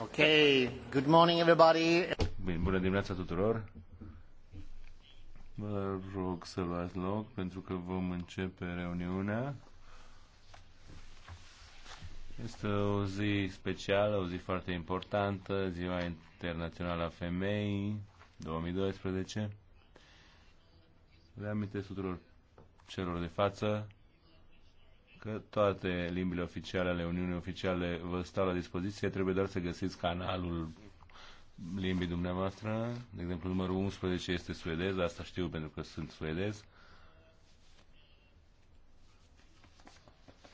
Ok, good morning everybody. Bine, bună dimineața tuturor. Vă rog să luați loc pentru că vom începe reuniunea. Este o zi specială, o zi foarte importantă, Ziua Internațională a Femeii 2012. Reamintesc tuturor celor de față că toate limbile oficiale ale Uniunii Oficiale vă stau la dispoziție, trebuie doar să găsiți canalul limbii dumneavoastră. De exemplu, numărul 11 este suedez, asta știu pentru că sunt suedez.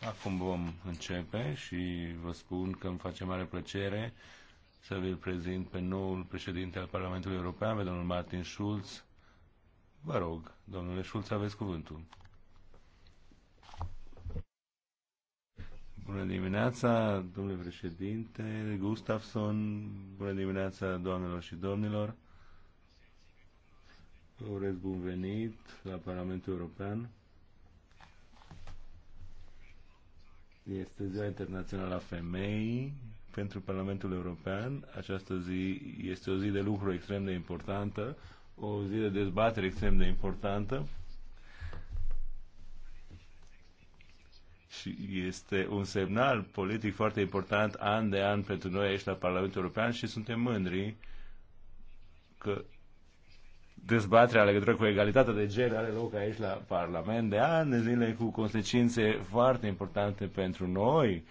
Acum vom începe și vă spun că îmi face mare plăcere să vi-l prezint pe noul președinte al Parlamentului European, pe domnul Martin Schulz. Vă rog, domnule Schulz, aveți cuvântul. Bună dimineața, domnule președinte Gustafson, bună dimineața, doamnelor și domnilor. Vă urez bun venit la Parlamentul European. Este Ziua Internațională a Femeii pentru Parlamentul European. Această zi este o zi de lucru extrem de importantă, o zi de dezbatere extrem de importantă și este un semnal politic foarte important an de an pentru noi aici la Parlamentul European și suntem mândri că dezbaterea legătură cu egalitatea de gen are loc aici la Parlament de ani de zile cu consecințe foarte importante pentru noi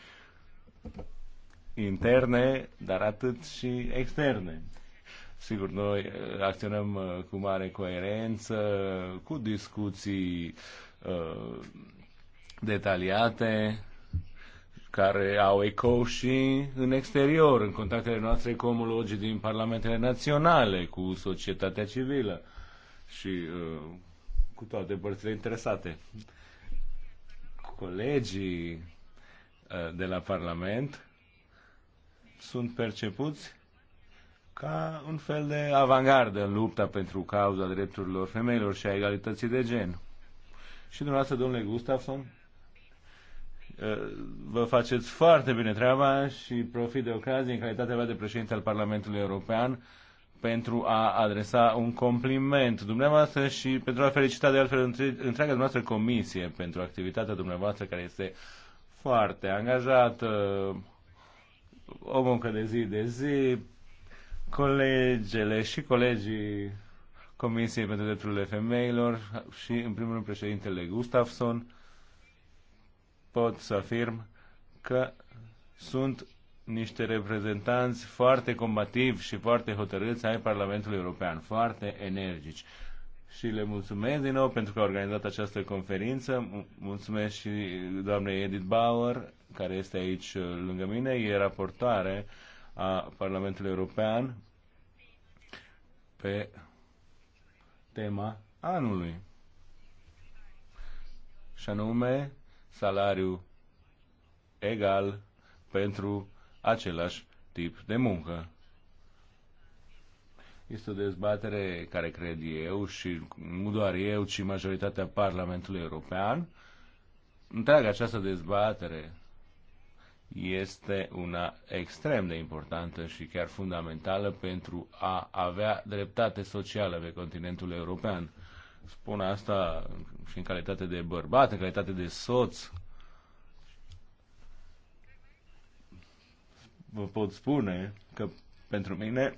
interne, dar atât și externe. Sigur, noi uh, acționăm uh, cu mare coerență, cu discuții uh, detaliate care au ecou și în exterior, în contactele noastre cu omologii din parlamentele naționale, cu societatea civilă și uh, cu toate părțile interesate. Colegii uh, de la Parlament sunt percepuți ca un fel de avangardă în lupta pentru cauza drepturilor femeilor și a egalității de gen. Și dumneavoastră, domnule Gustafson, Eh, vă faceți foarte bine treaba și profit de ocazie în calitatea mea de președinte al Parlamentului European pentru a adresa un compliment dumneavoastră și pentru a felicita de altfel întreaga dumneavoastră comisie pentru activitatea dumneavoastră care este foarte angajată, o muncă de zi de zi, colegele și colegii Comisiei pentru Drepturile Femeilor și, în primul rând, președintele Gustafsson, pot să afirm că sunt niște reprezentanți foarte combativi și foarte hotărâți ai Parlamentului European, foarte energici. Și le mulțumesc din nou pentru că a organizat această conferință. Mulțumesc și doamnei Edith Bauer, care este aici uh, lângă mine, e raportare a Parlamentului European pe tema anului. Și anume salariu egal pentru același tip de muncă. Este o dezbatere care cred eu și nu doar eu, ci majoritatea Parlamentului European. Întreaga această dezbatere este una extrem de importantă și chiar fundamentală pentru a avea dreptate socială pe continentul european spun asta și în calitate de bărbat, în calitate de soț. Vă pot spune că pentru mine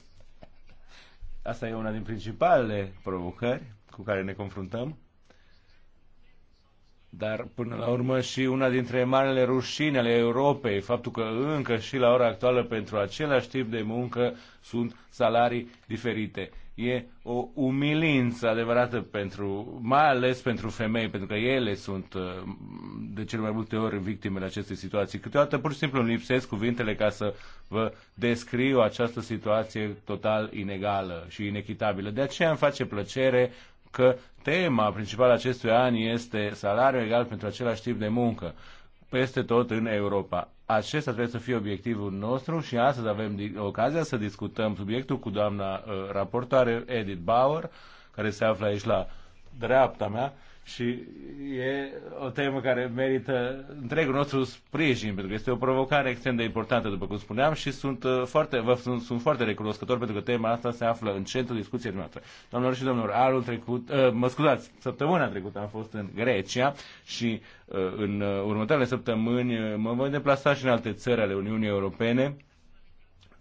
asta e una din principalele provocări cu care ne confruntăm, dar până la urmă și una dintre marele rușine ale Europei, faptul că încă și la ora actuală pentru același tip de muncă sunt salarii diferite e o umilință adevărată pentru, mai ales pentru femei, pentru că ele sunt uh, de cele mai multe ori victimele acestei situații. Câteodată pur și simplu îmi lipsesc cuvintele ca să vă descriu această situație total inegală și inechitabilă. De aceea îmi face plăcere că tema principală acestui an este salariul egal pentru același tip de muncă peste tot în Europa. Acesta trebuie să fie obiectivul nostru și astăzi avem ocazia să discutăm subiectul cu doamna uh, raportoare Edith Bauer, care se află aici la dreapta mea și e o temă care merită întregul nostru sprijin, pentru că este o provocare extrem de importantă, după cum spuneam, și sunt uh, foarte, vă, sunt, sunt foarte recunoscător pentru că tema asta se află în centrul discuției noastre. Doamnelor și domnilor, anul trecut, uh, mă scuzați, săptămâna trecută am fost în Grecia și uh, în următoarele săptămâni mă voi deplasa și în alte țări ale Uniunii Europene,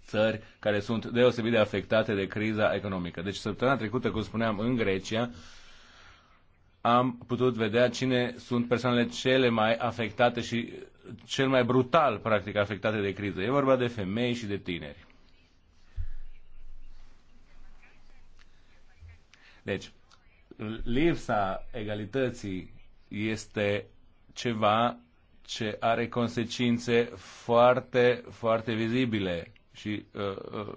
țări care sunt deosebit de afectate de criza economică. Deci săptămâna trecută, cum spuneam, în Grecia, am putut vedea cine sunt persoanele cele mai afectate și cel mai brutal, practic, afectate de criză. E vorba de femei și de tineri. Deci, lipsa egalității este ceva ce are consecințe foarte, foarte vizibile și uh, uh,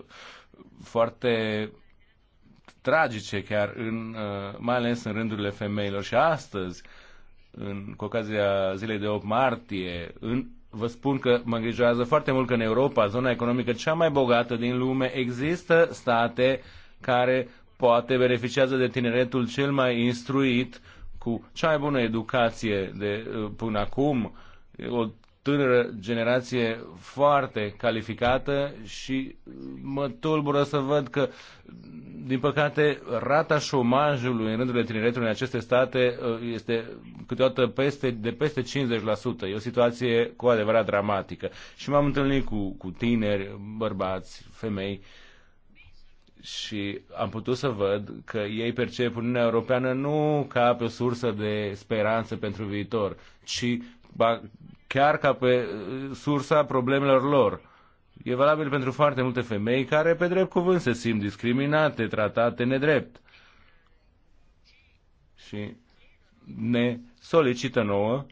foarte tragice chiar, în, uh, mai ales în rândurile femeilor. Și astăzi, în, cu ocazia zilei de 8 martie, în, vă spun că mă îngrijorează foarte mult că în Europa, zona economică cea mai bogată din lume, există state care poate beneficiază de tineretul cel mai instruit, cu cea mai bună educație de uh, până acum, o tânără generație foarte calificată și mă tulbură să văd că, din păcate, rata șomajului în rândurile tineretului în aceste state uh, este câteodată peste, de peste 50%. E o situație cu adevărat dramatică. Și m-am întâlnit cu, cu tineri, bărbați, femei, și am putut să văd că ei percep Uniunea Europeană nu ca pe o sursă de speranță pentru viitor, ci chiar ca pe uh, sursa problemelor lor. E valabil pentru foarte multe femei care, pe drept cuvânt, se simt discriminate, tratate nedrept. Și ne solicită nouă,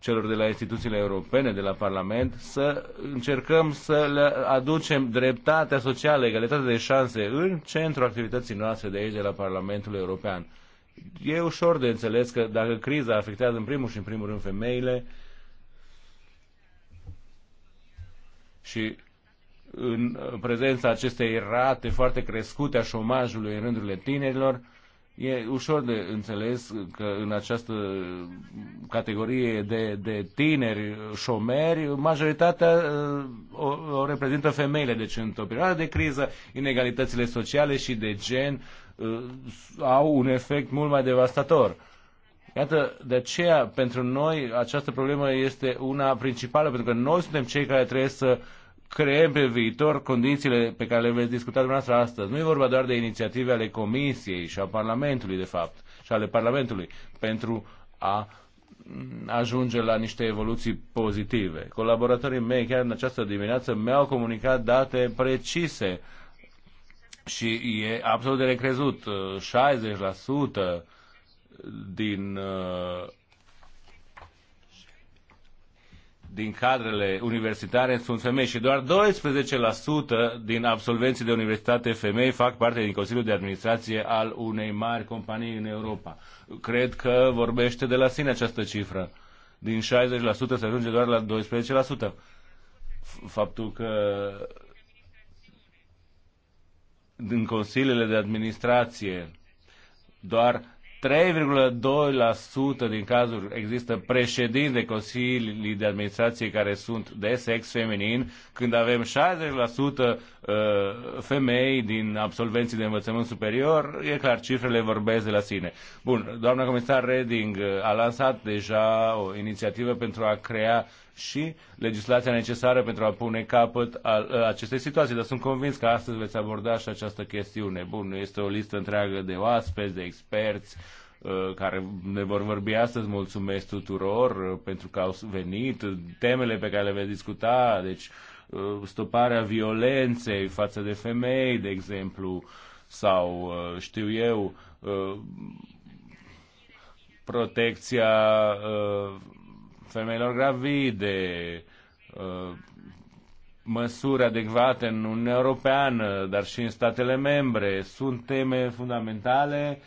celor de la instituțiile europene, de la Parlament, să încercăm să le aducem dreptatea socială, egalitatea de șanse în centrul activității noastre de aici, de la Parlamentul European. E ușor de înțeles că dacă criza afectează în primul și în primul rând femeile, și în prezența acestei rate foarte crescute a șomajului în rândurile tinerilor, E ușor de înțeles că în această categorie de, de tineri șomeri, majoritatea uh, o, o reprezintă femeile. Deci, într-o perioadă de criză, inegalitățile sociale și de gen uh, au un efect mult mai devastator. Iată, de aceea, pentru noi, această problemă este una principală, pentru că noi suntem cei care trebuie să creăm pe viitor condițiile pe care le veți discuta dumneavoastră astăzi. Nu e vorba doar de inițiative ale Comisiei și a Parlamentului, de fapt, și ale Parlamentului, pentru a ajunge la niște evoluții pozitive. Colaboratorii mei chiar în această dimineață mi-au comunicat date precise și e absolut de recrezut. 60% din, uh, din cadrele universitare sunt femei și doar 12% din absolvenții de universitate femei fac parte din Consiliul de Administrație al unei mari companii în Europa. Cred că vorbește de la sine această cifră. Din 60% se ajunge doar la 12%. Faptul că din consiliile de administrație doar 3,2% din cazuri există președinți de consilii de administrație care sunt de sex feminin, când avem 60% uh, femei din absolvenții de învățământ superior, e clar, cifrele vorbesc de la sine. Bun, doamna comisar Reding a lansat deja o inițiativă pentru a crea uh, și legislația necesară pentru a pune capăt al acestei situații. Dar sunt convins că astăzi veți aborda și această chestiune. Bun, este o listă întreagă de oaspeți, de experți, uh, care ne vor vorbi astăzi. Mulțumesc tuturor uh, pentru că au venit, temele pe care le veți discuta, deci uh, stoparea violenței față de femei, de exemplu, sau știu eu, protecția femeilor gravide, uh, măsuri adecvate în Uniunea Europeană, dar și în statele membre. Sunt teme fundamentale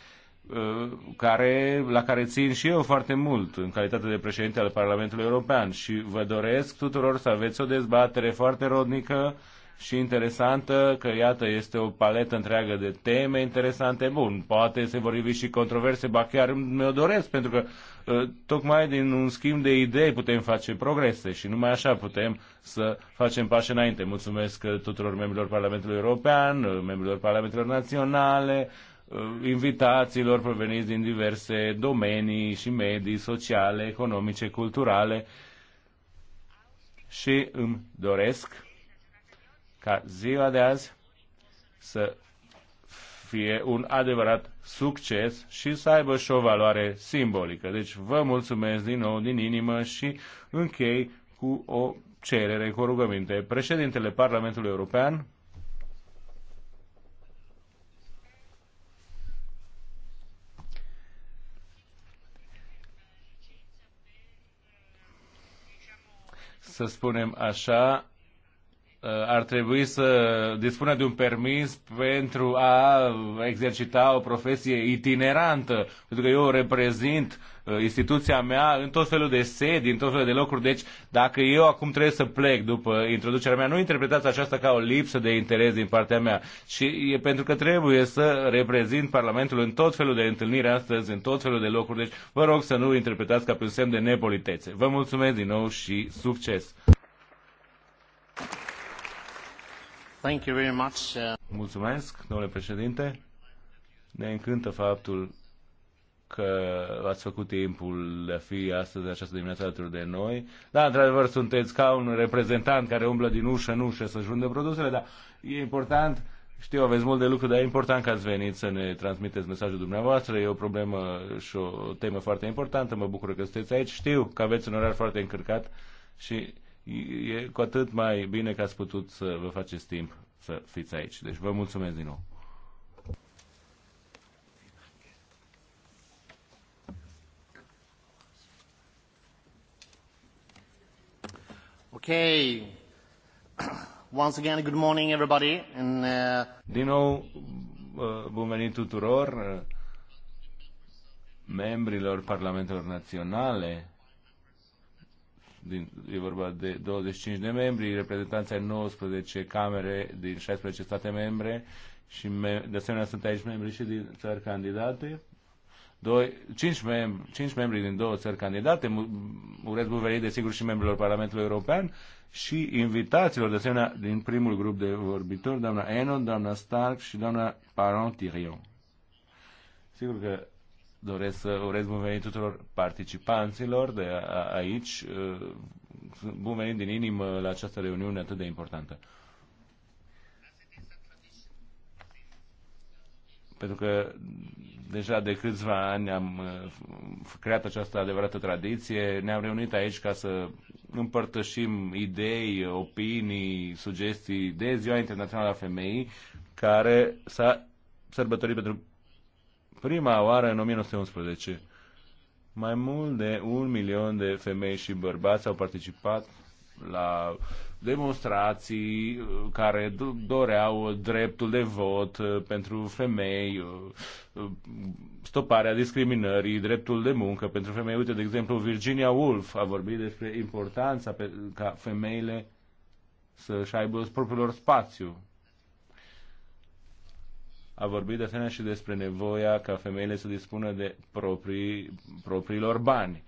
uh, care, la care țin și eu foarte mult în calitate de președinte al Parlamentului European și vă doresc tuturor să aveți o dezbatere foarte rodnică și interesantă, că iată, este o paletă întreagă de teme interesante. Bun, poate se vor ivi și controverse, ba chiar mi-o doresc, pentru că ă, tocmai din un schimb de idei putem face progrese și numai așa putem să facem pași înainte. Mulțumesc ă, tuturor membrilor Parlamentului European, ă, membrilor Parlamentelor Naționale, invitațiilor proveniți din diverse domenii și medii sociale, economice, culturale și îmi doresc ca ziua de azi să fie un adevărat succes și să aibă și o valoare simbolică. Deci vă mulțumesc din nou, din inimă și închei cu o cerere, cu o rugăminte. Președintele Parlamentului European să spunem așa, Uh, ar trebui să dispună de un permis pentru a exercita o profesie itinerantă, pentru că eu reprezint uh, instituția mea în tot felul de sedi, în tot felul de locuri. Deci, dacă eu acum trebuie să plec după introducerea mea, nu interpretați aceasta ca o lipsă de interes din partea mea. Și e pentru că trebuie să reprezint Parlamentul în tot felul de întâlniri astăzi, în tot felul de locuri. Deci, vă rog să nu interpretați ca pe un semn de nepolitețe. Vă mulțumesc din nou și succes! Uh, Mulțumesc, domnule președinte. Ne încântă faptul că ați făcut timpul de a fi astăzi, această dimineață, alături de noi. Da, într-adevăr, sunteți ca un reprezentant care umblă din ușă în ușă să-și vândă produsele, dar e important, știu, aveți mult de lucru, dar e important că ați venit să ne transmiteți mesajul dumneavoastră. E o problemă și o temă foarte importantă. Mă bucur că sunteți aici. Știu că aveți un orar foarte încărcat și e cu atât mai bine că ați putut să vă faceți timp să fiți aici. Deci vă mulțumesc din nou. Okay. Once again, good morning everybody. And, uh... Din nou, uh, bun venit tuturor uh, membrilor Parlamentelor Naționale din, e vorba de 25 de membri, reprezentanți ai 19 camere din 16 state membre și me, de asemenea sunt aici membri și din țări candidate. Doi, cinci, mem- cinci membri din două țări candidate, urez bun venit desigur și membrilor Parlamentului European și invitaților de asemenea din primul grup de vorbitori, doamna Enon, doamna Stark și doamna Paron Thirion. Sigur că doresc să urez bun venit tuturor participanților de aici. Uh, bun venit din inimă la această reuniune atât de importantă. Pentru că deja de câțiva ani am uh, creat această adevărată tradiție, ne-am reunit aici ca să împărtășim idei, opinii, sugestii de Ziua Internațională a Femeii, care s-a sărbătorit pentru prima oară în 1911. Mai mult de un milion de femei și bărbați au participat la demonstrații uh, care doreau dreptul de vot uh, pentru femei, uh, stoparea discriminării, dreptul de muncă pentru femei. Uite, de exemplu, Virginia Woolf a vorbit despre importanța pe, ca femeile să-și aibă propriul lor spațiu a vorbit de asemenea și despre nevoia ca femeile să dispună de proprii, propriilor bani.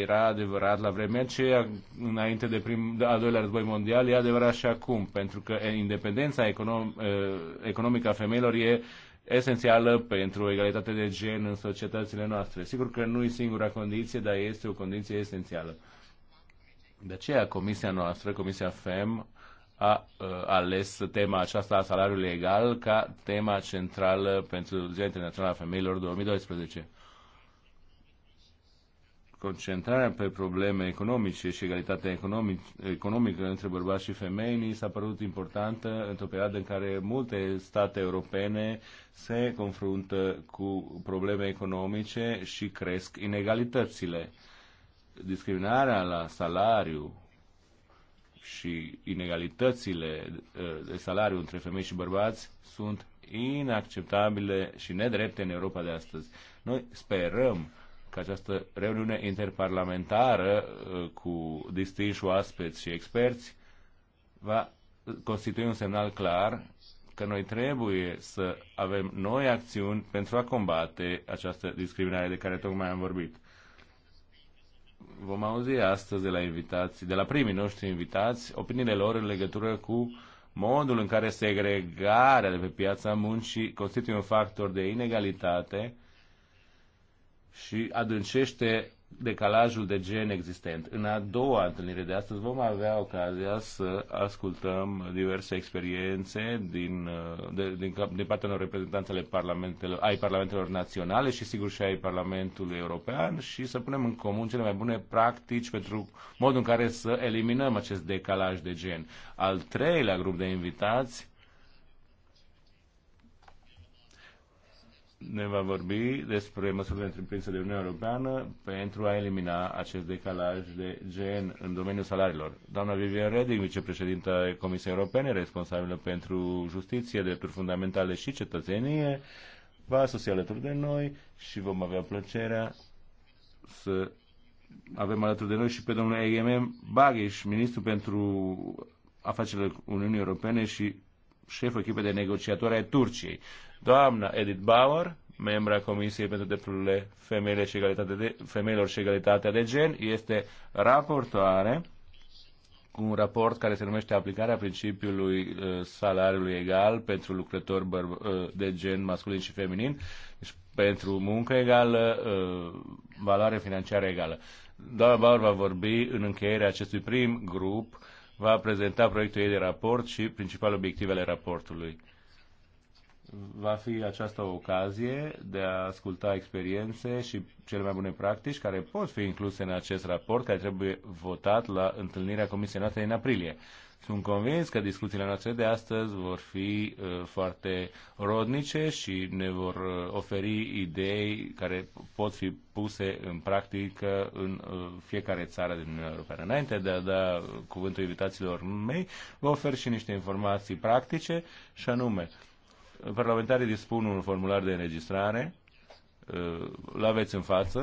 Era adevărat la vremea aceea, înainte de prim, al doilea război mondial, e adevărat și acum, pentru că independența econom, eh, economică a femeilor e esențială pentru egalitate de gen în societățile noastre. Sigur că nu e singura condiție, dar este o condiție esențială. De aceea, comisia noastră, Comisia FEM, a uh, ales tema aceasta a salariului egal ca tema centrală pentru Ziua Internațională a Femeilor 2012. Concentrarea pe probleme economice și egalitatea economic, economică între bărbați și femei s-a părut importantă într-o perioadă în care multe state europene se confruntă cu probleme economice și cresc inegalitățile. Discriminarea la salariu, și inegalitățile ă, de salariu între femei și bărbați sunt inacceptabile și nedrepte în Europa de astăzi. Noi sperăm că această reuniune interparlamentară ă, cu distinși oaspeți și experți va constitui un semnal clar că noi trebuie să avem noi acțiuni pentru a combate această discriminare de care tocmai am vorbit vom auzi astăzi de la invitați, de la primii noștri invitați, opiniile lor în legătură cu modul în care segregarea de pe piața muncii constituie un factor de inegalitate și adâncește decalajul de gen existent. În a doua întâlnire de astăzi vom avea ocazia să ascultăm diverse experiențe din, uh, de, din, din partea unor reprezentanțe ale parlamentelor, ai parlamentelor naționale și sigur și ai Parlamentului European și să punem în comun cele mai bune practici pentru modul în care să eliminăm acest decalaj de gen. Al treilea grup de invitați ne va vorbi despre măsurile întreprinse de Uniunea Europeană pentru a elimina acest decalaj de gen în domeniul salariilor. Doamna Vivian Reding, vicepreședinta Comisiei Europene, responsabilă pentru justiție, drepturi fundamentale și cetățenie, va sosi alături de noi și vom avea plăcerea să avem alături de noi și pe domnul EGM Bagheș, ministru pentru afacerile Uniunii Europene și șeful echipei de negociatori ai Turciei doamna Edith Bauer, membra Comisiei pentru Drepturile Femeile și egalitatea de, Femeilor și Egalitatea de Gen, este raportoare cu un raport care se numește Aplicarea principiului uh, salariului egal pentru lucrători uh, de gen masculin și feminin, deci pentru muncă egală, uh, valoare financiară egală. Doamna Bauer va vorbi în încheierea acestui prim grup, va prezenta proiectul ei de raport și principalele obiective ale raportului va fi această ocazie de a asculta experiențe și cele mai bune practici care pot fi incluse în acest raport care trebuie votat la întâlnirea Comisiei noastre în aprilie. Sunt convins că discuțiile noastre de astăzi vor fi uh, foarte rodnice și ne vor uh, oferi idei care pot fi puse în practică în uh, fiecare țară din Uniunea Europeană. Înainte de a da cuvântul invitațiilor mei, vă ofer și niște informații practice și anume, uh, Parlamentarii dispun un formular de înregistrare, uh, L aveți în față,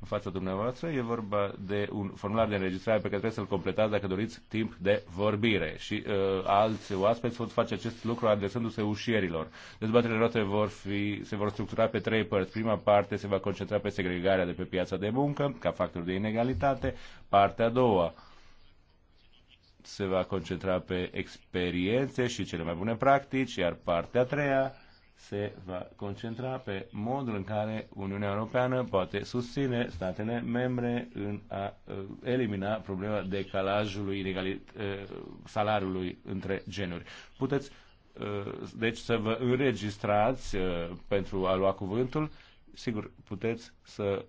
în fața dumneavoastră, e vorba de un formular de înregistrare pe care trebuie să-l completați dacă doriți timp de vorbire și uh, alți oaspeți pot face acest lucru adresându-se ușierilor. Dezbaterile noastre vor fi, se vor structura pe trei părți. Prima parte se va concentra pe segregarea de pe piața de muncă, ca factor de inegalitate. Partea a doua, uh, se va concentra pe experiențe și cele mai bune practici, iar partea a treia se va concentra pe modul în care Uniunea Europeană poate susține statele membre în a uh, elimina problema decalajului inegalit, uh, salariului între genuri. Puteți uh, deci să vă înregistrați pentru a lua cuvântul. Sigur, puteți să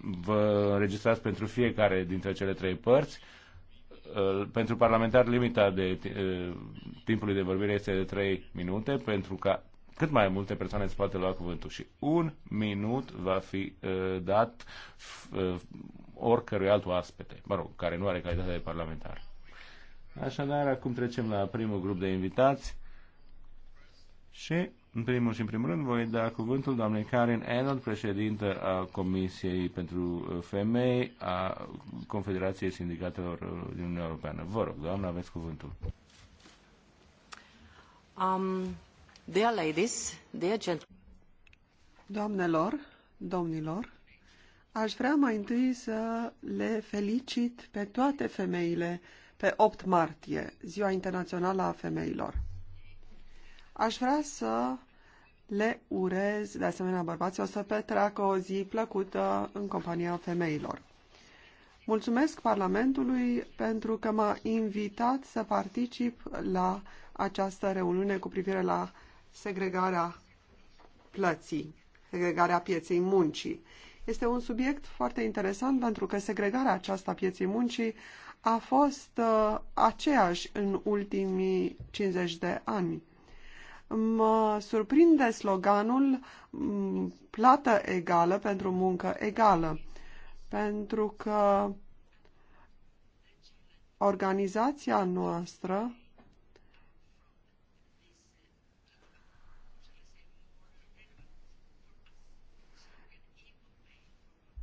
vă înregistrați pentru fiecare dintre cele trei părți Uh, pentru parlamentar limita de uh, timpului de vorbire este de 3 minute pentru ca cât mai multe persoane îți poate lua cuvântul și un minut va fi uh, dat oricărui alt oaspete, mă rog, care nu are calitatea de parlamentar. Așadar, acum trecem la primul grup de invitați și în primul și în primul rând voi da cuvântul doamnei Karen Arnold, președintă a Comisiei pentru uh, Femei a Confederației Sindicatelor din uh, Uniunea Europeană. Vă rog, doamna, aveți cuvântul. Um, dear ladies, dear gentlemen. Doamnelor, domnilor, aș vrea mai întâi să le felicit pe toate femeile pe 8 martie, Ziua Internațională a Femeilor. Aș vrea să le urez, de asemenea, bărbaților să petreacă o zi plăcută în compania femeilor. Mulțumesc Parlamentului pentru că m-a invitat să particip la această reuniune cu privire la segregarea plății, segregarea pieței muncii. Este un subiect foarte interesant pentru că segregarea aceasta a pieței muncii a fost uh, aceeași în ultimii 50 de ani. Mă surprinde sloganul mm, plată egală pentru muncă egală, pentru că organizația noastră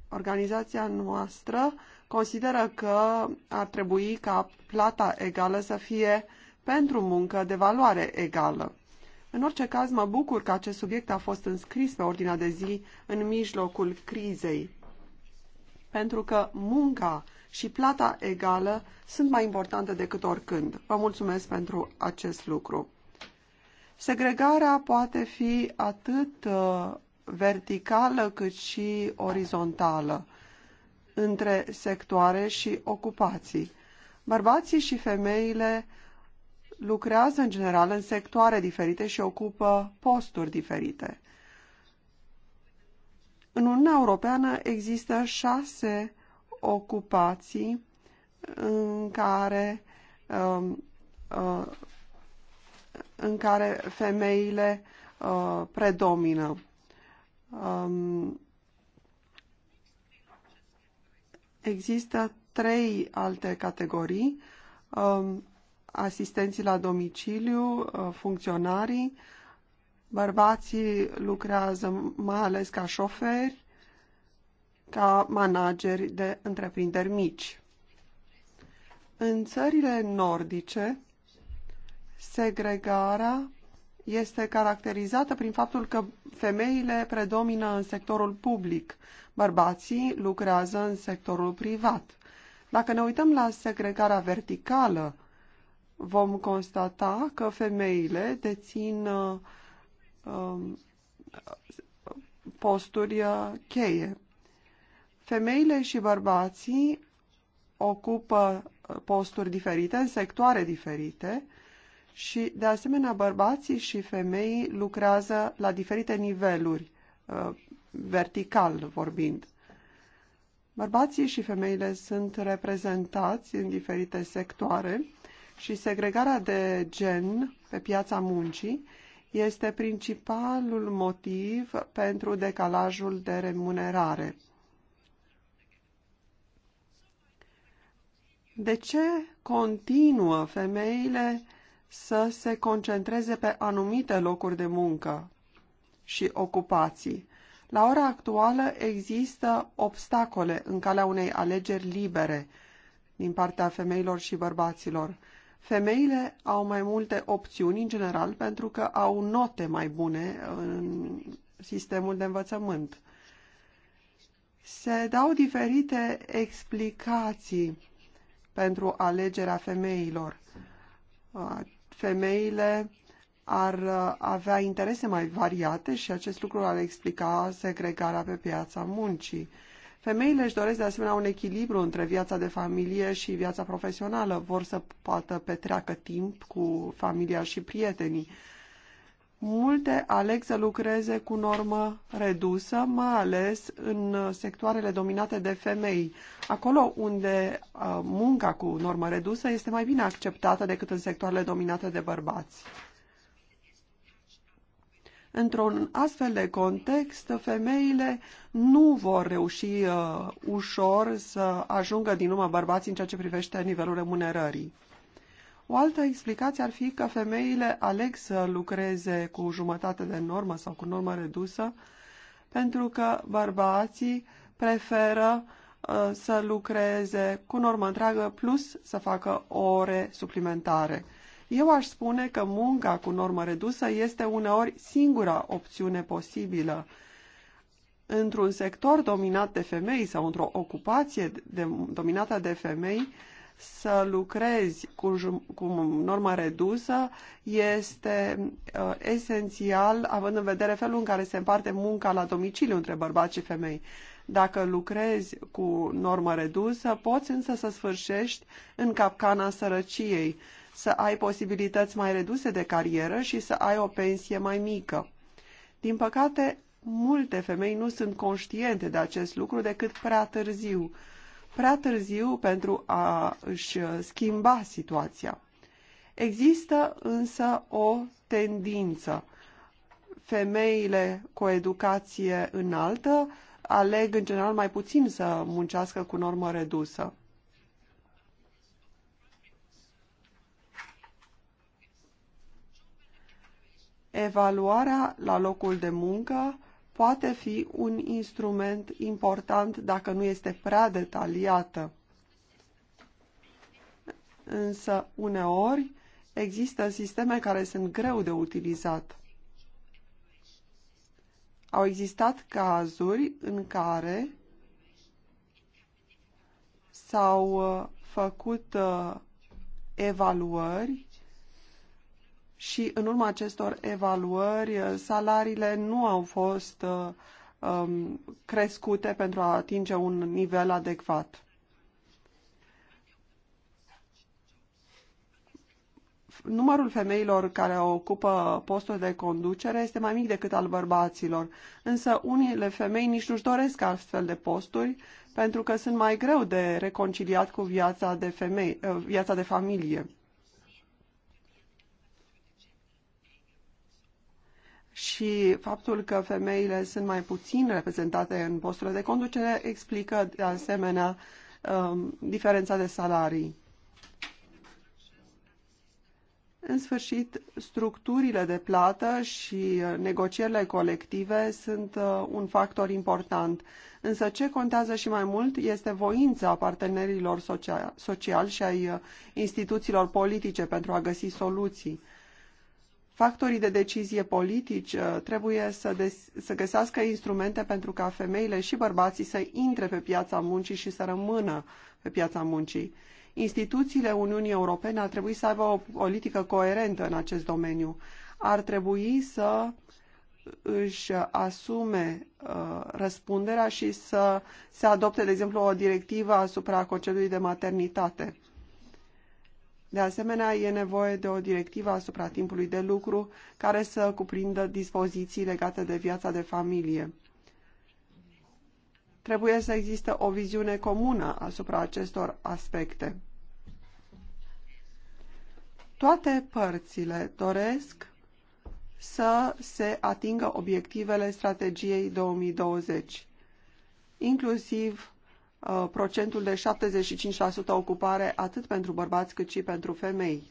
organizația noastră consideră că ar trebui ca plata egală să fie pentru muncă de valoare egală. În orice caz, mă bucur că acest subiect a fost înscris pe ordinea de zi în mijlocul crizei, pentru că munca și plata egală sunt mai importante decât oricând. Vă mulțumesc pentru acest lucru. Segregarea poate fi atât uh, verticală cât și orizontală între sectoare și ocupații. Bărbații și femeile lucrează în general în sectoare diferite și ocupă posturi diferite. În Uniunea Europeană există șase ocupații în care, um, uh, în care femeile uh, predomină. Um, există trei alte categorii. Um, asistenții la domiciliu, uh, funcționarii, bărbații lucrează mai ales ca șoferi, ca manageri de întreprinderi mici. În țările nordice, segregarea este caracterizată prin faptul că femeile predomină în sectorul public, bărbații lucrează în sectorul privat. Dacă ne uităm la segregarea verticală, vom constata că femeile dețin uh, um, posturi uh, cheie. Femeile și bărbații ocupă uh, posturi diferite, în sectoare diferite și, de asemenea, bărbații și femei lucrează la diferite niveluri, vertical vorbind. Bărbații și femeile sunt reprezentați în diferite sectoare și segregarea de gen pe piața muncii este principalul motiv pentru decalajul de remunerare. De ce continuă femeile să se concentreze pe anumite locuri de muncă și ocupații? La ora actuală există obstacole în calea unei alegeri libere din partea femeilor și bărbaților. Femeile au mai multe opțiuni, în general, pentru că au note mai bune în sistemul de învățământ. Se dau diferite explicații pentru alegerea femeilor. Femeile ar avea interese mai variate și acest lucru ar explica segregarea pe piața muncii. Femeile își doresc de asemenea un echilibru între viața de familie și viața profesională. Vor să poată petreacă timp cu familia și prietenii. Multe aleg să lucreze cu normă redusă, mai ales în sectoarele dominate de femei. Acolo unde uh, munca cu normă redusă este mai bine acceptată decât în sectoarele dominate de bărbați. Într-un astfel de context, femeile nu vor reuși uh, ușor să ajungă din urmă bărbații în ceea ce privește nivelul remunerării. O altă explicație ar fi că femeile aleg să lucreze cu jumătate de normă sau cu normă redusă, pentru că bărbații preferă uh, să lucreze cu normă întreagă plus să facă ore suplimentare. Eu aș spune că munca cu normă redusă este uneori singura opțiune posibilă. Într-un sector dominat de femei sau într-o ocupație de, dominată de femei, să lucrezi cu, cu normă redusă este uh, esențial, având în vedere felul în care se împarte munca la domiciliu între bărbați și femei. Dacă lucrezi cu normă redusă, poți însă să sfârșești în capcana sărăciei. Uh, să ai posibilități mai reduse de carieră și să ai o pensie mai mică. Din păcate, multe femei nu sunt conștiente de acest lucru decât prea târziu. Prea târziu pentru a își schimba situația. Există însă o tendință. Femeile cu educație înaltă aleg în general mai puțin să muncească cu normă redusă. Evaluarea la locul de muncă poate fi un instrument important dacă nu este prea detaliată. Însă, uneori, există sisteme care sunt greu de utilizat. Au existat cazuri în care s-au uh, făcut uh, evaluări și în urma acestor evaluări salariile nu au fost um, crescute pentru a atinge un nivel adecvat. numărul femeilor care ocupă posturi de conducere este mai mic decât al bărbaților, însă unele femei nici nu-și doresc astfel de posturi pentru că sunt mai greu de reconciliat cu viața de, femei, viața de familie. și faptul că femeile sunt mai puțin reprezentate în posturile de conducere explică, de asemenea, um, diferența de salarii. În sfârșit, structurile de plată și uh, negocierile colective sunt uh, un factor important. Însă ce contează și mai mult este voința partenerilor sociali și ai uh, instituțiilor politice pentru a găsi soluții. Factorii de decizie politici uh, trebuie să, des, să găsească instrumente pentru ca femeile și bărbații să intre pe piața muncii și să rămână pe piața muncii. Instituțiile Uniunii Europene ar trebui să aibă o politică coerentă în acest domeniu. Ar trebui să își asume uh, răspunderea și să se adopte, de exemplu, o directivă asupra concediului de maternitate. De asemenea, e nevoie de o directivă asupra timpului de lucru care să cuprindă dispoziții legate de viața de familie. Trebuie să existe o viziune comună asupra acestor aspecte. Toate părțile doresc să se atingă obiectivele strategiei 2020, inclusiv Uh, procentul de 75% ocupare atât pentru bărbați cât și pentru femei.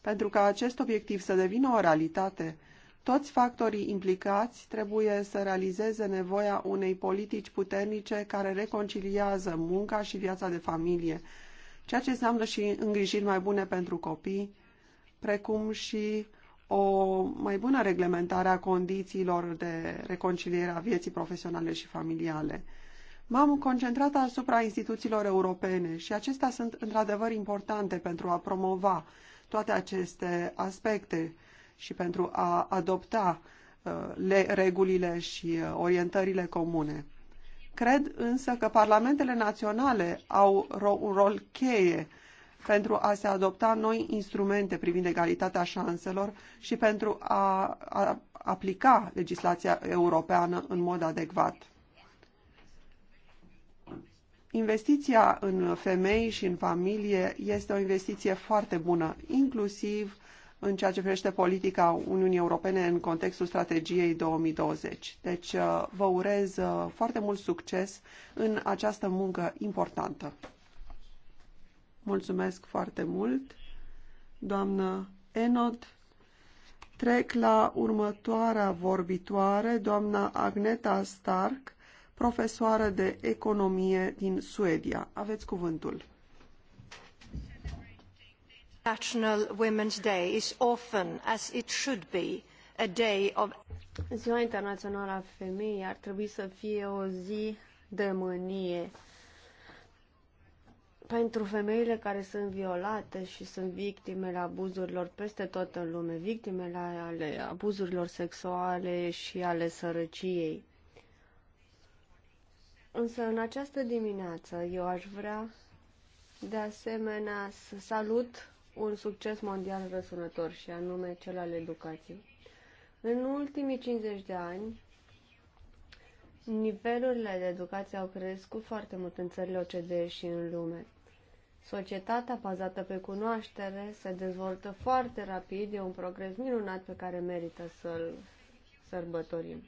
Pentru ca acest obiectiv să devină o realitate, toți factorii implicați trebuie să realizeze nevoia unei politici puternice care reconciliază munca și viața de familie, ceea ce înseamnă și îngrijiri mai bune pentru copii, precum și o mai bună reglementare a condițiilor de reconciliere a vieții profesionale și familiale. M-am concentrat asupra instituțiilor europene și acestea sunt într-adevăr importante pentru a promova toate aceste aspecte și pentru a adopta uh, le, regulile și uh, orientările comune. Cred însă că parlamentele naționale au ro un rol cheie pentru a se adopta noi instrumente privind egalitatea șanselor și pentru a, a aplica legislația europeană în mod adecvat. Investiția în femei și în familie este o investiție foarte bună, inclusiv în ceea ce privește politica Uniunii Europene în contextul strategiei 2020. Deci uh, vă urez uh, foarte mult succes în această muncă importantă. Mulțumesc foarte mult, doamnă Enod. Trec la următoarea vorbitoare, doamna Agneta Stark, profesoară de economie din Suedia. Aveți cuvântul. National Women's Day is often, as it should be, a day of... Ziua Internațională a Femeii ar trebui să fie o zi de mânie pentru femeile care sunt violate și sunt victimele abuzurilor peste tot în lume, victimele ale abuzurilor sexuale și ale sărăciei. Însă în această dimineață eu aș vrea de asemenea să salut un succes mondial răsunător și anume cel al educației. În ultimii 50 de ani, nivelurile de educație au crescut foarte mult în țările OCDE și în lume. Societatea bazată pe cunoaștere se dezvoltă foarte rapid, e un progres minunat pe care merită să-l sărbătorim.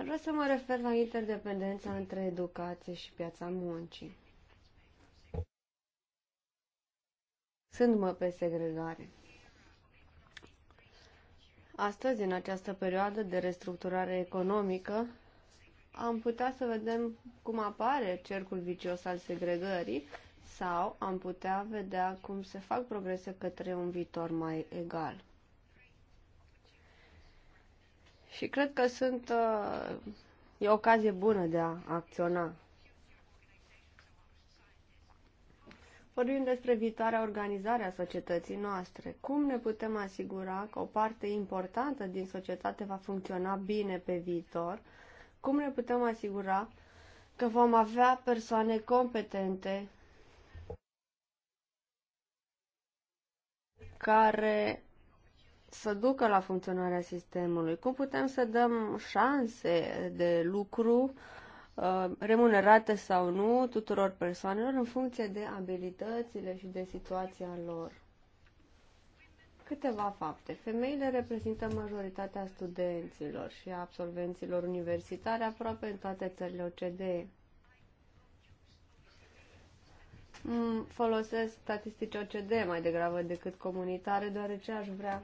Aș vrea să mă refer la interdependența între educație și piața muncii. Sunt mă pe segregare. Astăzi, în această perioadă de restructurare economică, am putea să vedem cum apare cercul vicios al segregării sau am putea vedea cum se fac progrese către un viitor mai egal. Și cred că sunt, uh, e o ocazie bună de a acționa. Vorbim despre viitoarea organizare a societății noastre. Cum ne putem asigura că o parte importantă din societate va funcționa bine pe viitor? Cum ne putem asigura că vom avea persoane competente care să ducă la funcționarea sistemului? Cum putem să dăm șanse de lucru uh, remunerate sau nu tuturor persoanelor în funcție de abilitățile și de situația lor? Câteva fapte. Femeile reprezintă majoritatea studenților și absolvenților universitari aproape în toate țările OCDE. Mm, folosesc statistici OCDE mai degrabă decât comunitare, deoarece aș vrea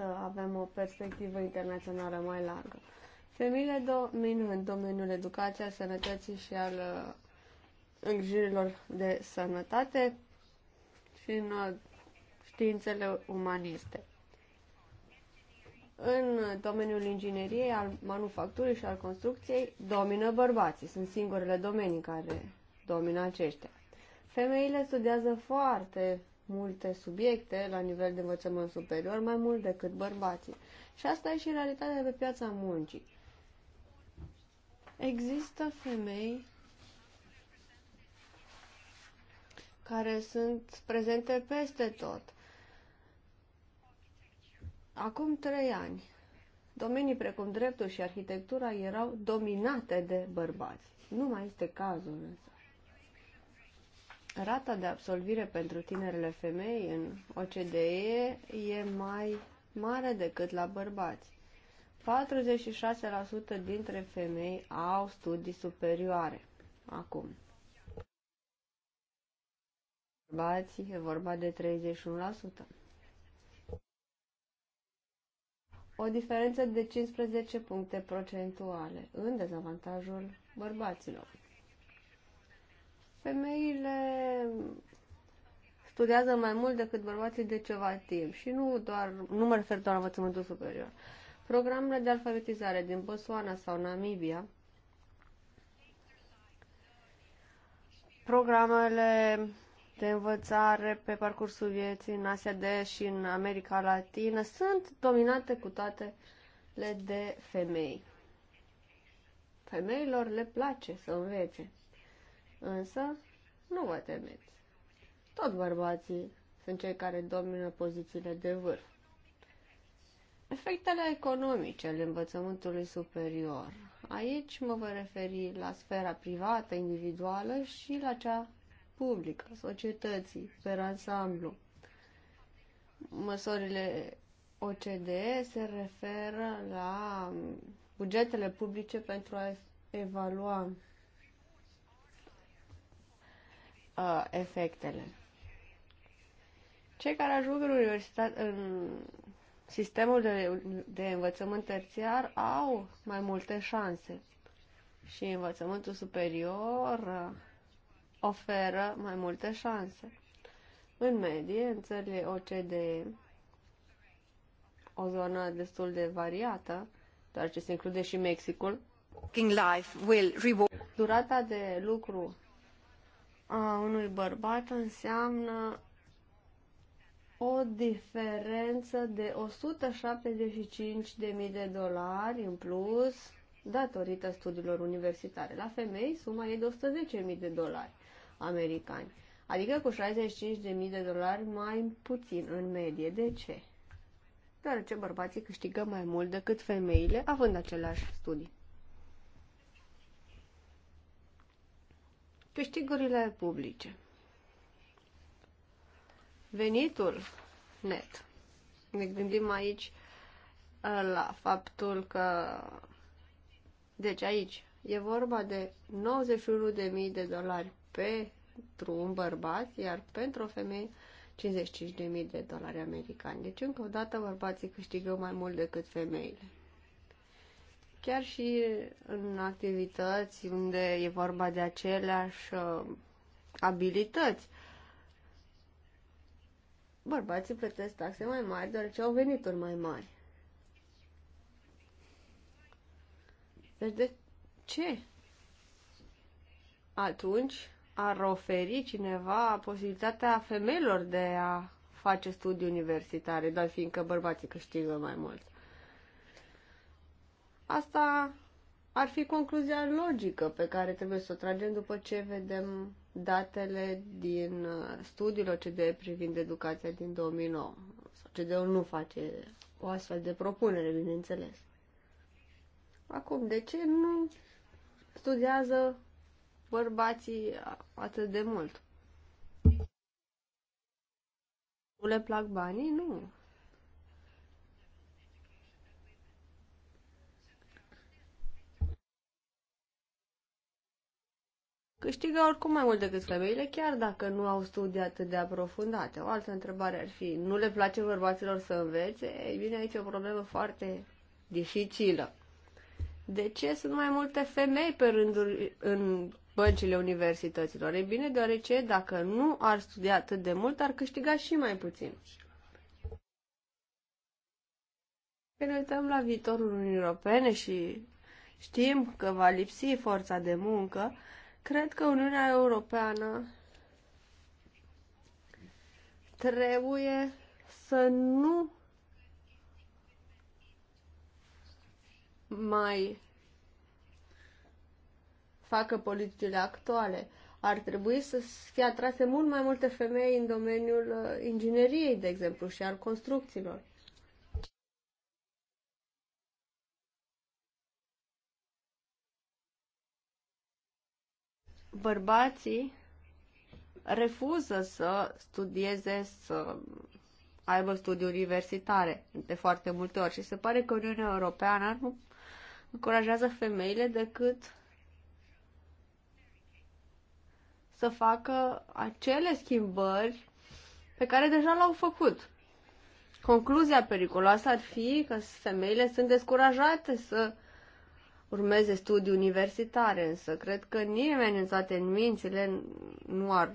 să avem o perspectivă internațională mai largă. Femeile domină în domeniul educației, al sănătății și al uh, îngrijirilor de sănătate și în uh, științele umaniste. În domeniul ingineriei, al manufacturii și al construcției domină bărbații. Sunt singurele domenii care domină aceștia. Femeile studiază foarte multe subiecte la nivel de învățământ superior, mai mult decât bărbații. Și asta e și realitatea pe piața muncii. Există femei care sunt prezente peste tot. Acum trei ani, domenii precum dreptul și arhitectura erau dominate de bărbați. Nu mai este cazul însă rata de absolvire pentru tinerele femei în OCDE e mai mare decât la bărbați. 46% dintre femei au studii superioare. Acum. Bărbații e vorba de 31%. O diferență de 15 puncte procentuale în dezavantajul bărbaților. Femeile studiază mai mult decât bărbații de ceva timp și nu doar, nu mă refer doar la învățământul superior. Programele de alfabetizare din Botswana sau Namibia, programele de învățare pe parcursul vieții în Asia de și în America Latină sunt dominate cu toate le de femei. Femeilor le place să învețe. Însă, nu vă temeți. Tot bărbații sunt cei care domină pozițiile de vârf. Efectele economice ale învățământului superior. Aici mă voi referi la sfera privată, individuală și la cea publică, societății, pe ansamblu. Măsorile OCDE se referă la bugetele publice pentru a evalua uh, efectele. Cei care ajung în, universitate, în sistemul de, de învățământ terțiar au mai multe șanse și învățământul superior uh, oferă mai multe șanse. În medie, în țările OCD, o zonă destul de variată, doar ce se include și Mexicul, Durata de lucru a unui bărbat înseamnă o diferență de 175.000 de dolari în plus datorită studiilor universitare. La femei suma e de 110.000 de dolari americani, adică cu 65.000 de dolari mai puțin în medie. De ce? Deoarece bărbații câștigă mai mult decât femeile având aceleași studii. Câștigurile publice. Venitul net. Ne gândim aici uh, la faptul că... Deci aici e vorba de 91.000 de dolari pentru un bărbat, iar pentru o femeie 55.000 de dolari americani. Deci, încă o dată, bărbații câștigă mai mult decât femeile. Chiar și în activități unde e vorba de aceleași uh, abilități, bărbații plătesc taxe mai mari deoarece au venituri mai mari. Deci de ce atunci ar oferi cineva posibilitatea femeilor de a face studii universitare, dar fiindcă bărbații câștigă mai mult? Asta ar fi concluzia logică pe care trebuie să o tragem după ce vedem datele din uh, studiul OCDE privind educația din 2009. OCDE-ul nu face o astfel de propunere, bineînțeles. Acum, de ce nu studiază bărbații atât de mult? Nu le plac banii? Nu. câștigă oricum mai mult decât femeile, chiar dacă nu au studii atât de aprofundate. O altă întrebare ar fi, nu le place bărbaților să învețe? Ei bine, aici e o problemă foarte dificilă. De ce sunt mai multe femei pe rândul în băncile universităților? Ei bine, deoarece dacă nu ar studia atât de mult, ar câștiga și mai puțin. Când uităm la viitorul Uniunii Europene și știm că va lipsi forța de muncă, Cred că Uniunea Europeană trebuie să nu mai facă politicile actuale. Ar trebui să fie atrase mult mai multe femei în domeniul uh, ingineriei, de exemplu, și al construcțiilor. bărbații refuză să studieze, să aibă studii universitare de foarte multe ori și se pare că Uniunea Europeană nu încurajează femeile decât să facă acele schimbări pe care deja l-au făcut. Concluzia periculoasă ar fi că femeile sunt descurajate să uh, urmeze studii universitare, însă cred că nimeni în toate mințile nu ar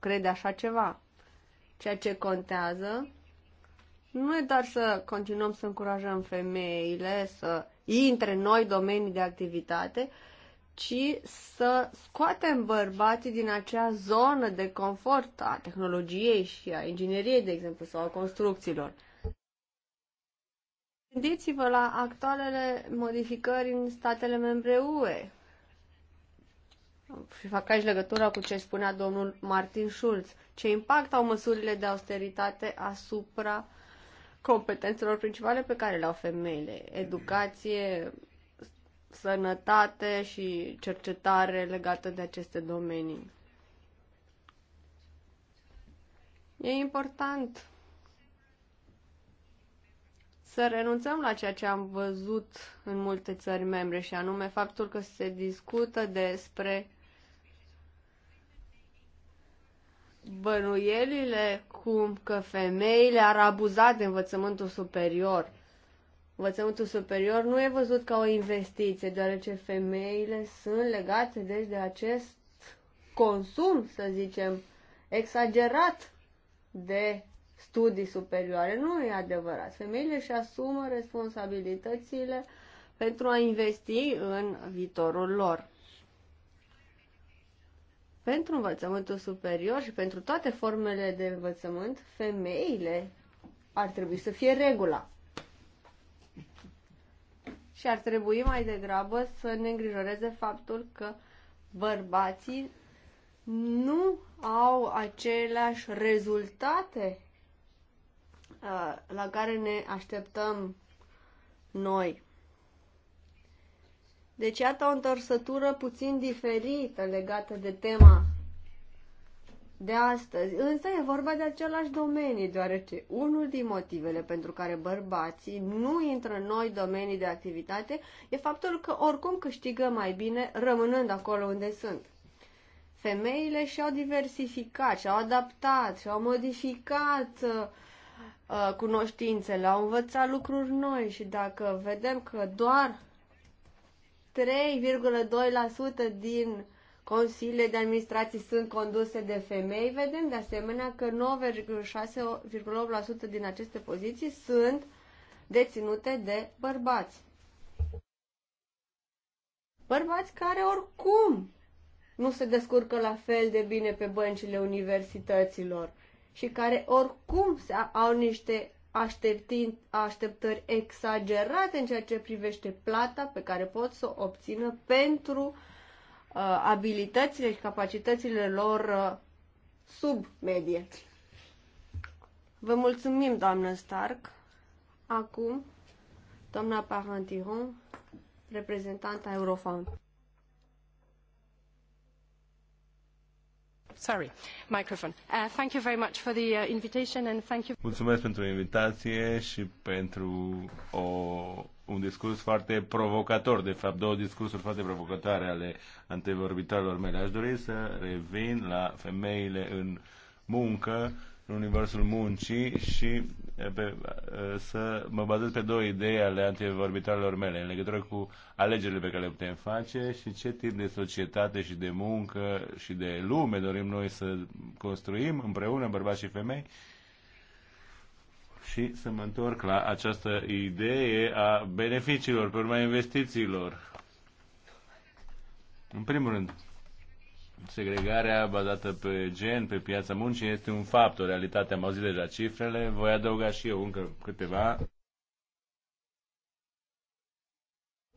crede așa ceva. Ceea ce contează nu e doar să continuăm să încurajăm femeile să intre în noi domenii de activitate, ci să scoatem bărbații din acea zonă de confort a tehnologiei și a ingineriei, de exemplu, sau a construcțiilor. Gândiți-vă la actualele modificări în statele membre UE. Și fac aici legătura cu ce spunea domnul Martin Schulz. Ce impact au măsurile de austeritate asupra competențelor principale pe care le au femeile? Educație, sănătate și cercetare legată de aceste domenii. E important să renunțăm la ceea ce am văzut în multe țări membre și anume faptul că se discută despre bănuielile cum că femeile ar abuza de învățământul superior. Învățământul superior nu e văzut ca o investiție, deoarece femeile sunt legate deci de acest consum, să zicem, exagerat de studii superioare. Nu e adevărat. Femeile își asumă responsabilitățile pentru a investi în viitorul lor. Pentru învățământul superior și pentru toate formele de învățământ, femeile ar trebui să fie regula. Și ar trebui mai degrabă să ne îngrijoreze faptul că bărbații nu au aceleași rezultate Uh, la care ne așteptăm noi. Deci, iată o întorsătură puțin diferită legată de tema de astăzi. Însă e vorba de același domeniu, deoarece unul din motivele pentru care bărbații nu intră în noi domenii de activitate e faptul că oricum câștigă mai bine rămânând acolo unde sunt. Femeile și-au diversificat, și-au adaptat, și-au modificat uh, uh, cunoștințele, au învățat lucruri noi și dacă vedem că doar 3,2% din consiliile de administrații sunt conduse de femei, vedem de asemenea că 9,6,8% din aceste poziții sunt deținute de bărbați. Bărbați care oricum nu se descurcă la fel de bine pe băncile universităților și care oricum au niște așteptări exagerate în ceea ce privește plata pe care pot să o obțină pentru uh, abilitățile și capacitățile lor uh, sub medie. Vă mulțumim, doamnă Stark. Acum, doamna Parantiron, reprezentanta Eurofound. Sorry, microphone. Uh, thank you very much for the uh, invitation and thank you. Mulțumesc pentru invitație și pentru o, un discurs foarte provocator, de fapt două discursuri foarte provocatoare ale antevorbitorilor mele. Aș dori să revin la femeile în muncă în universul muncii și pe, să mă bazez pe două idei ale antivorbitorilor mele în legătură cu alegerile pe care le putem face și ce tip de societate și de muncă și de lume dorim noi să construim împreună, bărbați și femei, și să mă întorc la această idee a beneficiilor, pe urma investițiilor. În primul rând, segregarea bazată pe gen, pe piața muncii, este un fapt, o realitate. Am auzit deja cifrele, voi adăuga și eu încă câteva.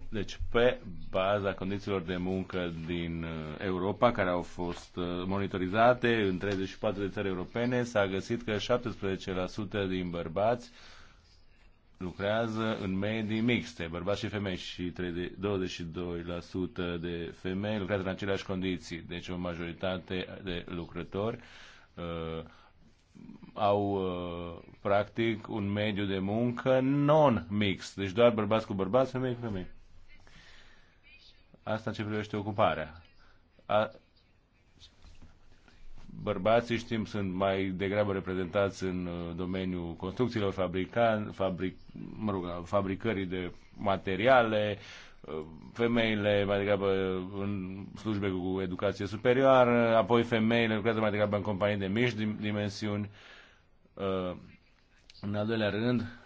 Deci, pe baza condițiilor de muncă din uh, Europa, care au fost uh, monitorizate în 34 de țări europene, s-a găsit că 17% din bărbați lucrează în medii mixte, bărbați și femei și 22% de femei lucrează în aceleași condiții, deci o majoritate de lucrători uh, au uh, practic un mediu de muncă non-mix, deci doar bărbați cu bărbați, femei cu femei. Asta ce privește ocuparea. A, bărbații, știm, sunt mai degrabă reprezentați în uh, domeniul construcțiilor, fabrican, fabric, mă rog, fabricării de materiale, uh, femeile mai degrabă în slujbe cu educație superioară, apoi femeile lucrează mai degrabă în companii de mici dimensiuni. Uh, în al doilea rând,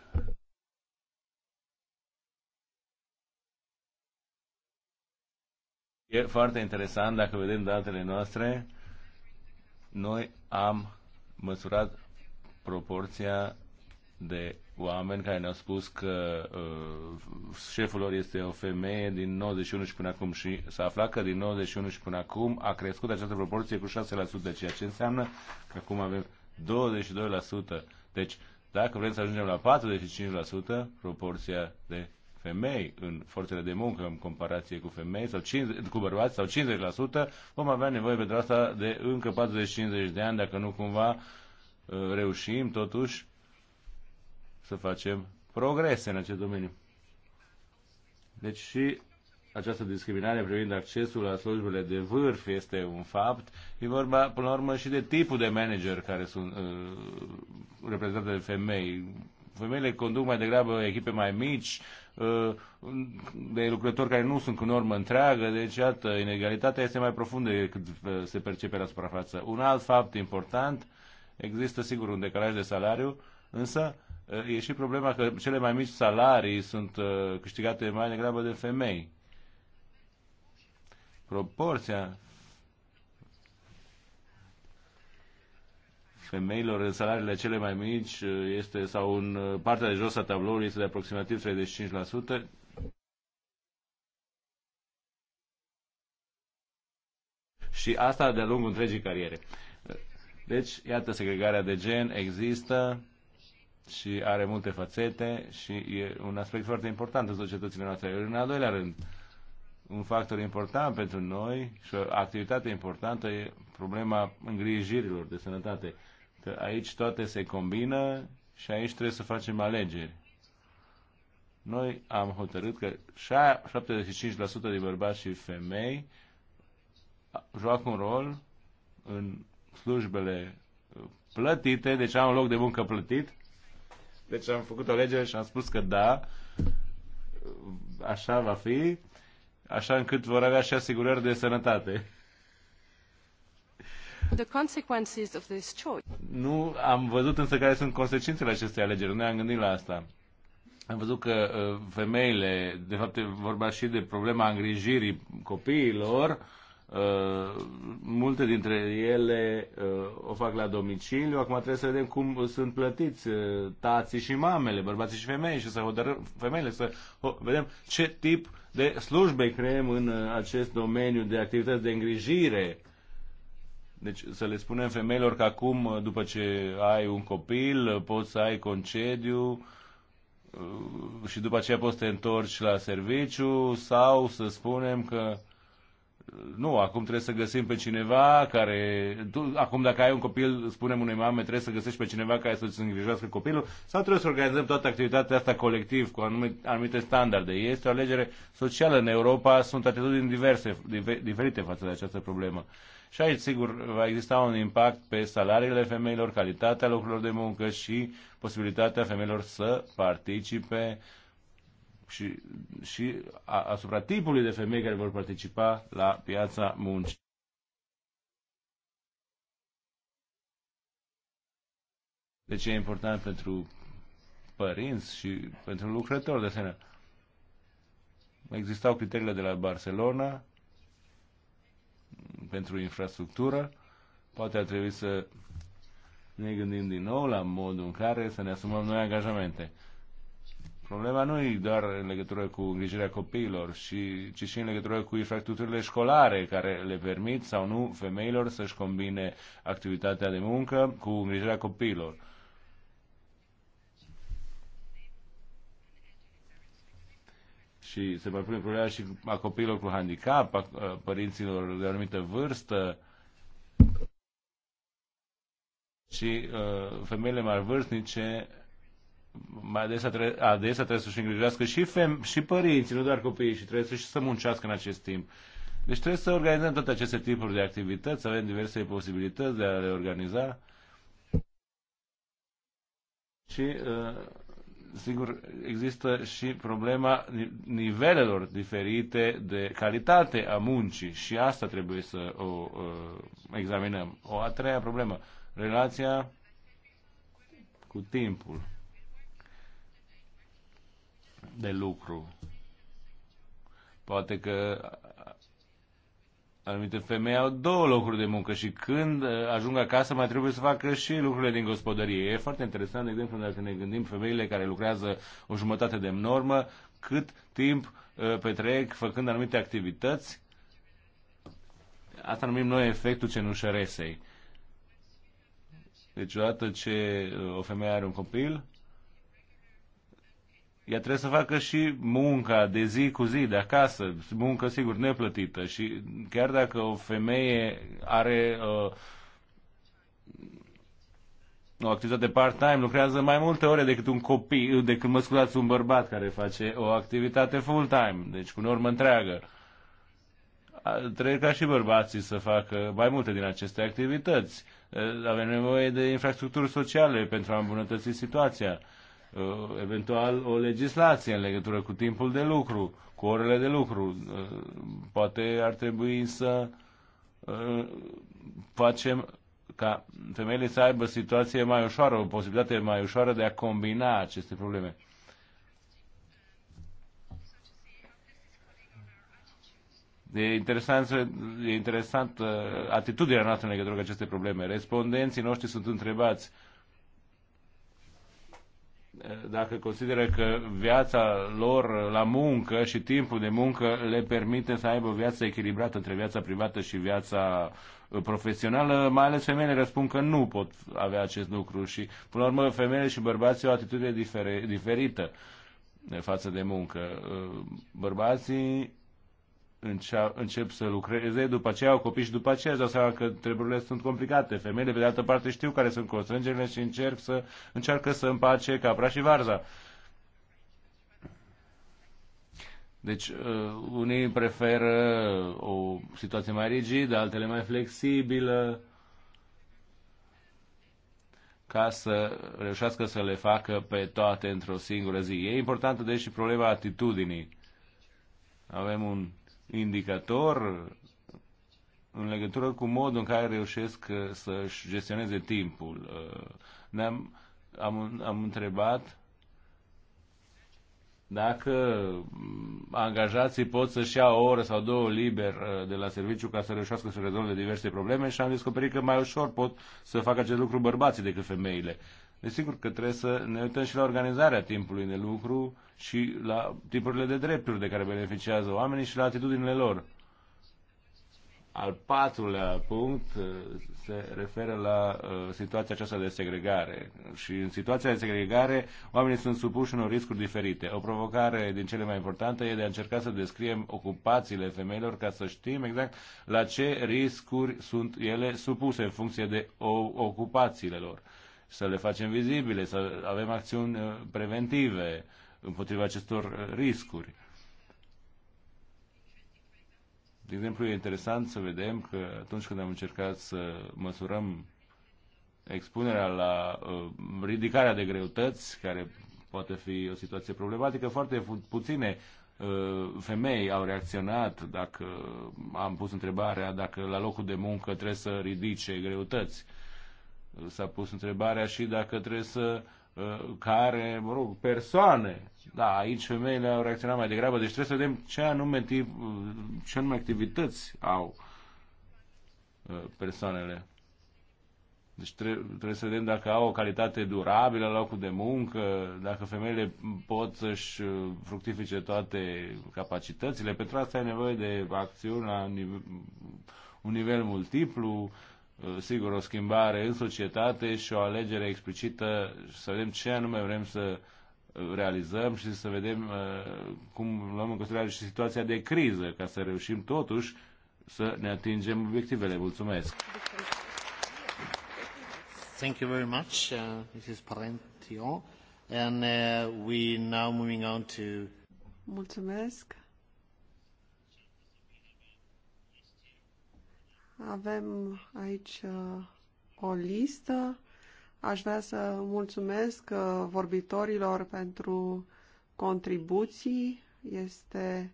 E foarte interesant dacă vedem datele noastre noi am măsurat proporția de oameni care ne-au spus că uh, șeful lor este o femeie din 91 și până acum și s-a aflat că din 91 și până acum a crescut această proporție cu 6%, ceea ce înseamnă că acum avem 22%. Deci, dacă vrem să ajungem la 45%, proporția de femei în forțele de muncă în comparație cu femei sau 50, cu bărbați sau 50%, vom avea nevoie pentru asta de încă 40-50 de ani dacă nu cumva uh, reușim totuși să facem progrese în acest domeniu. Deci și această discriminare privind accesul la slujbele de vârf este un fapt. E vorba, până la urmă, și de tipul de manager care sunt uh, reprezentate de femei. Femeile conduc mai degrabă echipe mai mici, Uh, de lucrători care nu sunt cu normă întreagă, deci iată, inegalitatea este mai profundă decât uh, se percepe la suprafață. Un alt fapt important, există sigur un decalaj de salariu, însă uh, e și problema că cele mai mici salarii sunt câștigate mai degrabă de femei. Proporția femeilor, salariile cele mai mici uh, este, sau în uh, partea de jos a tabloului este de aproximativ 35%. Și asta de-a lungul întregii cariere. Uh, deci, iată, segregarea de gen există și are multe fațete și e un aspect foarte important în societățile noastre. În al doilea rând, un factor important pentru noi și o activitate importantă e problema îngrijirilor de sănătate că aici toate se combină și aici trebuie să facem alegeri. Noi am hotărât că 75% din bărbați și femei joacă un rol în slujbele plătite, deci am un loc de muncă plătit. Deci am făcut o lege și am spus că da, așa va fi, așa încât vor avea și asigurări de sănătate. Nu am văzut însă care sunt consecințele acestei alegeri. Nu am gândit la asta. Am văzut că uh, femeile, de fapt vorba și de problema îngrijirii copiilor, Uh, multe dintre ele uh, o fac la domiciliu. Acum trebuie să vedem cum sunt plătiți uh, tații și mamele, bărbații și femei și să hotărâm femeile, să ho- vedem ce tip de slujbe creăm în uh, acest domeniu de activități de îngrijire deci să le spunem femeilor că acum, după ce ai un copil, poți să ai concediu uh, și după aceea poți să te întorci la serviciu sau să spunem că uh, nu, acum trebuie să găsim pe cineva care, tu, acum dacă ai un copil, spunem unei mame, trebuie să găsești pe cineva care să-ți îngrijească copilul sau trebuie să organizăm toată activitatea asta colectiv cu anumite, anumite standarde. Este o alegere socială în Europa, sunt atitudini diverse, diferite față de această problemă. Uh, și aici, sigur, va exista un impact pe salariile femeilor, calitatea locurilor de muncă și posibilitatea femeilor să participe și, și asupra tipului de femei care vor participa la piața muncii. De ce e important pentru părinți și pentru lucrători de asemenea. Existau criteriile de la Barcelona, pentru infrastructură, poate ar trebui să ne gândim din nou la modul în care să ne asumăm noi angajamente. Problema nu e doar în legătură cu îngrijirea copiilor, și, ci și în legătură cu infrastructurile școlare care le permit sau nu femeilor să-și combine activitatea de muncă cu îngrijirea copiilor și se va pune problema și a copiilor cu handicap, a părinților de anumită vârstă și uh, femeile mai vârstnice mai adesea, tre- adesea trebuie să-și îngrijească și, fem- și părinții, nu doar copiii, și trebuie să-și să muncească în acest timp. Deci trebuie să organizăm toate aceste tipuri de activități, să avem diverse posibilități de a le organiza. Și uh, sigur, există și problema nivelelor diferite de calitate a muncii și asta trebuie să o uh, examinăm. O a treia problemă, relația cu timpul de lucru. Poate că anumite femei au două locuri de muncă și când uh, ajung acasă mai trebuie să facă și lucrurile din gospodărie. E foarte interesant, de exemplu, dacă ne gândim femeile care lucrează o jumătate de normă, cât timp uh, petrec făcând anumite activități. Asta numim noi efectul cenușăresei. Deci odată ce uh, o femeie are un copil, ea trebuie să facă și munca de zi cu zi, de acasă, muncă, sigur, neplătită. Și chiar dacă o femeie are uh, o activitate part-time, lucrează mai multe ore decât un copil, decât, mă scuzați, un bărbat care face o activitate full-time, deci cu normă întreagă. Trebuie ca și bărbații să facă mai multe din aceste activități. Uh, avem nevoie de infrastructuri sociale pentru a îmbunătăți situația Uh, eventual o legislație în legătură cu timpul de lucru, cu orele de lucru. Uh, poate ar trebui să uh, facem ca femeile să aibă situație mai ușoară, o posibilitate mai ușoară de a combina aceste probleme. E interesant, e interesant atitudinea noastră în legătură cu aceste probleme. Respondenții noștri sunt întrebați dacă consideră că viața lor la muncă și timpul de muncă le permite să aibă o viață echilibrată între viața privată și viața uh, profesională, mai ales femeile răspund că nu pot avea acest lucru și, până la urmă, femeile și bărbații au o atitudine diferită uh, față de muncă. Uh, bărbații încep să lucreze, după aceea au copii și după aceea își dau seama că treburile sunt complicate. Femeile, pe de altă parte, știu care sunt constrângerile și încerc să, încearcă să împace capra și varza. Deci, uh, unii preferă o situație mai rigidă, altele mai flexibilă, ca să reușească să le facă pe toate într-o singură zi. E importantă, deci, și problema atitudinii. Avem un indicator în legătură cu modul în care reușesc uh, să-și gestioneze timpul. Uh, ne-am, am, am întrebat dacă mm, angajații pot să-și ia o oră sau două liber uh, de la serviciu ca să reușească să rezolve diverse probleme și am descoperit că mai ușor pot să facă acest lucru bărbații decât femeile. Desigur că trebuie să ne uităm și la organizarea timpului de lucru și la tipurile de drepturi de care beneficiază oamenii și la atitudinile lor. Al patrulea punct uh, se referă la uh, situația aceasta de segregare. Și în situația de segregare, oamenii sunt supuși unor riscuri diferite. O provocare din cele mai importante e de a încerca să descriem ocupațiile femeilor ca să știm exact la ce riscuri sunt ele supuse în funcție de ocupațiile lor să le facem vizibile, să avem acțiuni uh, preventive împotriva acestor uh, riscuri. De exemplu, e interesant să vedem că atunci când am încercat să măsurăm expunerea la uh, ridicarea de greutăți, care poate fi o situație problematică, foarte puține uh, femei au reacționat dacă am pus întrebarea dacă la locul de muncă trebuie să ridice greutăți s-a pus întrebarea și dacă trebuie să uh, care, mă rog, persoane. Da, aici femeile au reacționat mai degrabă, deci trebuie să vedem ce anume, tip, uh, ce anume activități au uh, persoanele. Deci trebuie, trebuie să vedem dacă au o calitate durabilă la locul de muncă, dacă femeile pot să-și fructifice toate capacitățile. Pentru asta ai nevoie de acțiuni la un nivel, un nivel multiplu, uh, Uh, sigur, o schimbare în societate și o alegere explicită să vedem ce anume vrem să uh, realizăm și să vedem uh, cum luăm în considerare și situația de criză, ca să reușim totuși să ne atingem obiectivele. Mulțumesc! Thank you very much, uh, Mrs. Parentio. And uh, we now moving on to... Mulțumesc. Avem aici uh, o listă. Aș vrea să mulțumesc uh, vorbitorilor pentru contribuții. Este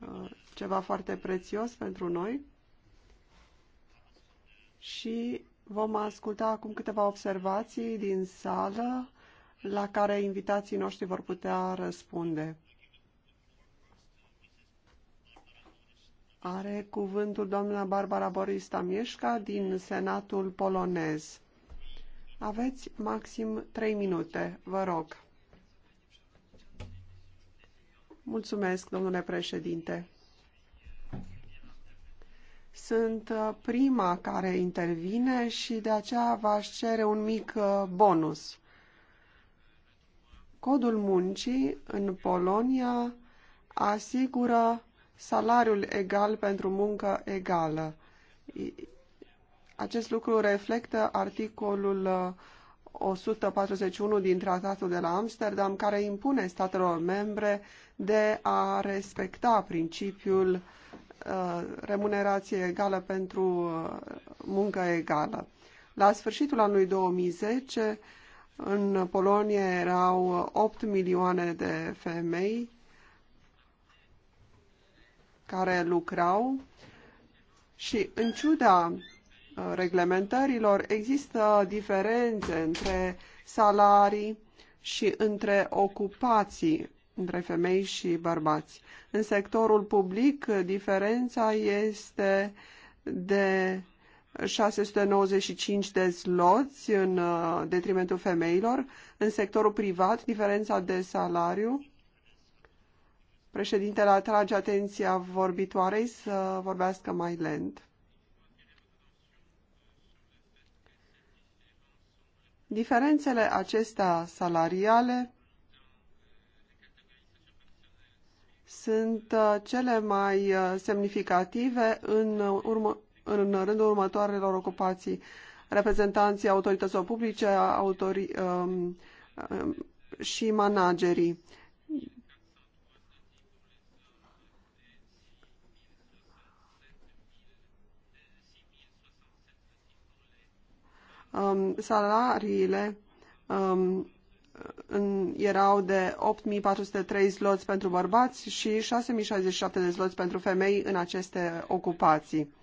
uh, ceva foarte prețios pentru noi. Și vom asculta acum câteva observații din sală la care invitații noștri vor putea răspunde. Are cuvântul doamna Barbara Borista Mieșca din Senatul polonez. Aveți maxim 3 minute, vă rog. Mulțumesc, domnule președinte. Sunt uh, prima care intervine și de aceea v-aș cere un mic uh, bonus. Codul muncii în Polonia asigură salariul egal pentru muncă egală. Acest lucru reflectă articolul 141 uh, din Tratatul de la Amsterdam, care impune statelor membre de a respecta principiul uh, remunerație egală pentru uh, muncă egală. La sfârșitul anului 2010, în Polonia erau 8 milioane de femei care lucrau și în ciuda uh, reglementărilor există diferențe între salarii și între ocupații între femei și bărbați. În sectorul public, diferența este de 695 de sloți în uh, detrimentul femeilor. În sectorul privat, diferența de salariu Președintele atrage atenția vorbitoarei să vorbească mai lent. Diferențele acestea salariale sunt uh, cele mai uh, semnificative în, uh, urmă, în rândul următoarelor ocupații. Reprezentanții autorităților publice autori, um, um, și managerii. um, salariile um, în, erau de 8.403 zloți pentru bărbați și 6.067 de zloți pentru femei în aceste ocupații.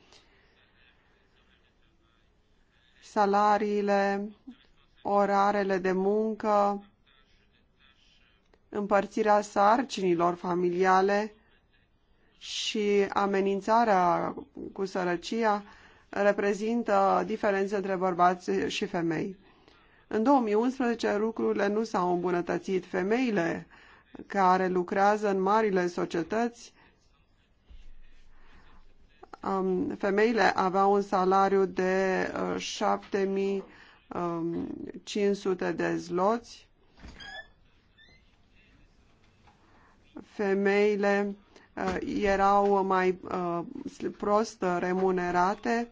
Salariile, orarele de muncă, împărțirea sarcinilor familiale și amenințarea cu sărăcia reprezintă diferențe între bărbați și femei. În 2011 lucrurile nu s-au îmbunătățit. Femeile care lucrează în marile societăți, um, femeile aveau un salariu de 7500 uh, um, de zloți, femeile uh, erau mai uh, prost remunerate,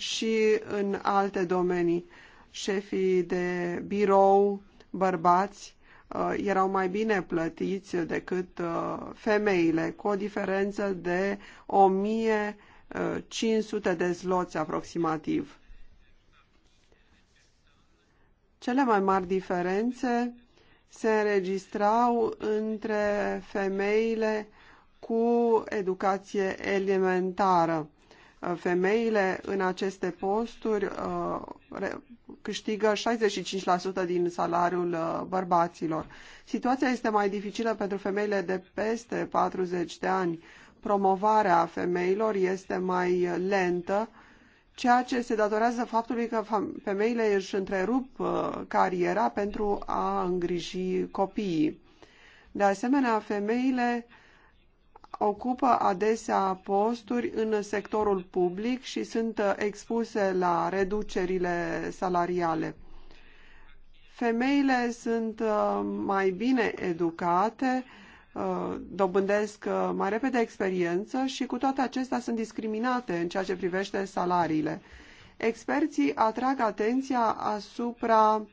și în alte domenii. Șefii de birou, bărbați, uh, erau mai bine plătiți decât uh, femeile, cu o diferență de 1500 de zloți aproximativ. Cele mai mari diferențe se înregistrau între femeile cu educație elementară, Uh, femeile în aceste posturi uh, câștigă 65% din salariul uh, bărbaților. Situația este mai dificilă pentru femeile de peste 40 de ani. Promovarea femeilor este mai lentă, ceea ce se datorează faptului că femeile își întrerup cariera pentru a îngriji copiii. De asemenea, femeile ocupă adesea posturi în sectorul public și sunt uh, expuse la reducerile salariale. Femeile sunt uh, mai bine educate, uh, dobândesc mai repede experiență și cu toate acestea sunt discriminate în ceea ce privește salariile. Experții atrag atenția asupra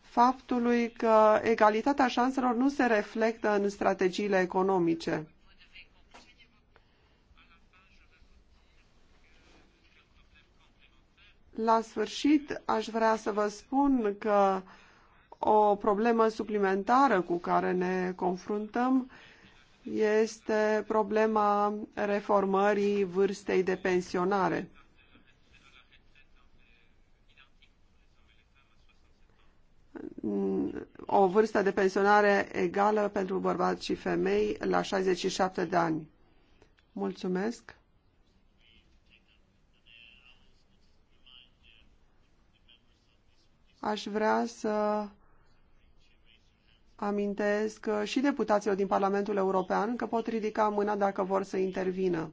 faptului că egalitatea șanselor nu se reflectă în strategiile economice. La sfârșit, aș vrea să vă spun că o problemă suplimentară cu care ne confruntăm este problema reformării vârstei de pensionare. O vârstă de pensionare egală pentru bărbați și femei la 67 de ani. Mulțumesc! aș vrea să amintesc și deputaților din Parlamentul European că pot ridica mâna dacă vor să intervină.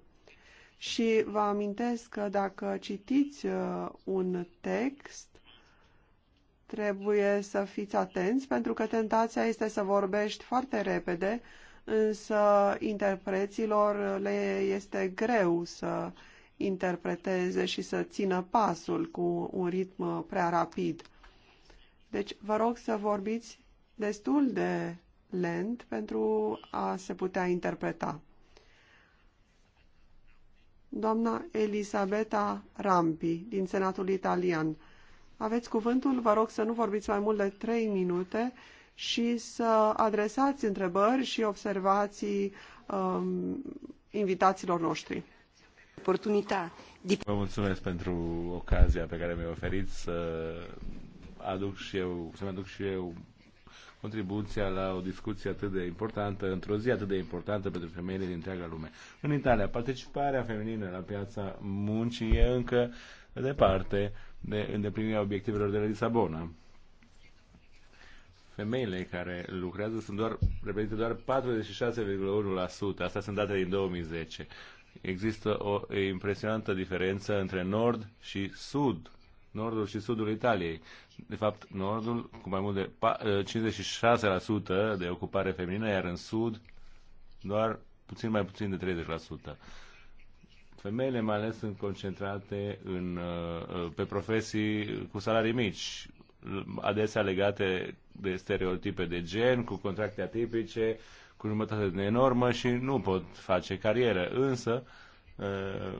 Și vă amintesc că dacă citiți uh, un text, trebuie să fiți atenți, pentru că tentația este să vorbești foarte repede, însă interpreților le este greu să interpreteze și să țină pasul cu un ritm prea rapid. Deci vă rog să vorbiți destul de lent pentru a se putea interpreta. Doamna Elisabeta Rampi, din Senatul Italian. Aveți cuvântul, vă rog să nu vorbiți mai mult de trei minute și să adresați întrebări și observații um, invitaților noștri. Vă mulțumesc pentru ocazia pe care mi-a oferit să aduc și eu, să-mi aduc și eu contribuția la o discuție atât de importantă, într-o zi atât de importantă pentru femeile din întreaga lume. În Italia, participarea feminină la piața muncii e încă departe de îndeplinirea obiectivelor de la Lisabona. Femeile care lucrează sunt doar, reprezintă doar 46,1%. Asta sunt date din 2010. Există o impresionantă diferență între nord și sud nordul și sudul Italiei. De fapt, nordul cu mai mult de 56% eh, de ocupare feminină, iar în sud doar puțin mai puțin de 30%. Femeile mai ales sunt concentrate în, eh, pe profesii cu salarii mici, adesea legate de stereotipe de gen, cu contracte atipice, cu jumătate de enormă și nu pot face carieră. Însă, eh,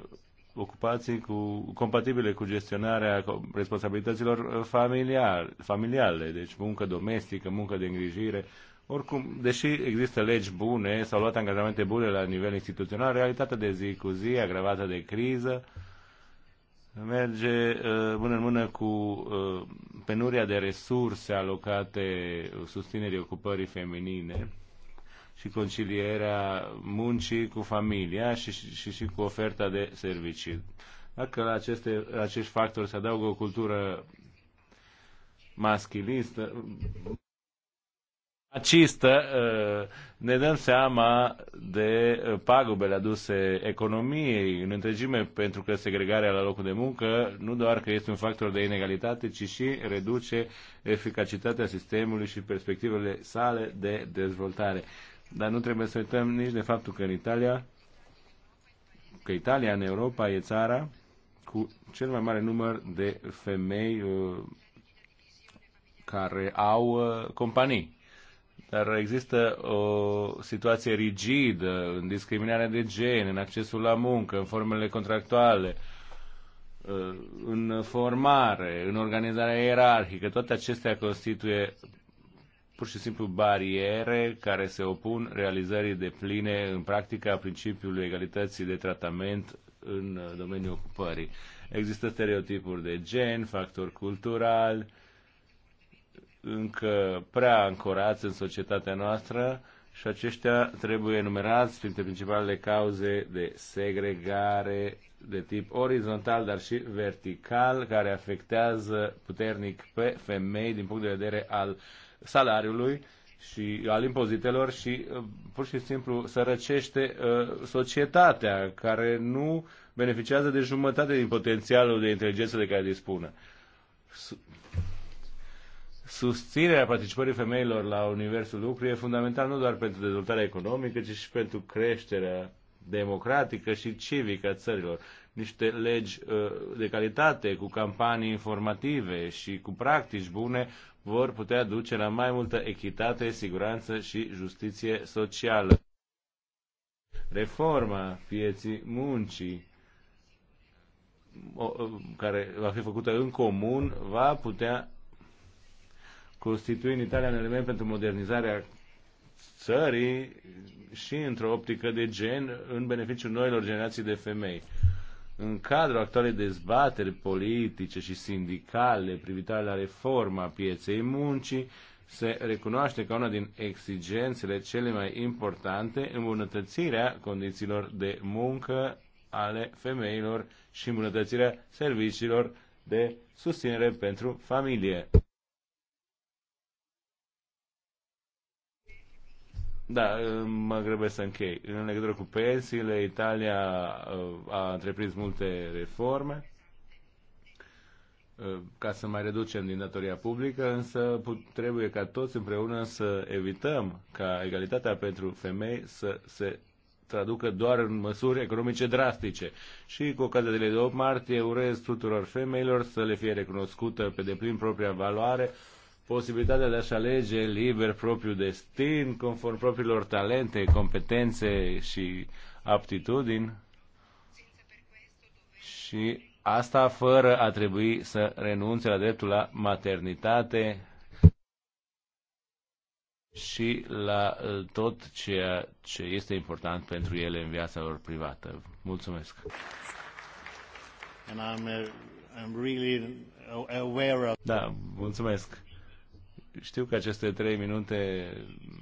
ocupații cu, compatibile cu gestionarea responsabilităților uh, familial, familiale, deci muncă domestică, muncă de îngrijire. Oricum, deși există legi bune, s-au luat angajamente bune la nivel instituțional, realitatea de zi cu zi, agravată de criză, merge uh, mână în mână cu uh, penuria de resurse alocate susținerii ocupării feminine și concilierea muncii cu familia și, și, și cu oferta de servicii. Dacă la, aceste, la acești factori se adaugă o cultură maschilistă, acistă, ă, ne dăm seama de pagubele aduse economiei în întregime, pentru că segregarea la locul de muncă nu doar că este un factor de inegalitate, ci și reduce eficacitatea sistemului și perspectivele sale de dezvoltare. Dar nu trebuie să uităm nici de faptul că în Italia, că Italia în Europa e țara cu cel mai mare număr de femei uh, care au uh, companii. Dar există o situație rigidă în discriminarea de gen, în accesul la muncă, în formele contractuale, uh, în formare, în organizarea ierarhică. Toate acestea constituie pur și simplu bariere care se opun realizării de pline în practica principiului egalității de tratament în uh, domeniul ocupării. Există stereotipuri de gen, factori culturali, încă prea ancorați în societatea noastră și aceștia trebuie enumerați printre principalele cauze de segregare de tip orizontal, dar și vertical, care afectează puternic pe femei din punct de vedere al uh, salariului și al impozitelor și uh, pur și simplu sărăcește uh, societatea care nu beneficiază de jumătate din potențialul de inteligență de care dispune. Susținerea participării femeilor la universul lucru e fundamental nu doar pentru dezvoltarea economică, ci și pentru creșterea democratică și civică a țărilor. Niște legi uh, de calitate, cu campanii informative și cu practici bune vor putea duce la mai multă echitate, siguranță și justiție socială. Reforma pieții muncii care va fi făcută în comun, va putea constitui în Italia un element pentru modernizarea țării și într-o optică de gen în beneficiul noilor generații de femei în cadrul actualei dezbateri politice și sindicale privitoare la reforma pieței muncii, se recunoaște ca una din exigențele cele mai importante îmbunătățirea condițiilor de muncă ale femeilor și îmbunătățirea serviciilor de susținere pentru familie. Da, mă grăbesc să închei. În legătură cu pensiile, Italia uh, a întreprins multe reforme uh, ca să mai reducem din datoria publică, însă trebuie ca toți împreună să evităm ca egalitatea pentru femei să se traducă doar în măsuri economice drastice. Și cu ocazia de 8 martie urez tuturor femeilor să le fie recunoscută pe deplin propria valoare, posibilitatea de a-și alege liber propriul destin, conform propriilor talente, competențe și aptitudini. Și asta fără a trebui să renunțe la dreptul la maternitate și la uh, tot ceea ce este important pentru ele în viața lor privată. Mulțumesc! Uh, da, mulțumesc! Știu că aceste trei minute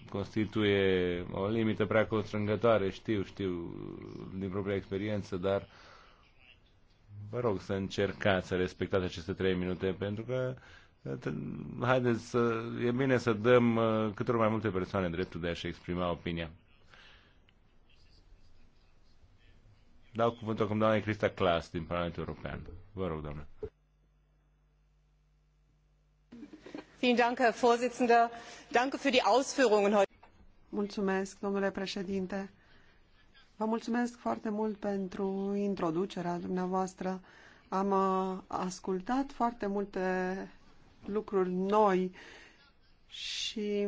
constituie o limită prea constrângătoare, știu, știu, din propria experiență, dar vă rog să încercați să respectați aceste trei minute, pentru că haideți să, e bine să dăm uh, câtelor mai multe persoane dreptul de a-și exprima opinia. Dau cuvântul acum doamnei Crista Clas din Parlamentul European. Vă rog, doamne. herr präsident! danke für die ausführungen heute. Mulțumesc, domnule președinte. Vă mulțumesc foarte mult pentru introducerea dumneavoastră. Am uh, ascultat foarte multe lucruri noi și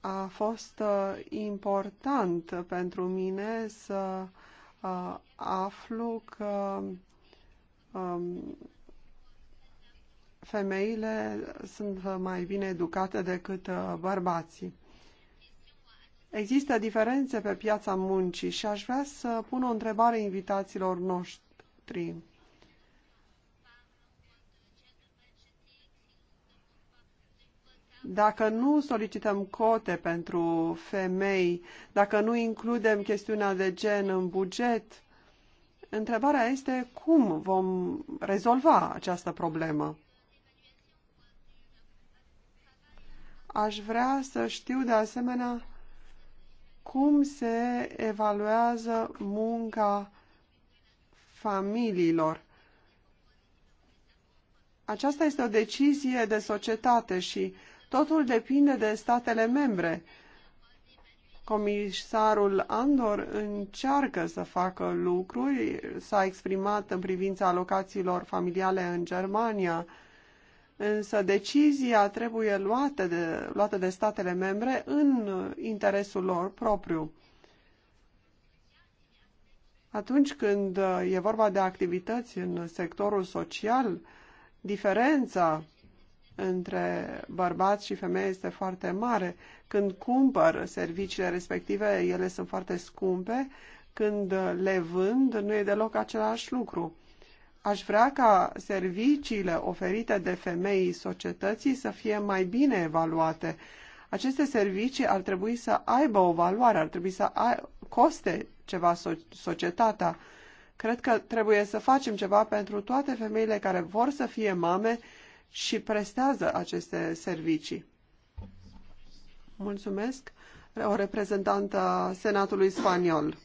a fost uh, important pentru mine să uh, aflu că um, femeile sunt mai bine educate decât uh, bărbații. Există diferențe pe piața muncii și aș vrea să pun o întrebare invitațiilor noștri. Dacă nu solicităm cote pentru femei, dacă nu includem chestiunea de gen în buget, întrebarea este cum vom rezolva această problemă. Aș vrea să știu de asemenea cum se evaluează munca familiilor. Aceasta este o decizie de societate și totul depinde de statele membre. Comisarul Andor încearcă să facă lucruri, s-a exprimat în privința alocațiilor familiale în Germania, însă decizia trebuie luată de, luată de statele membre în interesul lor propriu. Atunci când uh, e vorba de activități în sectorul social, diferența între bărbați și femei este foarte mare. Când cumpăr serviciile respective, ele sunt foarte scumpe, când uh, le vând, nu e deloc același lucru. Aș vrea ca serviciile oferite de femei societății să fie mai bine evaluate. Aceste servicii ar trebui să aibă o valoare, ar trebui să coste ceva societatea. Cred că trebuie să facem ceva pentru toate femeile care vor să fie mame și prestează aceste servicii. Mulțumesc. O reprezentantă Senatului Spaniol.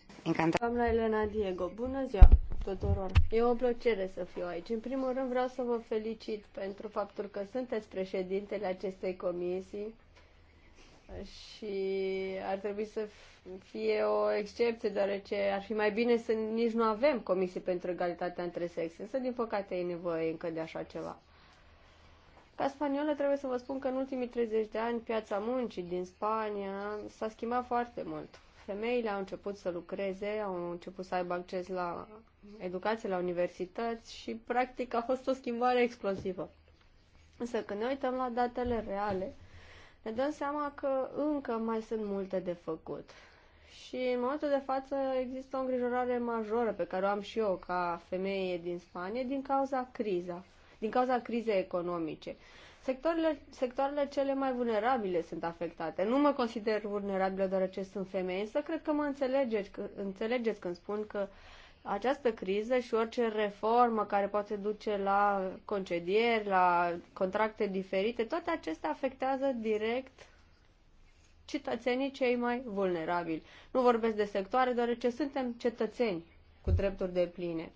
Doamna Elena Diego, bună ziua! tuturor. E o plăcere să fiu aici. În primul rând vreau să vă felicit pentru faptul că sunteți președintele acestei comisii și ar trebui să fie o excepție, deoarece ar fi mai bine să nici nu avem comisii pentru egalitatea între sexe, însă din păcate e nevoie încă de așa ceva. Ca spaniolă trebuie să vă spun că în ultimii 30 de ani piața muncii din Spania s-a schimbat foarte mult femeile au început să lucreze, au început să aibă acces la educație, la universități și practic a fost o schimbare explozivă. Însă când ne uităm la datele reale, ne dăm seama că încă mai sunt multe de făcut. Și în momentul de față există o îngrijorare majoră pe care o am și eu ca femeie din Spania din cauza criza, din cauza crizei economice. Sectorile, sectoarele cele mai vulnerabile sunt afectate. Nu mă consider vulnerabilă ce sunt femeie, însă cred că mă înțelegeți, că, înțelegeți când spun că această criză și orice reformă care poate duce la concedieri, la contracte diferite, toate acestea afectează direct cetățenii cei mai vulnerabili. Nu vorbesc de sectoare, deoarece suntem cetățeni cu drepturi de pline.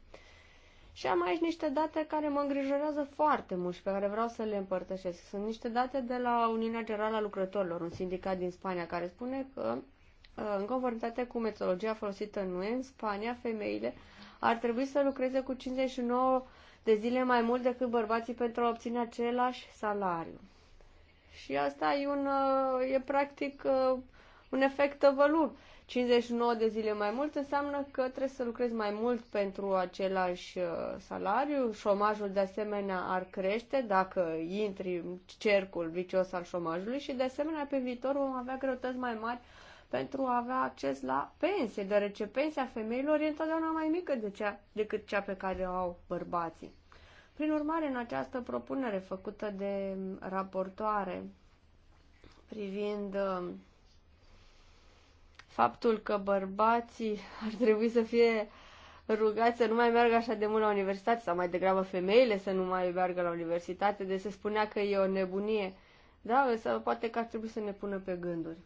Și am aici niște date care mă îngrijorează foarte mult și pe care vreau să le împărtășesc. Sunt niște date de la Uniunea Generală a Lucrătorilor, un sindicat din Spania, care spune că, uh, în conformitate cu metodologia folosită în UE, în Spania, femeile ar trebui să lucreze cu 59 de zile mai mult decât bărbații pentru a obține același salariu. Și asta e un, uh, e practic uh, un efect tăvălug. 59 de zile mai mult înseamnă că trebuie să lucrezi mai mult pentru același uh, salariu. Șomajul de asemenea ar crește dacă intri în cercul vicios al șomajului și de asemenea pe viitor vom avea greutăți mai mari pentru a avea acces la pensie, deoarece pensia femeilor e întotdeauna mai mică de cea, decât cea pe care o au bărbații. Prin urmare, în această propunere făcută de raportoare privind uh, faptul că bărbații ar trebui să fie rugați să nu mai meargă așa de mult la universitate sau mai degrabă femeile să nu mai meargă la universitate, de se spunea că e o nebunie. Da, însă poate că ar trebui să ne pună pe gânduri.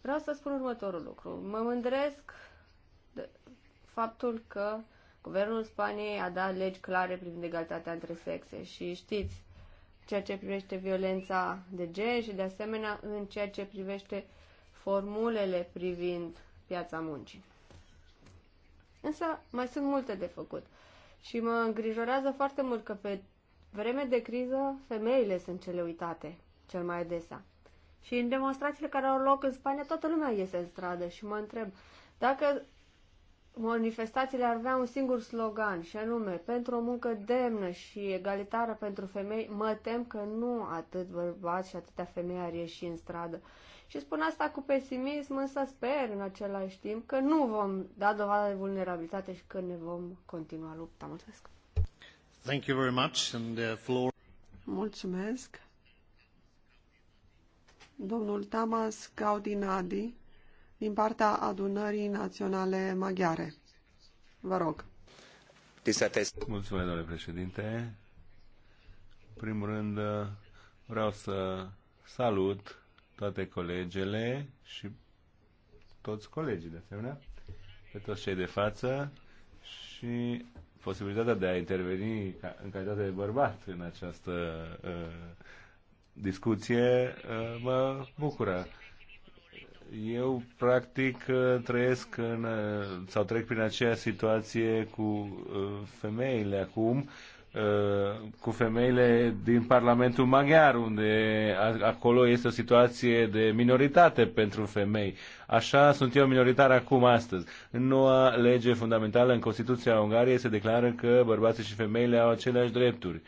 Vreau să spun următorul lucru. Mă mândresc de faptul că guvernul Spaniei a dat legi clare privind egalitatea între sexe și știți, ceea ce privește violența de gen și de asemenea în ceea ce privește uh, formulele privind piața muncii. Însă mai sunt multe de făcut și mă îngrijorează foarte mult că pe vreme de criză femeile sunt cele uitate cel mai adesea. Și în demonstrațiile care au loc în Spania, toată lumea iese în stradă și mă întreb dacă manifestațiile ar avea un singur slogan și anume pentru o muncă demnă și egalitară pentru femei, mă tem că nu atât bărbați și atâtea femei ar ieși în stradă. Și spun asta cu pesimism, însă sper în același timp că nu vom da dovadă de vulnerabilitate și că ne vom continua lupta. Mulțumesc! Thank you very much and the uh, floor. Mulțumesc! Domnul Tamas Gaudinadi, din partea adunării naționale maghiare. Vă rog. Mulțumesc, domnule președinte. În primul rând, uh, vreau să salut toate colegele și toți colegii, de asemenea, pe toți cei de față și posibilitatea de a interveni ca, în calitate de bărbat în această uh, discuție uh, mă bucură. Eu, practic, uh, trăiesc în, uh, sau trec prin aceeași situație cu uh, femeile acum, Uh, cu femeile din Parlamentul Maghiar, unde acolo este o situație de minoritate pentru femei. Așa sunt eu minoritar acum astăzi. În noua lege fundamentală în Constituția Ungariei se declară că bărbații și femeile au aceleași drepturi.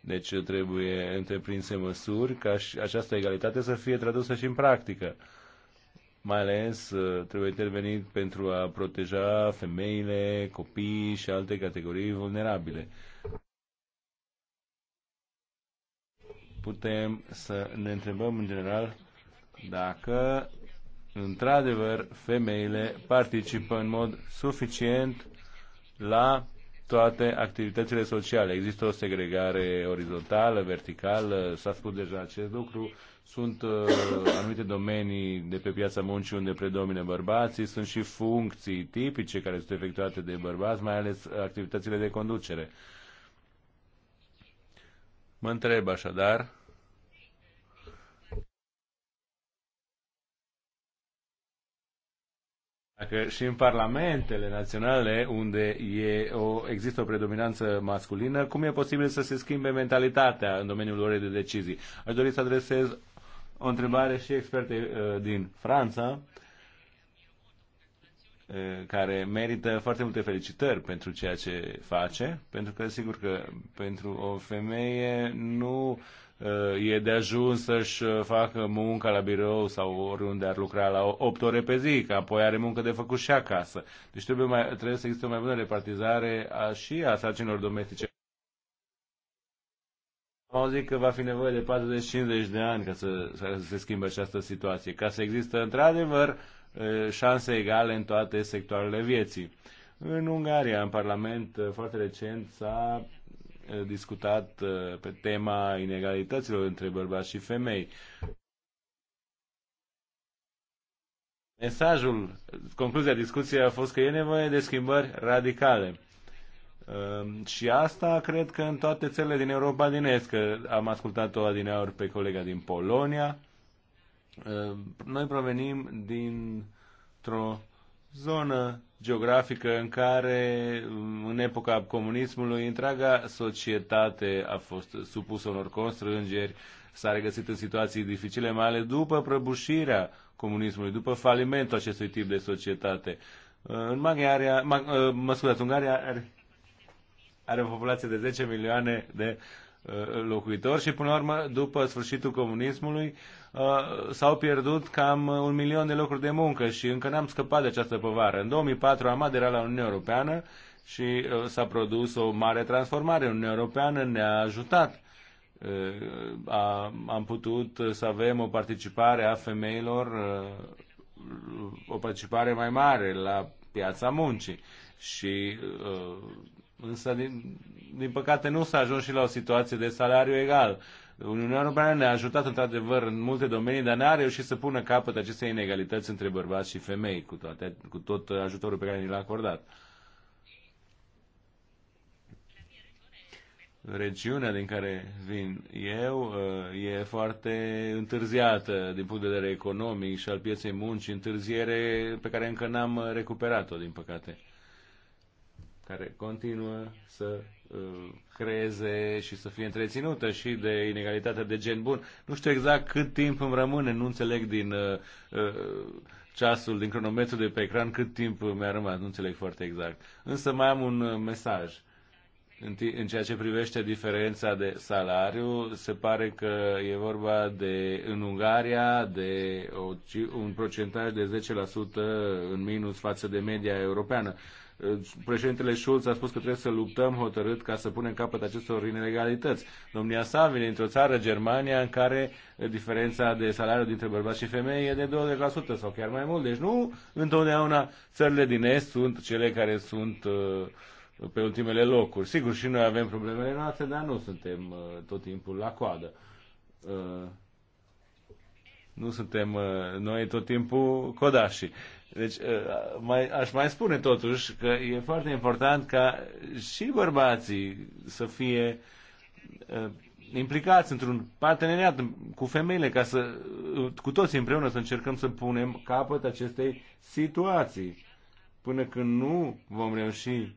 Deci trebuie întreprinse măsuri ca și această egalitate să fie tradusă și în practică. Mai ales uh, trebuie intervenit pentru a proteja femeile, copiii și alte categorii vulnerabile putem să ne întrebăm în general dacă într-adevăr femeile participă în mod suficient la toate activitățile sociale. Există o segregare orizontală, verticală, s-a spus deja acest lucru. Sunt uh, anumite domenii de pe piața muncii unde predomină bărbații, sunt și funcții tipice care sunt efectuate de bărbați, mai ales activitățile de conducere. Uh, Mă întreb așadar, Dacă și în parlamentele naționale, unde e o, există o predominanță masculină, cum e posibil să se schimbe mentalitatea în domeniul orei de decizii? Aș dori să adresez o întrebare și expertei uh, din Franța care merită foarte multe felicitări pentru ceea ce face, pentru că sigur că pentru o femeie nu e de ajuns să-și facă munca la birou sau oriunde ar lucra la 8 ore pe zi, că apoi are muncă de făcut și acasă. Deci trebuie, mai, trebuie să existe o mai bună repartizare a, și a sarcinilor domestice. Am zic că va fi nevoie de 40-50 de ani ca să, să se schimbe această situație, ca să există într-adevăr șanse egale în toate sectoarele vieții. În Ungaria, în Parlament, foarte recent s-a discutat pe tema inegalităților între bărbați și femei. Mesajul, concluzia discuției a fost că e nevoie de schimbări radicale. Și asta cred că în toate țările din Europa din Est, că am ascultat-o adineaori pe colega din Polonia, Ehm, noi provenim dintr-o zonă geografică în care, mm, în epoca comunismului, întreaga societate a fost supusă unor constrângeri, s-a regăsit în situații dificile, mai ales după prăbușirea comunismului, după falimentul acestui tip de societate. Ehm, în Maghiaria, ehm, mă scuzați, Ungaria are, are o populație de 10 milioane de locuitori și, până la urmă, după sfârșitul comunismului, Uh, s-au pierdut cam un milion de locuri de muncă și încă n-am scăpat de această povară. În 2004 am aderat la Uniunea Europeană și uh, s-a produs o mare transformare. Uniunea Europeană ne-a ajutat. Uh, am putut să avem o participare a femeilor, o participare mai mare la piața muncii. Și însă, din, din păcate, nu s-a ajuns și la o situație de salariu egal Uniunea Europeană ne-a ajutat într-adevăr în multe domenii, dar n-a reușit să pună capăt acestei inegalități între bărbați și femei, cu, toate, cu tot ajutorul pe care ni l-a acordat. regiunea din care vin eu uh, e foarte întârziată din punct de vedere economic și al pieței muncii, întârziere pe care încă n-am recuperat-o, din păcate care continuă să uh, creeze și să fie întreținută și de inegalitatea de gen bun. Nu știu exact cât timp îmi rămâne, nu înțeleg din uh, uh, ceasul, din cronometru de pe ecran cât timp mi-a rămas, nu înțeleg foarte exact. Însă mai am un mesaj. În ceea ce privește diferența de salariu, se pare că e vorba de, în Ungaria, de o, un procentaj de 10% în minus față de media europeană. Președintele Schulz a spus că trebuie să luptăm hotărât ca să punem capăt acestor inegalități. Domnia sa vine dintr-o țară, Germania, în care diferența de salariu dintre bărbați și femei e de 20% sau chiar mai mult. Deci nu întotdeauna țările din Est sunt cele care sunt uh, pe ultimele locuri. Sigur, și noi avem problemele noastre, dar nu suntem uh, tot timpul la coadă uh, nu suntem noi tot timpul codașii. Deci, ă, mai, aș mai spune totuși că e foarte important ca și bărbații să fie ă, implicați într-un parteneriat cu femeile ca să, cu toți împreună să încercăm să punem capăt acestei situații. Până când nu vom reuși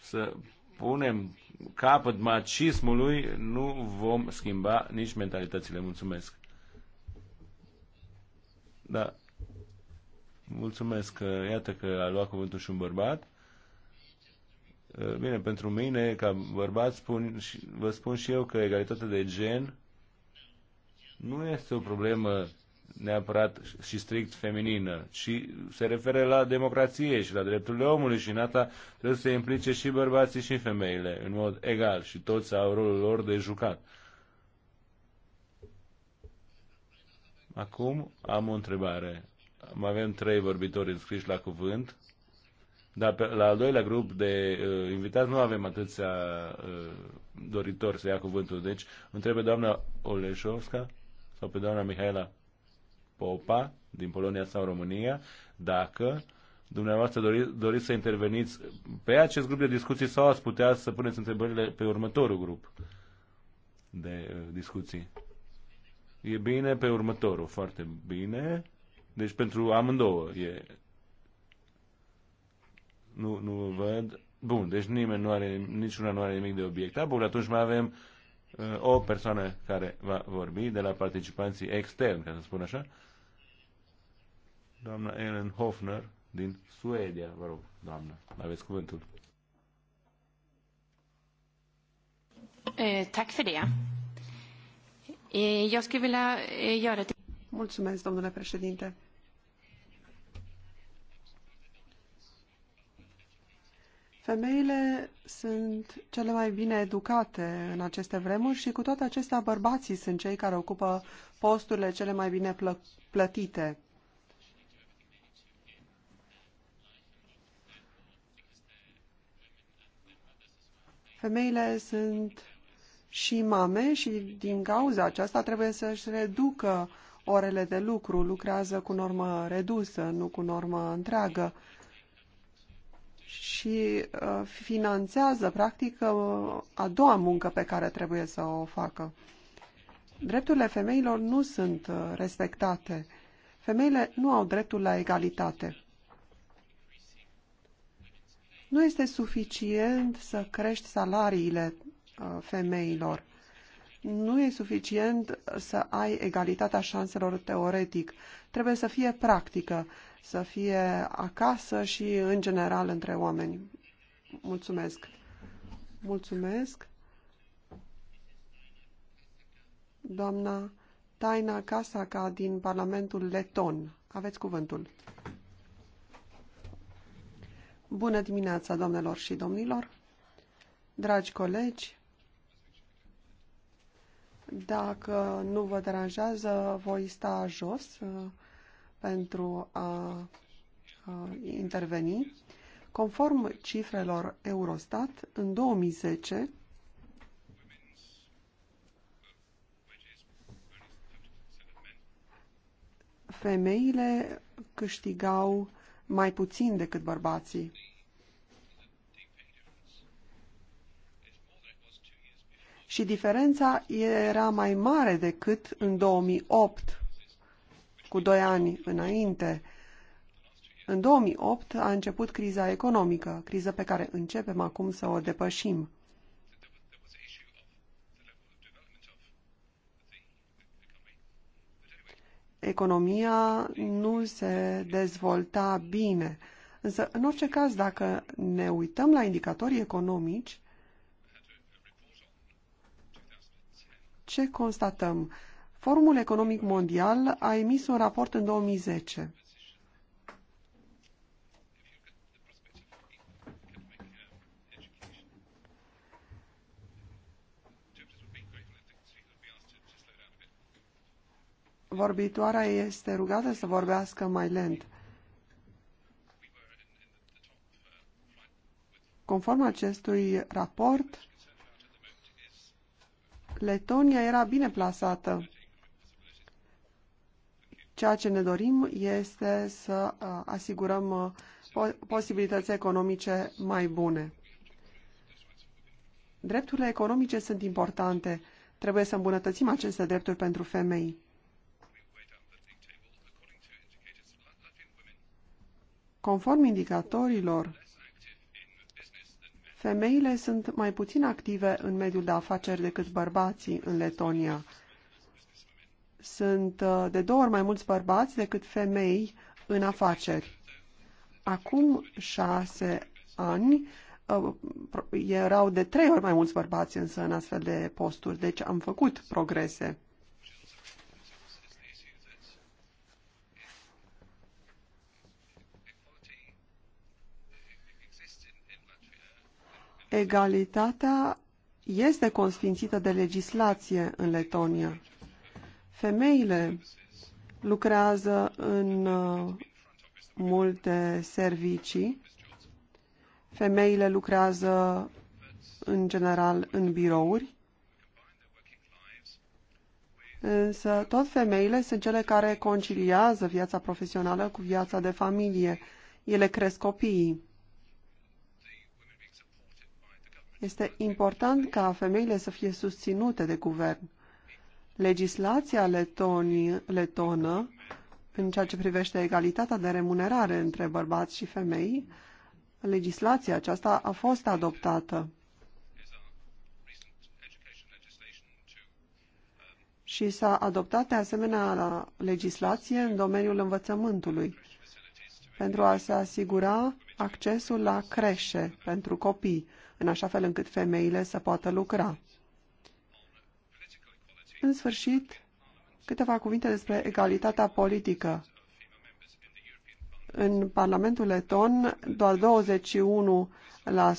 să punem capăt macismului, nu vom schimba nici mentalitățile. Mulțumesc. Da. Mulțumesc că iată că a luat cuvântul și un bărbat. Uh, bine, pentru mine, ca bărbat, spun, vă spun și eu că egalitatea de gen nu este o problemă neapărat și strict feminină, ci se referă la democrație și la drepturile omului și în asta trebuie să se implice și bărbații și femeile în mod egal și toți au rolul lor de jucat. Acum am o întrebare mai avem trei vorbitori înscriși la cuvânt, dar pe, la al doilea grup de uh, invitați nu avem atâția uh, doritori să ia cuvântul. Deci, întrebe doamna Oleșovska sau pe doamna Mihaela Popa din Polonia sau România dacă dumneavoastră dori, doriți să interveniți pe acest grup de discuții sau ați putea să puneți întrebările pe următorul grup de uh, discuții. E bine pe următorul, foarte bine. Deci pentru amândouă e... Nu, nu văd. Bun, deci nimeni nu are, niciuna nu are nimic de obiectat. Bun, atunci mai avem uh, o persoană care va vorbi de la participanții externi, ca să spun așa. Doamna Ellen Hofner din Suedia, vă rog, doamna, aveți cuvântul. Eh, tack för det. Eh, jag skulle vilja eh, göra Mulțumesc, domnule președinte. Femeile sunt cele mai bine educate în aceste vremuri și cu toate acestea bărbații sunt cei care ocupă posturile cele mai bine plă plătite. Femeile sunt și mame și din cauza aceasta trebuie să-și reducă orele de lucru, lucrează cu normă redusă, nu cu normă întreagă și uh, finanțează, practic, uh, a doua muncă pe care trebuie să o facă. Drepturile femeilor nu sunt uh, respectate. Femeile nu au dreptul la egalitate. Nu este suficient să crești salariile femeilor. Nu e suficient să ai egalitatea șanselor teoretic. Trebuie să fie practică să fie acasă și în general între oameni. Mulțumesc! Mulțumesc! Doamna Taina Casaca din Parlamentul Leton. Aveți cuvântul. Bună dimineața, doamnelor și domnilor! Dragi colegi, dacă nu vă deranjează, voi sta jos pentru a interveni. Conform cifrelor Eurostat, în 2010, femeile câștigau mai puțin decât bărbații. Și diferența era mai mare decât în 2008, cu doi ani înainte. În 2008 a început criza economică, criză pe care începem acum să o depășim. Economia nu se dezvolta bine. Însă, în orice caz, dacă ne uităm la indicatorii economici, ce constatăm? Forumul Economic Mondial a emis un raport în 2010. Vorbitoarea este rugată să vorbească mai lent. Conform acestui raport, Letonia era bine plasată Ceea ce ne dorim este să uh, asigurăm uh, posibilități economice mai bune. Drepturile economice sunt importante. Trebuie să îmbunătățim aceste drepturi pentru femei. Conform indicatorilor, femeile sunt mai puțin active în mediul de afaceri decât bărbații în Letonia sunt uh, de două ori mai mulți bărbați decât femei în afaceri. Acum șase ani uh, erau de trei ori mai mulți bărbați însă în astfel de posturi, deci am făcut progrese. Egalitatea este consfințită de legislație în Letonia. Femeile lucrează în uh, multe servicii. Femeile lucrează în general în birouri. Însă tot femeile sunt cele care conciliază viața profesională cu viața de familie. Ele cresc copiii. Este important ca femeile să fie susținute de guvern. Legislația letoni, letonă, în ceea ce privește egalitatea de remunerare între bărbați și femei, legislația aceasta a fost adoptată. și s-a adoptat de asemenea legislație în domeniul învățământului pentru a se asigura accesul la creșe pentru copii, în așa fel încât femeile să poată lucra. În sfârșit, câteva cuvinte despre egalitatea politică. În Parlamentul Leton, doar 21%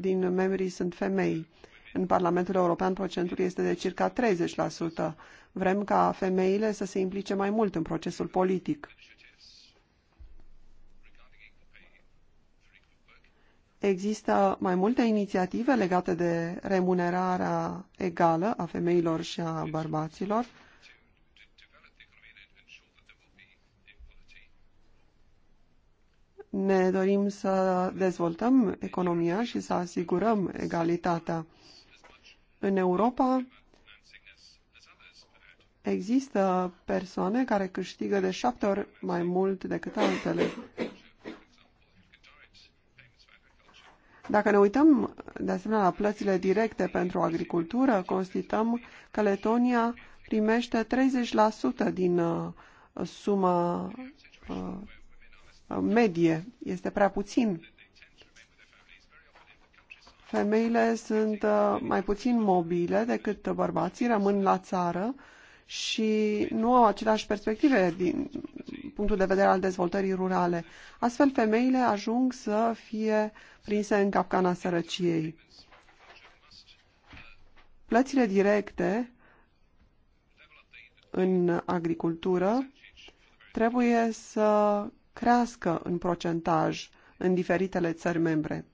din membrii sunt femei. În Parlamentul European, procentul este de circa 30%. Vrem ca femeile să se implice mai mult în procesul politic. Există mai multe inițiative legate de remunerarea egală a femeilor și a bărbaților. Ne dorim să dezvoltăm economia și să asigurăm egalitatea. În Europa există persoane care câștigă de șapte ori mai mult decât altele Dacă ne uităm de asemenea la plățile directe pentru agricultură, constităm că Letonia primește 30% din uh, suma uh, medie. Este prea puțin. Femeile sunt uh, mai puțin mobile decât bărbații, rămân la țară și nu au aceleași perspective din punctul de vedere al dezvoltării rurale. Astfel, femeile ajung să fie prinse în capcana sărăciei. Plățile directe în agricultură trebuie să crească în procentaj în diferitele țări membre.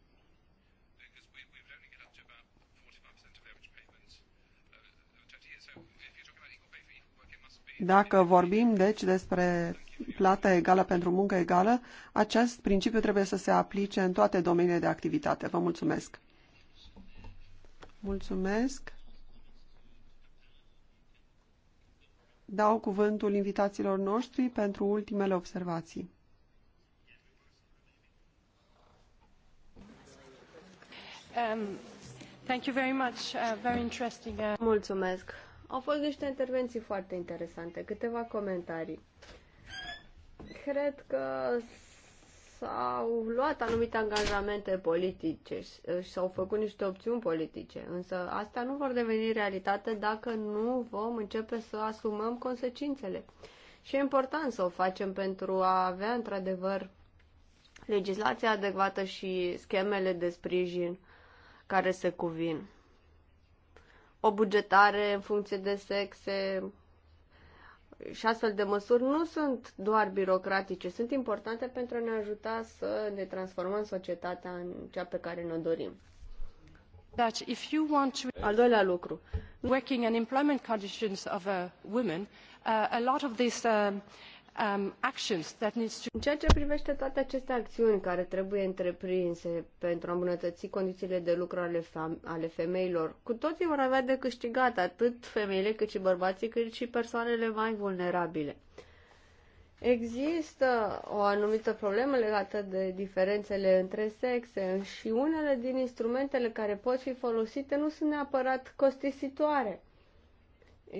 Dacă vorbim, deci, despre plată egală pentru muncă egală, acest principiu trebuie să se aplice în toate domeniile de activitate. Vă mulțumesc! Mulțumesc! Dau cuvântul invitațiilor noștri pentru ultimele observații. Um, thank you very much. Uh, very interesting. Uh... Mulțumesc! Au fost niște intervenții foarte interesante, câteva comentarii. Cred că s-au luat anumite angajamente politice uh, și s-au făcut niște opțiuni politice, însă astea nu vor deveni realitate dacă nu vom începe să asumăm consecințele. Și e important să o facem pentru a avea într-adevăr legislația adecvată și schemele de sprijin care se cuvin o bugetare în funcție de sexe și astfel de măsuri nu sunt doar birocratice, sunt importante pentru a ne ajuta să ne transformăm societatea în cea pe care ne-o dorim. If you want to... Al doilea lucru. Working and employment conditions of women, uh, a lot of this. uh, Um, În ceea ce privește toate aceste acțiuni care trebuie întreprinse pentru a îmbunătăți condițiile de lucru ale, femeilor, cu toții vor avea de câștigat atât femeile cât și bărbații, cât și persoanele mai vulnerabile. Există o anumită problemă legată de diferențele între sexe și unele din instrumentele care pot fi folosite nu sunt neapărat costisitoare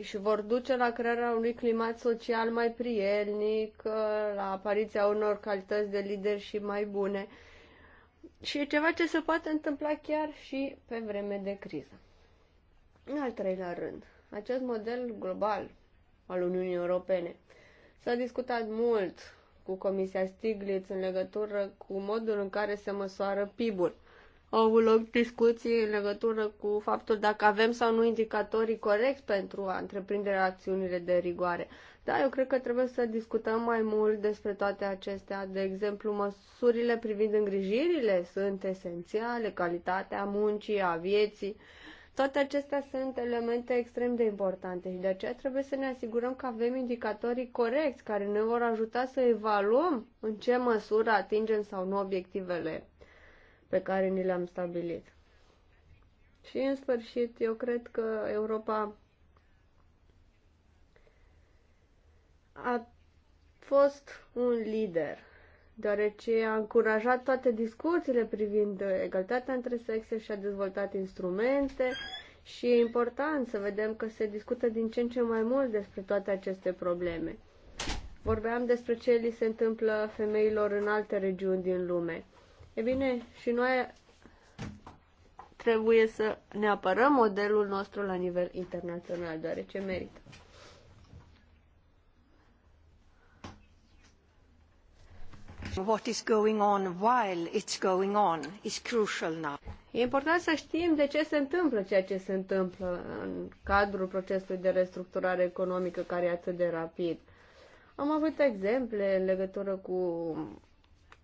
și vor duce la crearea unui climat social mai prielnic, uh, la apariția unor calități de leadership mai bune. Și e ceva ce se poate întâmpla chiar și pe vreme de criză. În al treilea rând, acest model global al Uniunii Europene s-a discutat mult cu Comisia Stiglitz în legătură cu modul în care se măsoară PIB-ul au avut loc discuții în legătură cu faptul dacă avem sau nu indicatorii corecți pentru a întreprinde acțiunile de rigoare. Da, eu cred că trebuie să discutăm mai mult despre toate acestea. De exemplu, măsurile privind îngrijirile sunt esențiale, calitatea muncii, a vieții. Toate acestea sunt elemente extrem de importante și de aceea trebuie să ne asigurăm că avem indicatorii corecți care ne vor ajuta să evaluăm în ce măsură atingem sau nu obiectivele pe care ni le-am stabilit. Și în sfârșit, eu cred că Europa a fost un lider, deoarece a încurajat toate discuțiile privind egalitatea între sexe și a dezvoltat instrumente și e important să vedem că se discută din ce în ce mai mult despre toate aceste probleme. Vorbeam despre ce li se întâmplă femeilor în alte regiuni din lume. E bine, și noi trebuie să ne apărăm modelul nostru la nivel internațional, deoarece merită. What is going on while it's going on is crucial now. E important să știm de ce se întâmplă ceea ce se întâmplă în cadrul procesului de restructurare economică care e atât de rapid. Am avut exemple în legătură cu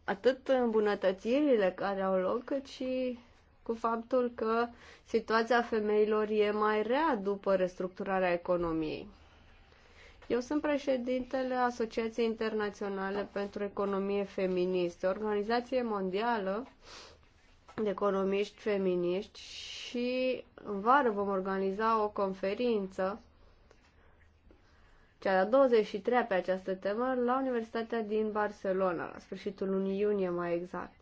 atât îmbunătățirile care au loc, cât și cu faptul că situația femeilor e mai rea după restructurarea economiei. Eu sunt președintele Asociației Internaționale pentru Economie Feministă, organizație mondială de economiști feminiști și în vară vom organiza o conferință cea de-a 23-a pe această temă la Universitatea din Barcelona, la sfârșitul lunii iunie mai exact.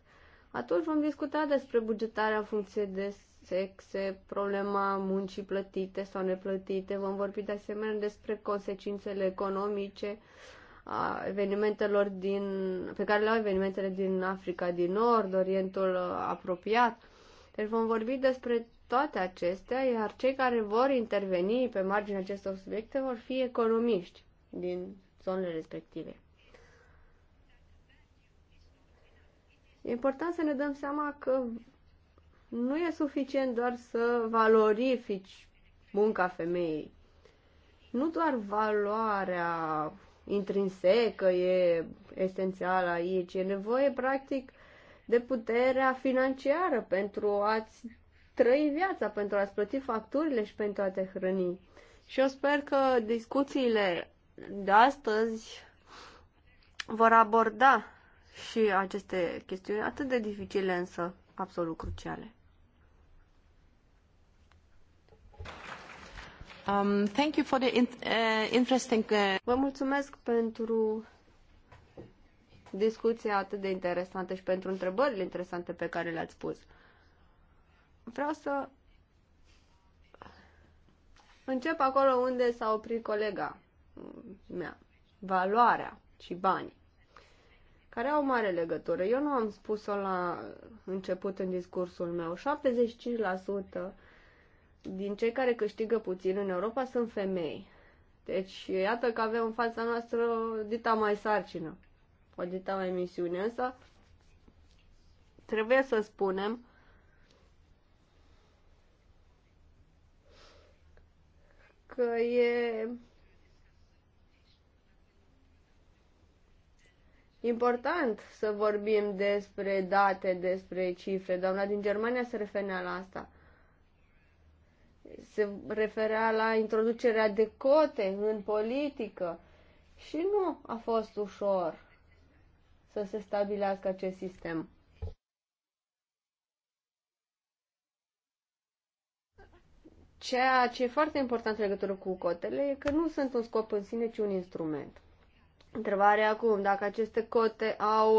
Atunci vom discuta despre bugetarea în funcție de sexe, problema muncii plătite sau neplătite, vom vorbi de asemenea despre consecințele economice a evenimentelor din, pe care le au evenimentele din Africa din Nord, Orientul uh, apropiat. Deci vom vorbi despre toate acestea, iar cei care vor interveni pe marginea acestor subiecte vor fi economiști din zonele respective. E important să ne dăm seama că nu e suficient doar să valorifici munca femeii. Nu doar valoarea intrinsecă e esențială aici, e nevoie practic de puterea financiară pentru a-ți trăi viața, pentru a-ți plăti facturile și pentru a te hrăni. Și eu sper că discuțiile de astăzi vor aborda și aceste chestiuni atât de dificile, însă absolut cruciale. Um, thank you for the in, uh, interesting, uh... Vă mulțumesc pentru discuția atât de interesantă și pentru întrebările interesante pe care le-ați pus. Vreau să încep acolo unde s-a oprit colega mea. Valoarea și bani, care au mare legătură. Eu nu am spus-o la început în discursul meu. 75% din cei care câștigă puțin în Europa sunt femei. Deci, iată că avem în fața noastră dita mai sarcină auditau emisiunea, însă trebuie să spunem că e important să vorbim despre date, despre cifre. Doamna din Germania se referea la asta. Se referea la introducerea de cote în politică și nu a fost ușor să se stabilească acest sistem. Ceea ce e foarte important în legătură cu cotele e că nu sunt un scop în sine, ci un instrument. Întrebarea acum, dacă aceste cote au,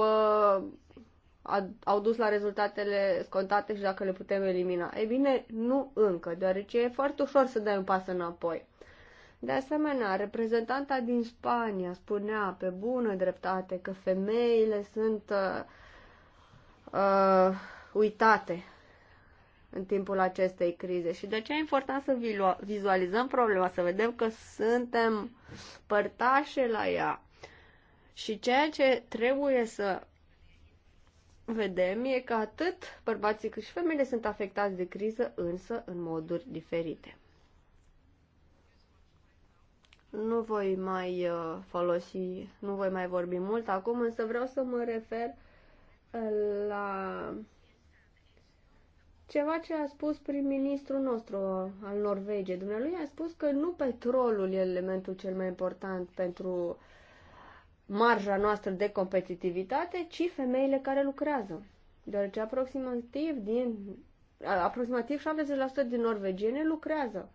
uh, au dus la rezultatele scontate și dacă le putem elimina. Ei bine, nu încă, deoarece e foarte ușor să dai un pas înapoi. De asemenea, reprezentanta din Spania spunea pe bună dreptate că femeile sunt uh, uh, uitate în timpul acestei crize și de ce e important să vizualizăm problema, să vedem că suntem părtașe la ea. Și ceea ce trebuie să vedem e că atât bărbații cât și femeile sunt afectați de criză, însă în moduri diferite. Nu voi mai uh, folosi, nu voi mai vorbi mult acum, însă vreau să mă refer uh, la ceva ce a spus prim-ministrul nostru uh, al Norvegiei. Dumnealui a spus că nu petrolul e elementul cel mai important pentru marja noastră de competitivitate, ci femeile care lucrează. Deoarece aproximativ din aproximativ 70% din norvegiene lucrează.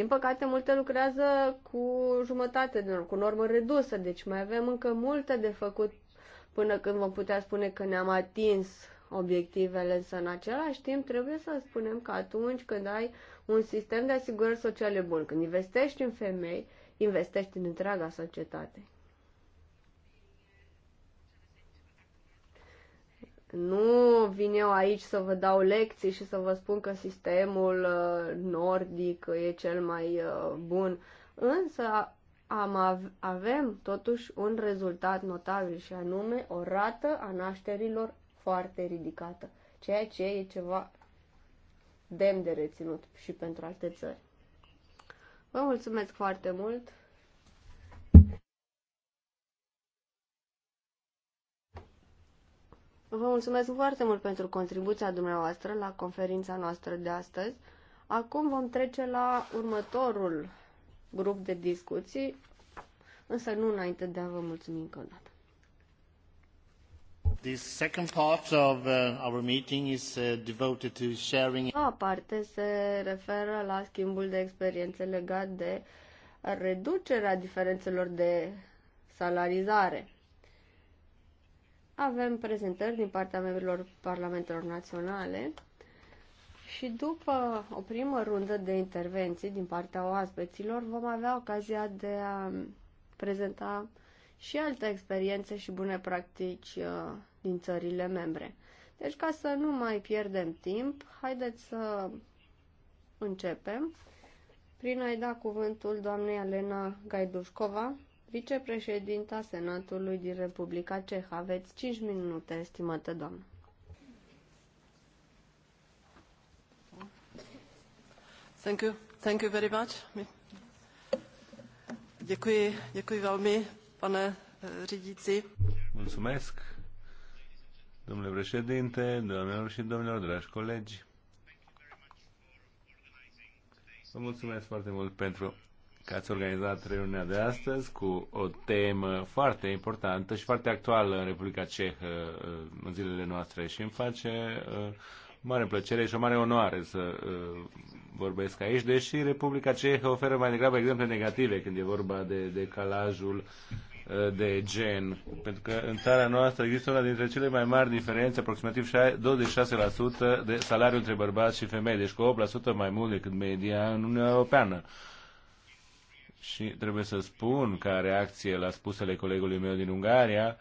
Din păcate, multe lucrează cu jumătate de normă, cu normă redusă, deci mai avem încă multe de făcut până când vom putea spune că ne-am atins obiectivele, însă în același timp trebuie să spunem că atunci când ai un sistem de asigurări sociale bun, când investești în femei, investești în întreaga societate. Nu vin eu aici să vă dau lecții și să vă spun că sistemul uh, nordic e cel mai uh, bun, însă am ave- avem totuși un rezultat notabil și anume o rată a nașterilor foarte ridicată, ceea ce e ceva demn de reținut și pentru alte țări. Vă mulțumesc foarte mult! Vă mulțumesc foarte mult pentru contribuția dumneavoastră la conferința noastră de astăzi. Acum vom trece la următorul grup de discuții, însă nu înainte de a vă mulțumi încă o dată. The second part of uh, our meeting is uh, devoted to sharing. A parte se referă la schimbul de experiențe legat de reducerea diferențelor de salarizare avem prezentări din partea membrilor parlamentelor naționale și după o primă rundă de intervenții din partea oaspeților vom avea ocazia de a prezenta și alte experiențe și bune practici uh, din țările membre. Deci ca să nu mai pierdem timp, haideți să începem prin a-i da cuvântul doamnei Elena Gaidușcova, vicepreședinta Senatului din Republica Ceh. Aveți 5 minute, estimată doamnă. Thank you. Thank you very much. Děkuji, děkuji velmi, pane eh, řídící. Mulțumesc, domnule președinte, doamnelor și domnilor, dragi colegi. Vă mulțumesc foarte mult pentru că ați organizat reuniunea de astăzi cu o temă foarte importantă și foarte actuală în Republica Cehă uh, în zilele noastre și îmi face uh, mare plăcere și o mare onoare să uh, vorbesc aici, deși Republica Cehă oferă mai degrabă exemple negative când e vorba de decalajul de gen, pentru că în țara noastră există una dintre cele mai mari diferențe, aproximativ 26% de salariu între bărbați și femei, deci cu 8% mai mult decât media în Uniunea Europeană. Și trebuie să spun, ca reacție la spusele colegului meu din Ungaria,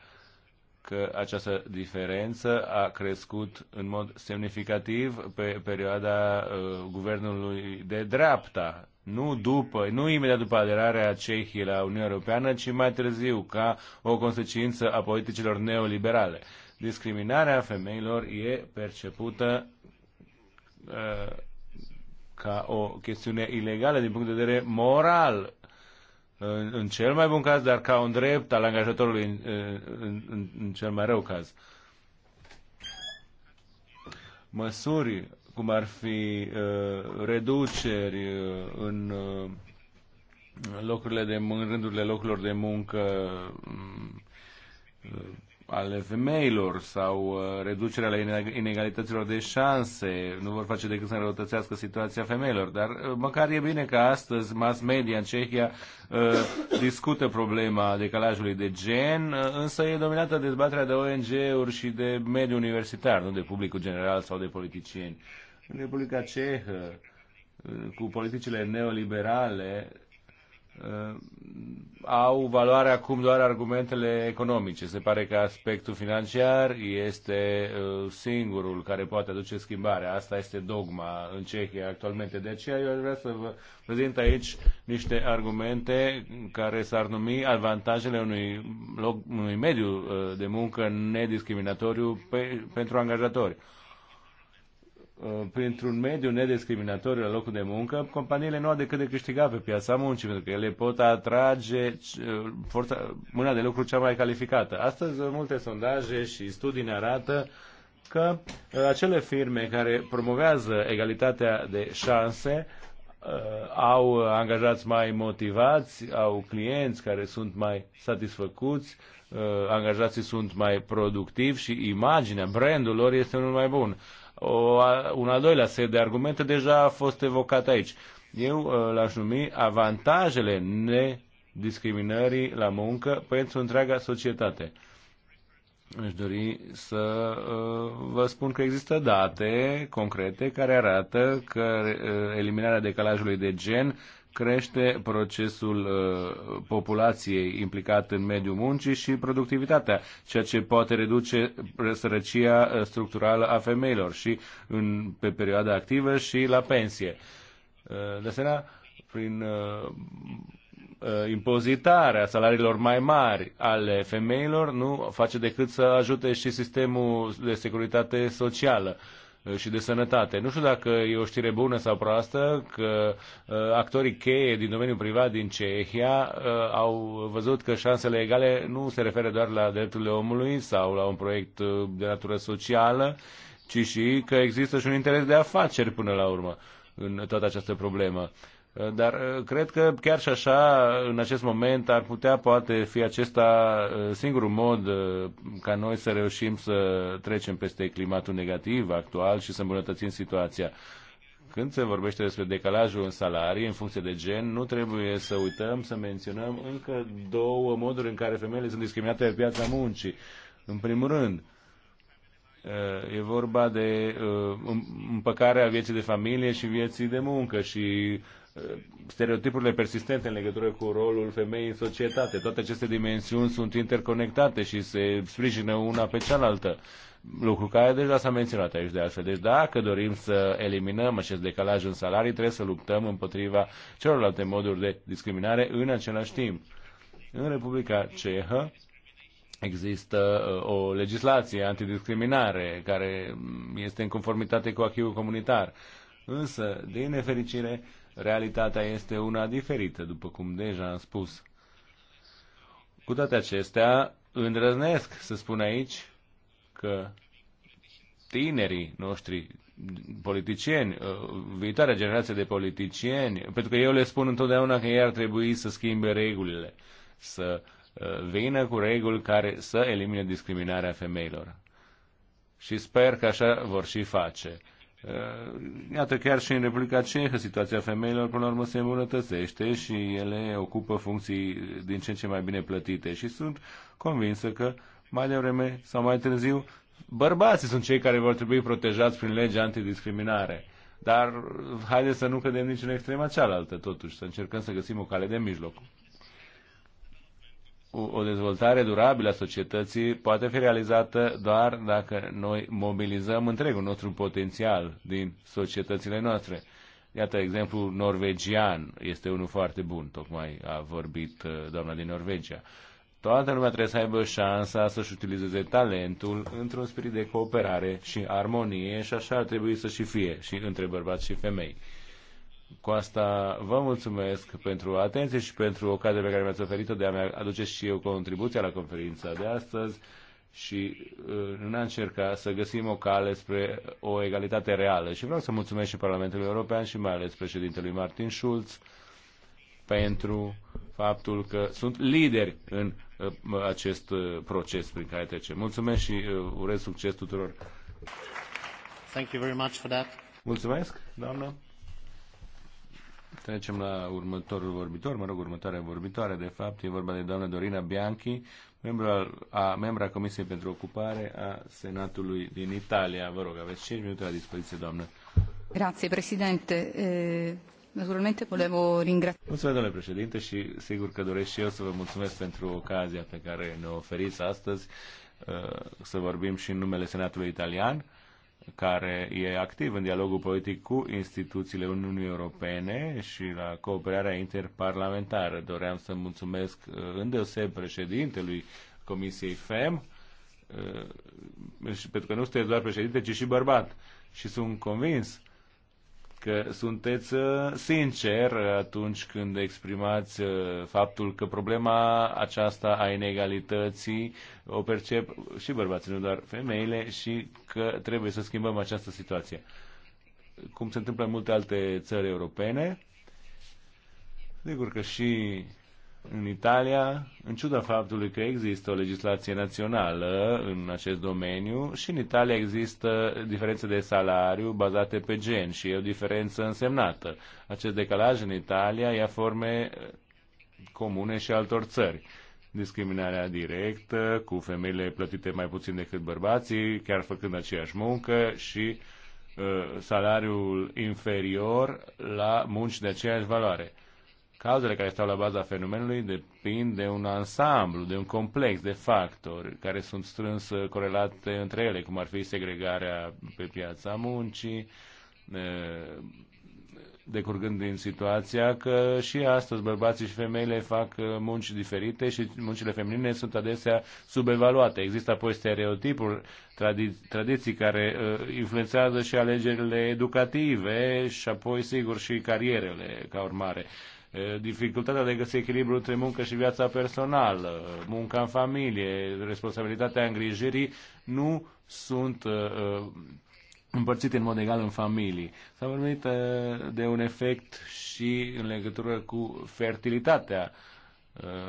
că această diferență a crescut în mod semnificativ pe perioada uh, guvernului de dreapta, nu după, nu imediat după aderarea Cehiei la Uniunea Europeană, ci mai târziu, ca o consecință a politicilor neoliberale. Discriminarea femeilor e percepută uh, ca o chestiune ilegală din punct de vedere moral în, în cel mai bun caz, dar ca un drept al angajatorului în, în, în, în cel mai rău caz. Măsuri cum ar fi uh, reduceri uh, în uh, locurile de în rândurile locurilor de muncă, mm, uh, ale femeilor sau uh, reducerea la inegalităților de șanse nu vor face decât să înrăutățească situația femeilor. Dar uh, măcar e bine că astăzi mass media în Cehia uh, discută problema decalajului de gen, însă e dominată dezbaterea de ONG-uri și de mediul universitar, nu de publicul general sau de politicieni. În Republica Cehă, cu politicile neoliberale, Uh, au valoare acum doar argumentele economice. Se pare că aspectul financiar este uh, singurul care poate aduce schimbare. Asta este dogma în Cehia actualmente. De aceea eu vreau să vă prezint aici niște argumente care s-ar numi avantajele unui, loc, unui mediu uh, de muncă nediscriminatoriu pe, pentru angajatori. Uh, printr-un mediu nediscriminatoriu la locul de muncă, companiile nu au decât de câștigat pe piața muncii, pentru că ele pot atrage uh, forța, mâna de lucru cea mai calificată. Astăzi, multe sondaje și studii ne arată că uh, acele firme care promovează egalitatea de șanse au angajați mai motivați, au clienți care sunt mai satisfăcuți, angajații sunt mai productivi și imaginea, brandul lor este unul mai bun. O, un al doilea set de argumente deja a fost evocat aici. Eu uh, l-aș numi avantajele nediscriminării la muncă pentru întreaga societate. Aș dori să uh, vă spun că există date concrete care arată că uh, eliminarea decalajului de gen crește procesul uh, populației implicat în mediul muncii și productivitatea, ceea ce poate reduce sărăcia uh, structurală a femeilor și în, pe perioada activă și la pensie. Uh, de asemenea, prin impozitarea salariilor mai mari ale femeilor nu face decât să ajute și sistemul de securitate socială. Uh, Uh, și de sănătate. Nu știu dacă e o știre bună sau proastă că uh, actorii cheie din domeniul privat din Cehia uh, au văzut că șansele egale nu se referă doar la drepturile omului sau la un proiect de natură socială, ci și că există și un interes de afaceri până la urmă în toată această problemă. Uh, Eh, dar eh, cred că chiar și așa, în acest moment, ar putea poate fi acesta eh, singurul mod ca noi să reușim să trecem peste climatul negativ actual și să îmbunătățim situația. Când se vorbește despre decalajul în salarii în funcție de gen, nu trebuie să uităm să menționăm încă două moduri în care femeile sunt discriminate pe piața muncii. În primul rând, uh, Eh, e vorba de eh, împăcarea vieții de familie și vieții de muncă și eh, stereotipurile persistente în legătură cu rolul femeii în societate. Toate aceste dimensiuni sunt interconectate și se sprijină una pe cealaltă. Lucru care deja s-a menționat aici de altfel. Deci dacă dorim să eliminăm acest decalaj în salarii, trebuie să luptăm împotriva celorlalte moduri de discriminare în același timp. În Republica Cehă, Există uh, o legislație antidiscriminare care mm, este în conformitate cu acquis comunitar. Însă, din nefericire, realitatea este una diferită, după cum deja am spus. Cu toate acestea, îndrăznesc să spun aici că tinerii noștri politicieni, uh, viitoarea generație de politicieni, pentru că eu le spun întotdeauna că ei ar trebui să schimbe regulile, să uh, Uh, vină cu reguli care să elimine discriminarea femeilor. Și sper că așa vor și face. Uh, iată, chiar și în Republica Cehă, situația femeilor, până la urmă, se îmbunătățește și ele ocupă funcții din ce în ce mai bine plătite și sunt convinsă că mai devreme sau mai târziu bărbații sunt cei care vor trebui protejați prin legea antidiscriminare. Dar haideți să nu credem nici în extrema cealaltă, totuși, să încercăm să găsim o cale de mijloc o dezvoltare durabilă a societății poate fi realizată doar dacă noi mobilizăm întregul nostru potențial din societățile noastre. Iată, exemplul norvegian este unul foarte bun, tocmai a vorbit uh, doamna din Norvegia. Toată lumea trebuie să aibă șansa să-și utilizeze talentul într-un spirit de cooperare și armonie și așa ar trebui să și fie și între bărbați și femei. Cu asta vă mulțumesc pentru atenție și pentru ocazia pe care mi-ați oferit-o de a mi aduce și eu contribuția la conferința de astăzi și în uh, a încerca să găsim o cale spre o egalitate reală. Și vreau să mulțumesc și Parlamentului European și mai ales președintelui Martin Schulz pentru faptul că sunt lideri în uh, acest uh, proces prin care trecem. Mulțumesc și urez succes tuturor. Thank you very much for that. Mulțumesc, doamnă. Trecem la următorul vorbitor, mă rog, următoarea vorbitoare, de fapt, e vorba de doamna Dorina Bianchi, membra, a, membra Comisiei pentru Ocupare a Senatului din Italia. Vă rog, aveți 5 minute la dispoziție, doamnă. Grazie, Presidente. E... Eh, naturalmente volevo ringraziare. Mulțumesc, domnule președinte, și sigur că doresc și eu să vă mulțumesc pentru ocazia pe care ne oferiți astăzi eh, să vorbim și în numele Senatului Italian care e activ în dialogul politic cu instituțiile Uniunii Europene și la cooperarea interparlamentară. Doream să mulțumesc uh, îndeoseb președintelui Comisiei FEM, uh, pentru că nu sunteți doar președinte, ci și bărbat. Și sunt convins că sunteți uh, sincer atunci când exprimați uh, faptul că problema aceasta a inegalității o percep și bărbații, nu doar femeile, și că trebuie să schimbăm această situație. Cum se întâmplă în multe alte țări europene, Sigur că și în Italia, în ciuda faptului că există o legislație națională în acest domeniu, și în Italia există diferențe de salariu bazate pe gen și e o diferență însemnată. Acest decalaj în Italia ia forme eh, comune și altor țări. Discriminarea directă, cu femeile plătite mai puțin decât bărbații, chiar făcând aceeași muncă și uh, salariul inferior la munci de aceeași valoare. Cauzele care stau la baza fenomenului depind de un ansamblu, de un complex de factori care sunt strâns uh, corelate între ele, cum ar fi segregarea pe piața muncii, uh, decurgând din situația că și astăzi bărbații și femeile fac uh, munci diferite și muncile feminine sunt adesea subevaluate. Există apoi stereotipuri, tradi- tradiții care uh, influențează și alegerile educative și apoi, sigur, și carierele ca urmare. Uh, dificultatea de a găsi echilibru între muncă și viața personală, munca în familie, responsabilitatea îngrijirii, nu sunt împărțite în mod egal în familii. S-a vorbit de un efect și în legătură cu fertilitatea,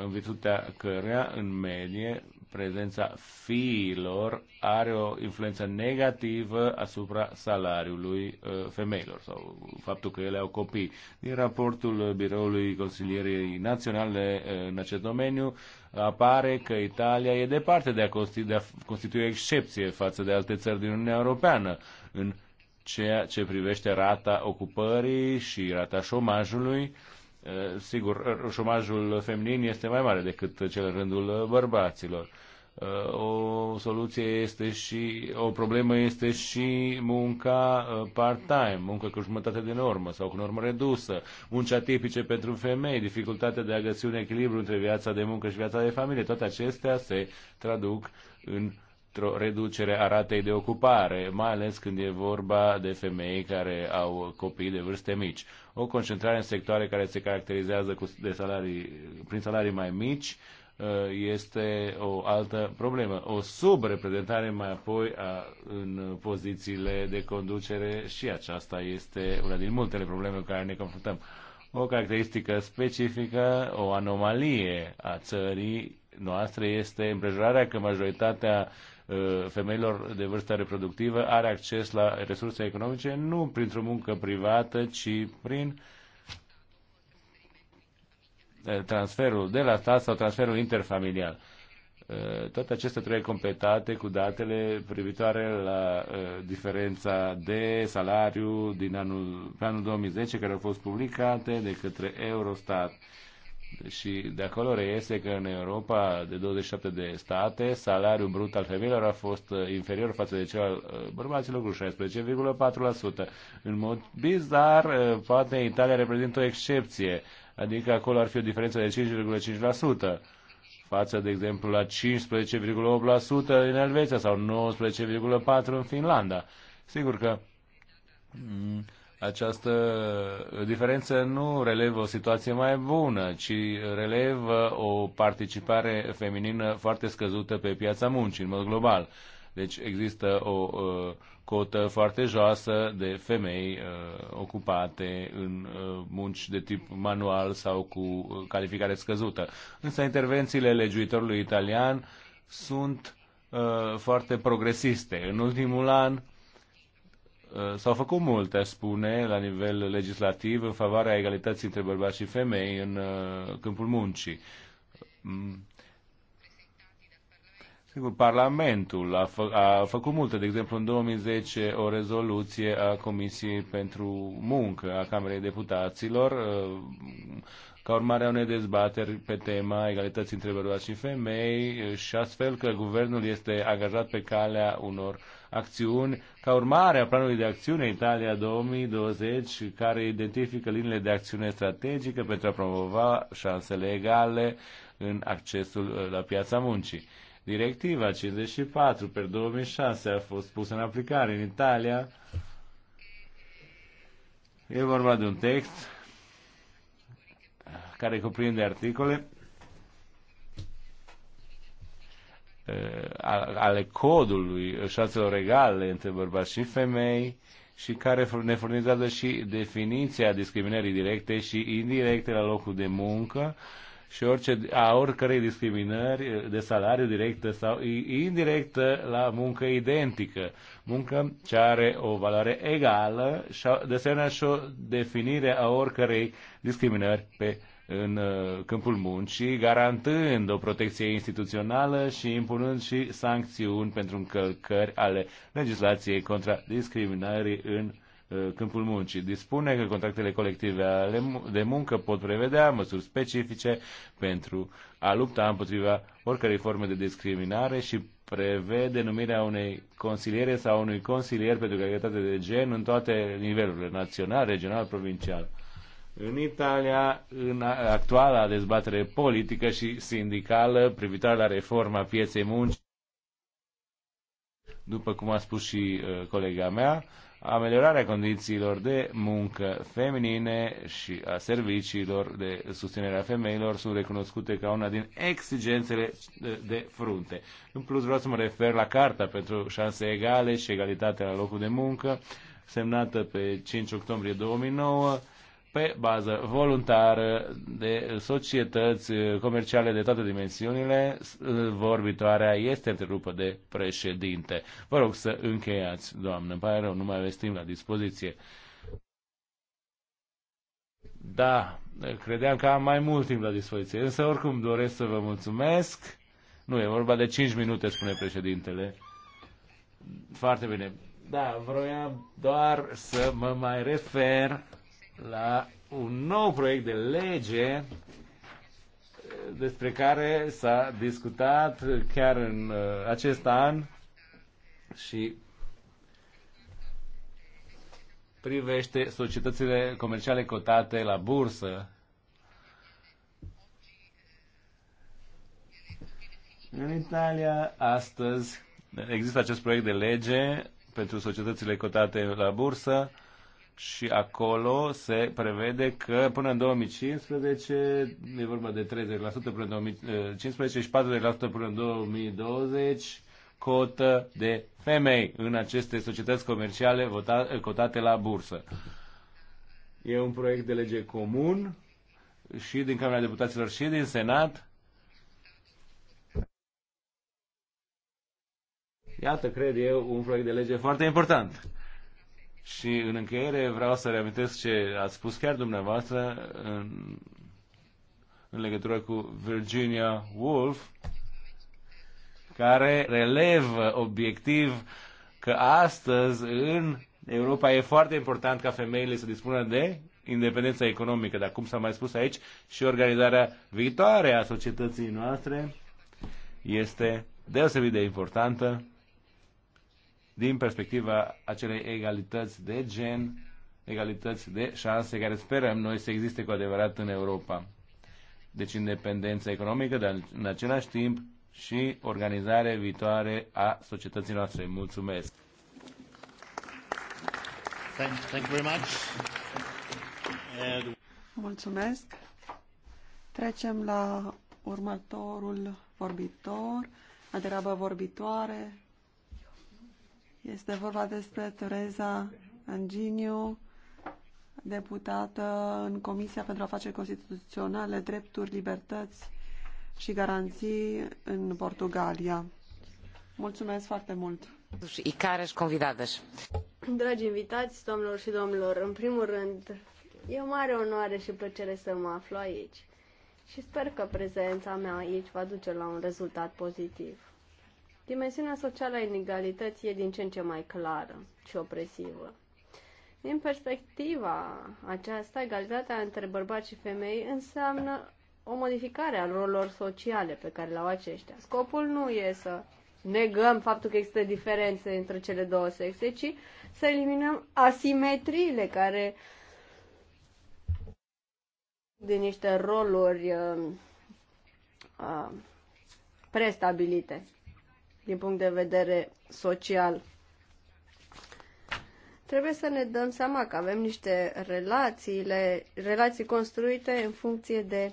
în virtutea cărea, în medie, prezența fiilor are o influență negativă asupra salariului uh, femeilor sau faptul că ele au copii. Din raportul Biroului Consilierii Naționale uh, în acest domeniu apare că Italia e departe de a, de a constitui o excepție față de alte țări din Uniunea Europeană în ceea ce privește rata ocupării și rata șomajului. Uh, Eh, sigur, șomajul feminin este mai mare decât cel în rândul bărbaților. Eh, o soluție este și, o problemă este și munca eh, part-time, muncă cu jumătate de normă sau cu normă redusă, munca atipice pentru femei, dificultatea de a găsi un echilibru între viața de muncă și viața de familie. Toate acestea se traduc în o reducere a ratei de ocupare, mai ales când e vorba de femei care au copii de vârste mici. O concentrare în sectoare care se caracterizează cu, de salarii, prin salarii mai mici uh, este o altă problemă. O subreprezentare mai apoi a, în pozițiile de conducere și aceasta este una din multele probleme cu care ne confruntăm. O caracteristică specifică, o anomalie a țării noastre este împrejurarea că majoritatea uh, Uh, femeilor de vârsta reproductivă are acces la resurse economice nu printr-o muncă privată, ci prin uh, transferul de la stat sau transferul interfamilial. Uh, toate acestea trebuie completate cu datele privitoare la diferența de salariu din anul, anul 2010 care au fost publicate de către Eurostat. Și de acolo reiese că în Europa de 27 de state salariul brut al femeilor a fost uh, inferior față de cel al uh, bărbaților cu 16,4%. În mod bizar, uh, poate Italia reprezintă o excepție, adică acolo ar fi o diferență de 5,5% față, de exemplu, la 15,8% în Elveția sau 19,4% în Finlanda. Sigur că mm, această diferență nu relevă o situație mai bună, ci relevă o participare feminină foarte scăzută pe piața muncii, în mod global. Deci există o uh, cotă foarte joasă de femei uh, ocupate în uh, munci de tip manual sau cu uh, calificare scăzută. Însă intervențiile legiuitorului italian sunt uh, foarte progresiste. În ultimul an, Uh, s-au făcut multe, aș spune, la nivel legislativ în favoarea egalității între bărbați și femei în uh, câmpul muncii. Mm. Sigur, Parlamentul a, fă, a făcut multe. De exemplu, în 2010, o rezoluție a Comisiei pentru Muncă a Camerei Deputaților, uh, ca urmare a unei dezbateri pe tema egalității între bărbați și femei, și astfel că guvernul este angajat pe calea unor uh, acțiuni ca urmare a planului de acțiune Italia 2020, care identifică liniile de acțiune strategică pentru a promova șansele egale în accesul uh, la piața muncii. Directiva 54 per 2006 a fost pusă în aplicare în Italia. E vorba de un text care cuprinde articole ale codului șanselor egale între bărbați și femei și care ne furnizează și definiția discriminării directe și indirecte la locul de muncă și orice, a oricărei discriminări de salariu directă sau indirectă la muncă identică. Muncă ce are o valoare egală și de asemenea și o definire a oricărei discriminări pe în uh, câmpul muncii, garantând o protecție instituțională și impunând și sancțiuni pentru încălcări ale legislației contra discriminării în uh, câmpul muncii. Dispune că contractele colective ale de muncă pot prevedea măsuri specifice pentru a lupta împotriva oricărei forme de discriminare și prevede numirea unei consiliere sau unui consilier pentru calitate de gen în toate nivelurile, național, regional, provincial. În Italia, în actuala dezbatere politică și sindicală privitoare la reforma pieței muncii, după cum a spus și uh, colega mea, ameliorarea condițiilor de muncă feminine și a serviciilor de susținere a femeilor sunt recunoscute ca una din exigențele de, de frunte. În plus vreau să mă refer la Carta pentru șanse egale și egalitatea la locul de muncă, semnată pe 5 octombrie 2009 pe bază voluntară de societăți comerciale de toate dimensiunile. Vorbitoarea este întrerupă de președinte. Vă rog să încheiați, doamnă. Îmi pare rău, nu mai aveți timp la dispoziție. Da, credeam că am mai mult timp la dispoziție, însă oricum doresc să vă mulțumesc. Nu, e vorba de 5 minute, spune președintele. Foarte bine. Da, vroiam doar să mă mai refer la un nou proiect de lege eh, despre care s-a discutat chiar în eh, acest an și privește societățile comerciale cotate la bursă. În Italia, astăzi, există acest proiect de lege pentru societățile cotate la bursă și acolo se prevede că până în 2015, e vorba de 30% până în 2015 și 40% până în 2020, cotă de femei în aceste societăți comerciale vota, cotate la bursă. E un proiect de lege comun și din Camera Deputaților și din Senat. Iată, cred eu, un proiect de lege foarte important. Și în încheiere vreau să reamintesc ce ați spus chiar dumneavoastră în, în legătură cu Virginia Woolf, care relevă obiectiv că astăzi în Europa e foarte important ca femeile să dispună de independența economică, dar cum s-a mai spus aici, și organizarea viitoare a societății noastre este deosebit de importantă din perspectiva acelei egalități de gen, egalități de șanse care sperăm noi să existe cu adevărat în Europa. Deci independența economică, dar în același timp și organizare viitoare a societății noastre. Mulțumesc! Thank, thank you very much. Mulțumesc! Trecem la următorul vorbitor, aderabă vorbitoare, este vorba despre Tereza Anginiu, deputată în Comisia pentru Afaceri Constituționale, Drepturi, Libertăți și Garanții în Portugalia. Mulțumesc foarte mult! Icareș convidadas. Dragi invitați, domnilor și domnilor, în primul rând, e o mare onoare și plăcere să mă aflu aici și sper că prezența mea aici va duce la un rezultat pozitiv. Dimensiunea socială a inegalității e din ce în ce mai clară și opresivă. Din perspectiva aceasta, egalitatea între bărbați și femei înseamnă o modificare a rolurilor sociale pe care le au aceștia. Scopul nu e să negăm faptul că există diferențe între cele două sexe, ci să eliminăm asimetriile care din niște roluri uh, uh, prestabilite din punct de vedere social. Trebuie să ne dăm seama că avem niște relațiile, relații construite în funcție de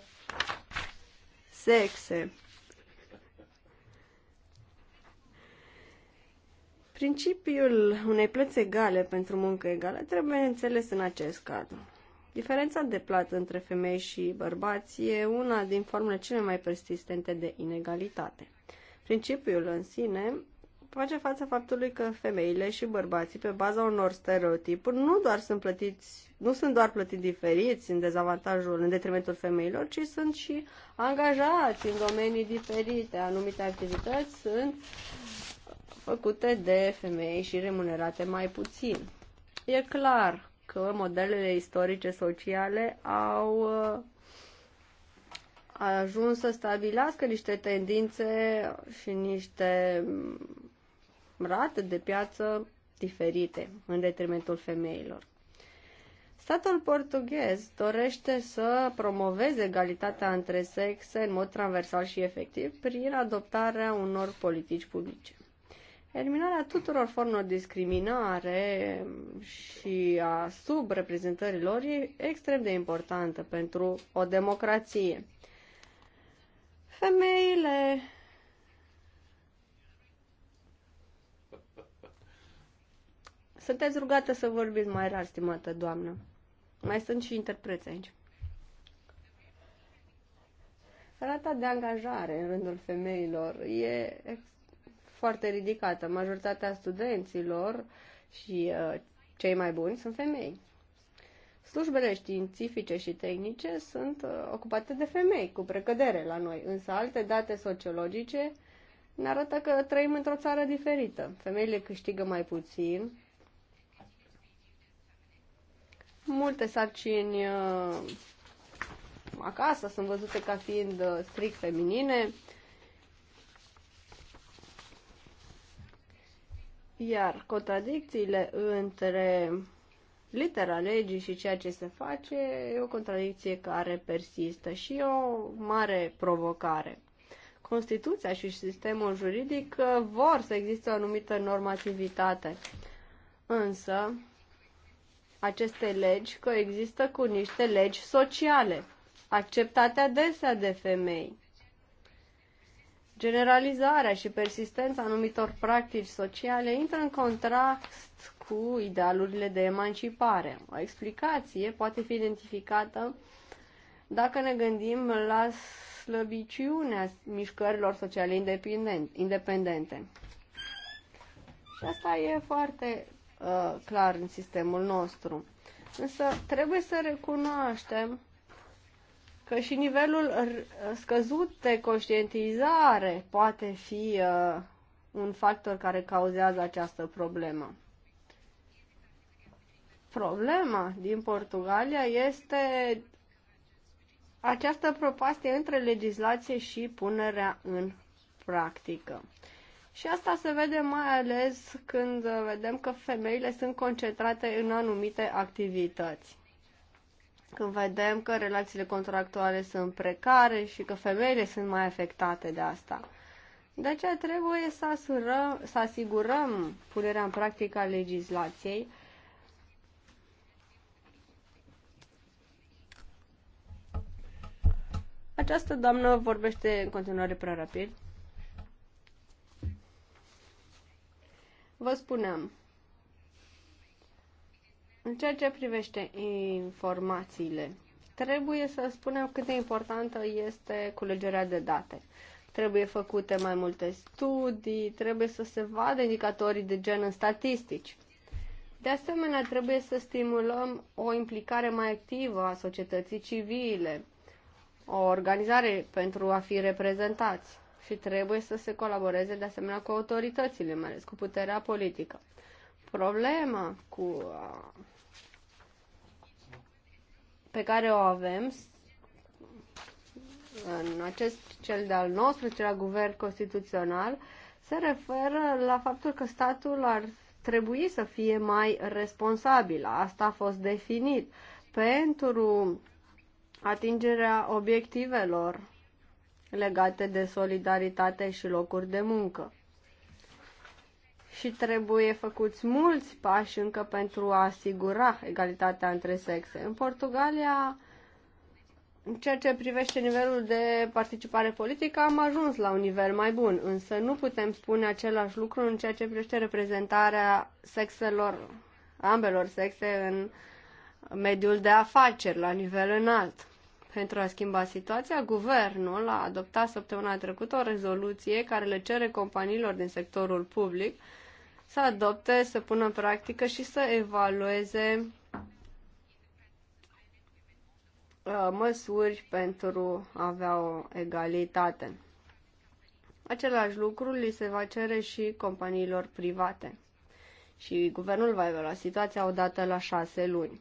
sexe. Principiul unei plăți egale pentru muncă egală trebuie înțeles în acest cadru. Diferența de plată între femei și bărbați e una din formele cele mai persistente de inegalitate. Principiul în sine face față faptului că femeile și bărbații, pe baza unor stereotipuri, nu doar sunt plătiți, nu sunt doar plătiți diferiți în dezavantajul, în detrimentul femeilor, ci sunt și angajați în domenii diferite. Anumite activități sunt făcute de femei și remunerate mai puțin. E clar că modelele istorice sociale au uh, a ajuns să stabilească niște tendințe și niște rate de piață diferite în detrimentul femeilor. Statul portughez dorește să promoveze egalitatea între sexe în mod transversal și efectiv prin adoptarea unor politici publice. Eliminarea tuturor formelor de discriminare și a subreprezentărilor e extrem de importantă pentru o democrație. Femeile Sunteți rugată să vorbiți mai rar, stimată doamnă. Mai sunt și interpreți aici. Rata de angajare în rândul femeilor e foarte ridicată. Majoritatea studenților și uh, cei mai buni sunt femei. Slujbele științifice și tehnice sunt uh, ocupate de femei, cu precădere la noi, însă alte date sociologice ne arată că trăim într-o țară diferită. Femeile câștigă mai puțin, multe sarcini uh, acasă sunt văzute ca fiind uh, strict feminine, iar contradicțiile între litera legii și ceea ce se face e o contradicție care persistă și o mare provocare. Constituția și sistemul juridic uh, vor să existe o anumită normativitate, însă aceste legi coexistă cu niște legi sociale, acceptate adesea de femei. Generalizarea și persistența anumitor practici sociale intră în contrast cu idealurile de emancipare. O explicație poate fi identificată dacă ne gândim la slăbiciunea mișcărilor sociale independente. Și asta e foarte uh, clar în sistemul nostru. Însă trebuie să recunoaștem că și nivelul scăzut de conștientizare poate fi uh, un factor care cauzează această problemă. Problema din Portugalia este această propastie între legislație și punerea în practică. Și asta se vede mai ales când vedem că femeile sunt concentrate în anumite activități. Când vedem că relațiile contractuale sunt precare și că femeile sunt mai afectate de asta. De deci aceea trebuie să, asurăm, să asigurăm punerea în practică a legislației Această doamnă vorbește în continuare prea rapid. Vă spuneam, în ceea ce privește informațiile, trebuie să spunem cât de importantă este culegerea de date. Trebuie făcute mai multe studii, trebuie să se vadă indicatorii de gen în statistici. De asemenea, trebuie să stimulăm o implicare mai activă a societății civile, o organizare pentru a fi reprezentați și trebuie să se colaboreze de asemenea cu autoritățile, mai ales cu puterea politică. Problema cu, pe care o avem în acest cel de-al cel al guvern constituțional se referă la faptul că statul ar trebui să fie mai responsabil. Asta a fost definit pentru atingerea obiectivelor legate de solidaritate și locuri de muncă. Și trebuie făcuți mulți pași încă pentru a asigura egalitatea între sexe. În Portugalia, în ceea ce privește nivelul de participare politică, am ajuns la un nivel mai bun, însă nu putem spune același lucru în ceea ce privește reprezentarea sexelor, ambelor sexe în uh, mediul de afaceri la nivel înalt. Pentru a schimba situația, guvernul a adoptat săptămâna trecută o rezoluție care le cere companiilor din sectorul public să adopte, să pună în practică și să evalueze uh, măsuri pentru a avea o egalitate. Același lucru li se va cere și companiilor private. Și guvernul va evalua situația odată la șase luni.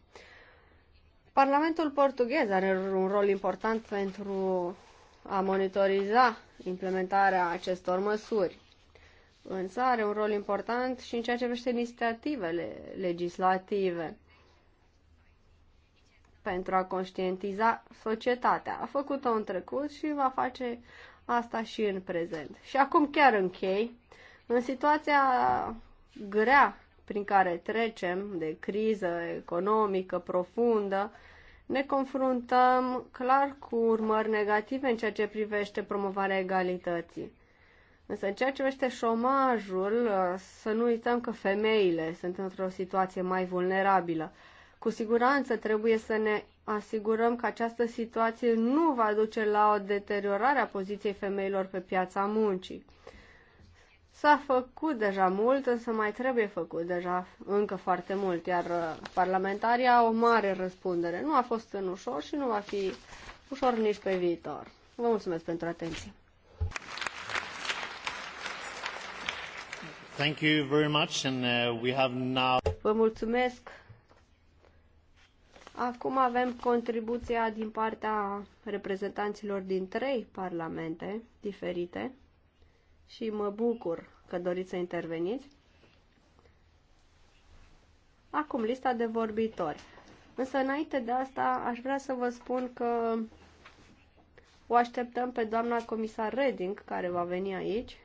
Parlamentul portughez are un rol important pentru a monitoriza implementarea acestor măsuri. Însă are un rol important și în ceea ce privește inițiativele legislative pentru a conștientiza societatea. A făcut-o în trecut și va face asta și în prezent. Și acum chiar închei. În situația grea prin care trecem, de criză economică profundă, ne confruntăm clar cu urmări negative în ceea ce privește promovarea egalității. Însă, în ceea ce privește șomajul, să nu uităm că femeile sunt într-o situație mai vulnerabilă. Cu siguranță trebuie să ne asigurăm că această situație nu va duce la o deteriorare a poziției femeilor pe piața muncii. S-a făcut deja mult, însă mai trebuie făcut deja încă foarte mult, iar uh, parlamentarii au o mare răspundere. Nu a fost în ușor și nu va fi ușor nici pe viitor. Vă mulțumesc pentru atenție. Thank you very much and uh, we have now Vă mulțumesc. Acum avem contribuția din partea reprezentanților din trei parlamente diferite și mă bucur că doriți să interveniți. Acum lista de vorbitori. Însă înainte de asta aș vrea să vă spun că o așteptăm pe doamna comisar Reding care va veni aici.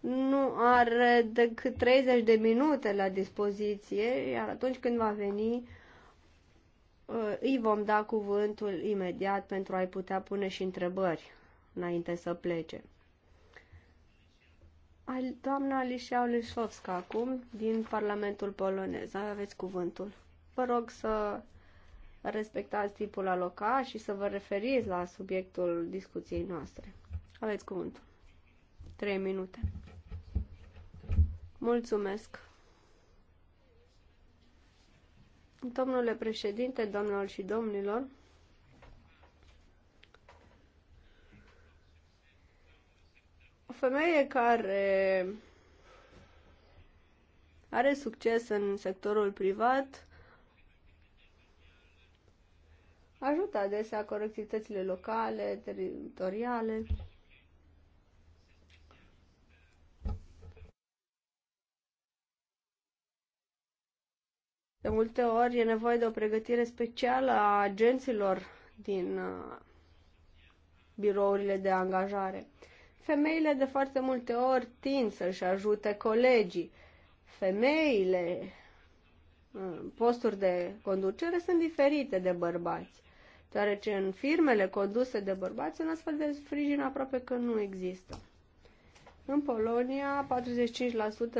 Nu are decât 30 de minute la dispoziție, iar atunci când va veni uh, îi vom da cuvântul imediat pentru a-i putea pune și întrebări înainte să plece doamna Alicia Olișovska, acum, din Parlamentul Polonez. Aveți cuvântul. Vă rog să respectați timpul alocat și să vă referiți la subiectul discuției noastre. Aveți cuvântul. Trei minute. Mulțumesc. Domnule președinte, domnilor și domnilor, femeie care are succes în sectorul privat ajută adesea corectitățile locale, teritoriale. De multe ori e nevoie de o pregătire specială a agenților din uh, birourile de angajare. Femeile de foarte multe ori tind să-și ajute colegii. Femeile uh, posturi de conducere sunt diferite de bărbați, deoarece în firmele conduse de bărbați un astfel de sprijin aproape că nu există. În Polonia,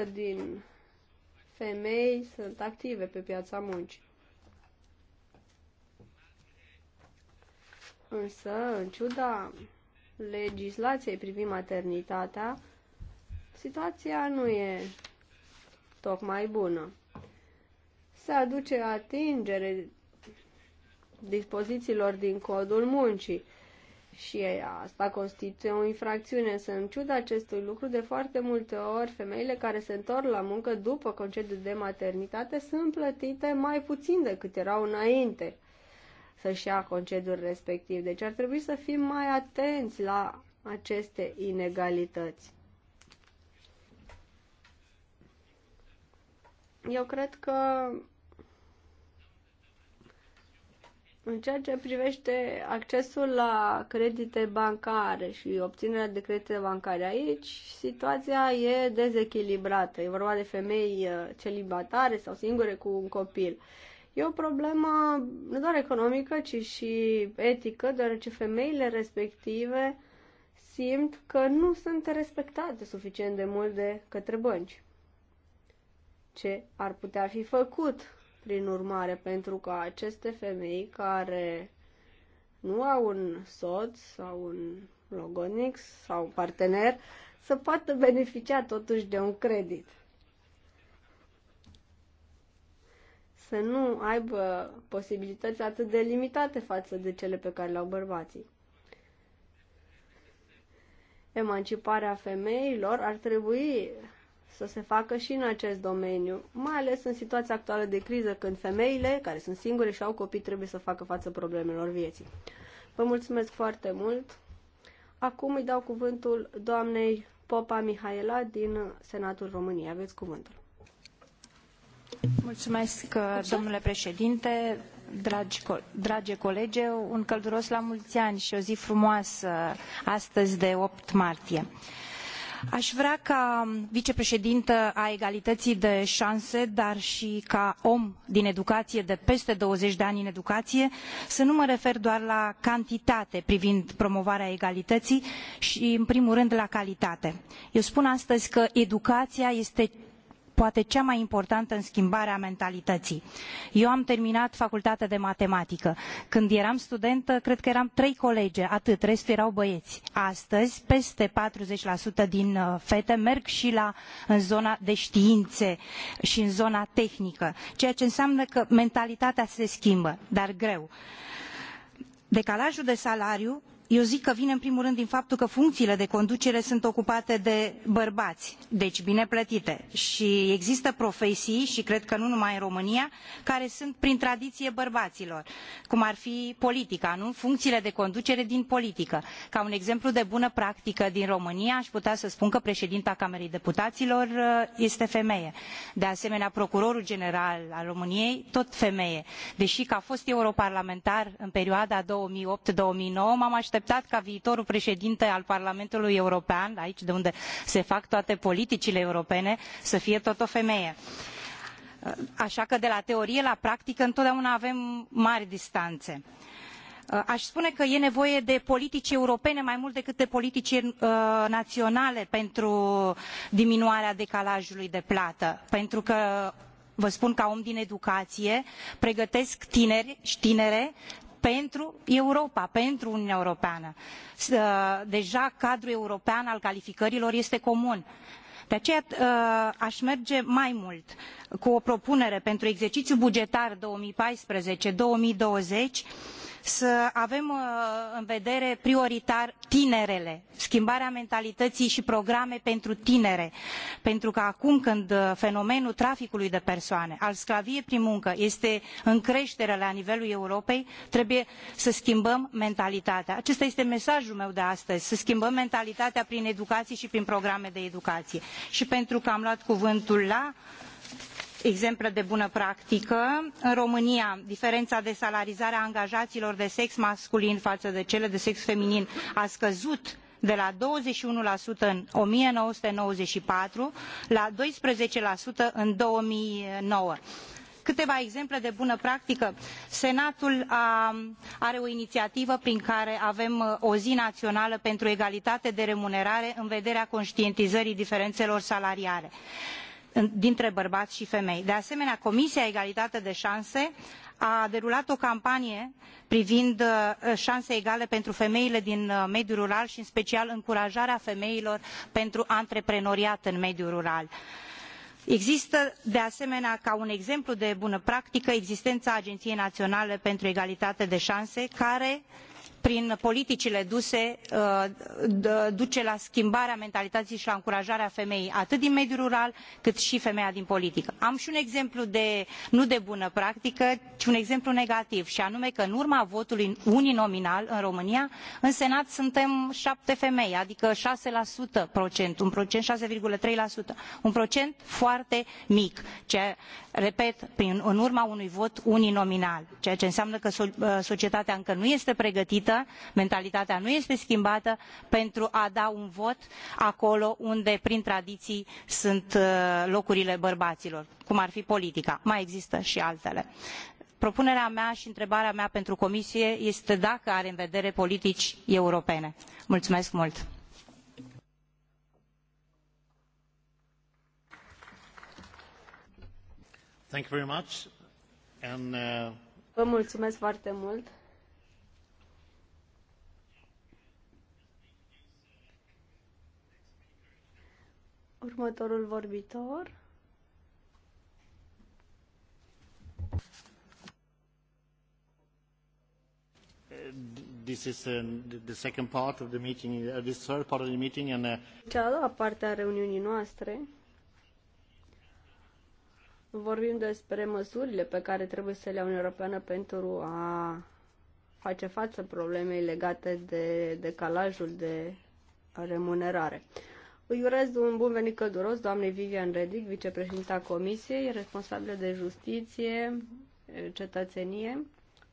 45% din femei sunt active pe piața muncii. Însă, în ciuda legislației privind maternitatea, situația nu e tocmai bună. Se aduce atingere dispozițiilor din codul muncii și asta constituie o infracțiune. Să în ciuda acestui lucru, de foarte multe ori, femeile care se întorc la muncă după concediu de maternitate sunt plătite mai puțin decât erau înainte să-și ia concediul respectiv. Deci ar trebui să fim mai atenți la aceste inegalități. Eu cred că în ceea ce privește accesul la credite bancare și obținerea de credite bancare aici, situația e dezechilibrată. E vorba de femei uh, celibatare sau singure cu un copil. E o problemă nu doar economică, ci și etică, deoarece femeile respective simt că nu sunt respectate suficient de mult de către bănci. Ce ar putea fi făcut, prin urmare, pentru ca aceste femei care nu au un soț sau un logonix sau un partener să poată beneficia totuși de un credit? să nu aibă posibilități atât de limitate față de cele pe care le au bărbații. Emanciparea femeilor ar trebui să se facă și în acest domeniu, mai ales în situația actuală de criză, când femeile, care sunt singure și au copii, trebuie să facă față problemelor vieții. Vă mulțumesc foarte mult! Acum îi dau cuvântul doamnei Popa Mihaela din Senatul României. Aveți cuvântul. Mulțumesc, uh, domnule președinte, dragi, dragi colege, un călduros la mulți ani și o zi frumoasă astăzi de 8 martie. Aș vrea ca vicepreședintă a egalității de șanse, dar și ca om din educație de peste 20 de ani în educație, să nu mă refer doar la cantitate privind promovarea egalității și, în primul rând, la calitate. Eu spun astăzi că educația este poate cea mai importantă în schimbarea mentalității. Eu am terminat facultatea de matematică. Când eram studentă, cred că eram trei colege, atât, restul erau băieți. Astăzi, peste 40% din uh, fete merg și la, în zona de științe și în zona tehnică, ceea ce înseamnă că mentalitatea se schimbă, dar greu. Decalajul de salariu eu zic că vine în primul rând din faptul că funciile de conducere sunt ocupate de bărbai deci bine plătite i există profesii i cred că nu numai în românia care sunt prin tradiie bărbailor cum ar fi politica nu funciile de conducere din politică. ca un exemplu de bună practică din românia a putea să spun că preedinta camerei deputailor uh, este femeie de asemenea procurorul general al româniei tot femeie dei ca fost europarlamentar în perioada două mii opt două mii nouă m am așteptat ca viitorul președinte al Parlamentului European, aici de unde se fac toate politicile europene, să fie tot o femeie. Așa că de la teorie la practică întotdeauna avem mari distanțe. Aș spune că e nevoie de politici europene mai mult decât de politici uh, naționale pentru diminuarea decalajului de plată, pentru că vă spun ca om din educație, pregătesc tineri și tinere pentru Europa, pentru Uniunea Europeană. Uh, deja cadrul european al calificărilor este comun. De aceea uh, aș merge mai mult cu o propunere pentru exercițiul bugetar 2014-2020 să avem uh, în vedere prioritar tinerele, schimbarea mentalității și programe pentru tinere. Pentru că acum când uh, fenomenul traficului de persoane, al sclaviei prin muncă, este în creștere la nivelul Europei, trebuie să schimbăm mentalitatea. Acesta este mesajul meu de astăzi, să schimbăm mentalitatea prin educație și prin programe de educație. Și pentru că am luat cuvântul la exemple de bună practică în românia diferena de salarizare a angajailor de sex masculin faă de cele de sex feminin a scăzut de la douăzeci și unu în o mie nouă sute nouăzeci și patru la doisprezece în două mii nouă câteva exemple de bună practică senatul a, are o iniiativă prin care avem uh, o zi naională pentru egalitate de remunerare în vederea contientizării diferenelor salariale dintre bărbai i femei. de asemenea comisia egalitate de anse a derulat o campanie privind uh, anse egale pentru femeile din uh, mediul rural i în special încurajarea femeilor pentru antreprenoriat în mediul rural. există de asemenea ca un exemplu de bună practică existena ageniei naionale pentru egalitate de anse care prin politicile duse uh, duce la schimbarea mentalității și la încurajarea femeii atât din mediul rural cât și femeia din politică. Am și un exemplu de, nu de bună practică, ci un exemplu negativ și anume că în urma votului uninominal în România, în Senat suntem șapte femei, adică 6% procent, un procent 6,3%, un procent foarte mic, ce, repet, prin, în urma unui vot uninominal, ceea ce înseamnă că uh, societatea încă nu este pregătită schimbată mentalitatea nu este schimbată pentru a da un vot acolo unde prin tradiii sunt uh, locurile bărbailor cum ar fi politica mai există i altele propunerea mea i întrebarea mea pentru comisie este dacă are în vedere politici europene. Mulțumesc mult! Uh, Vă mulțumesc foarte mult. Următorul vorbitor. This is uh, the second part of the meeting, uh, this third part of the meeting and uh... Cea a doua parte a reuniunii noastre. Vorbim despre măsurile pe care trebuie să le ia Uniunea Europeană pentru a face față problemei legate de decalajul de remunerare. Uh, îi urez un bun venit călduros doamnei Vivian Redic, vicepreședinta Comisiei, responsabilă de justiție, cetățenie.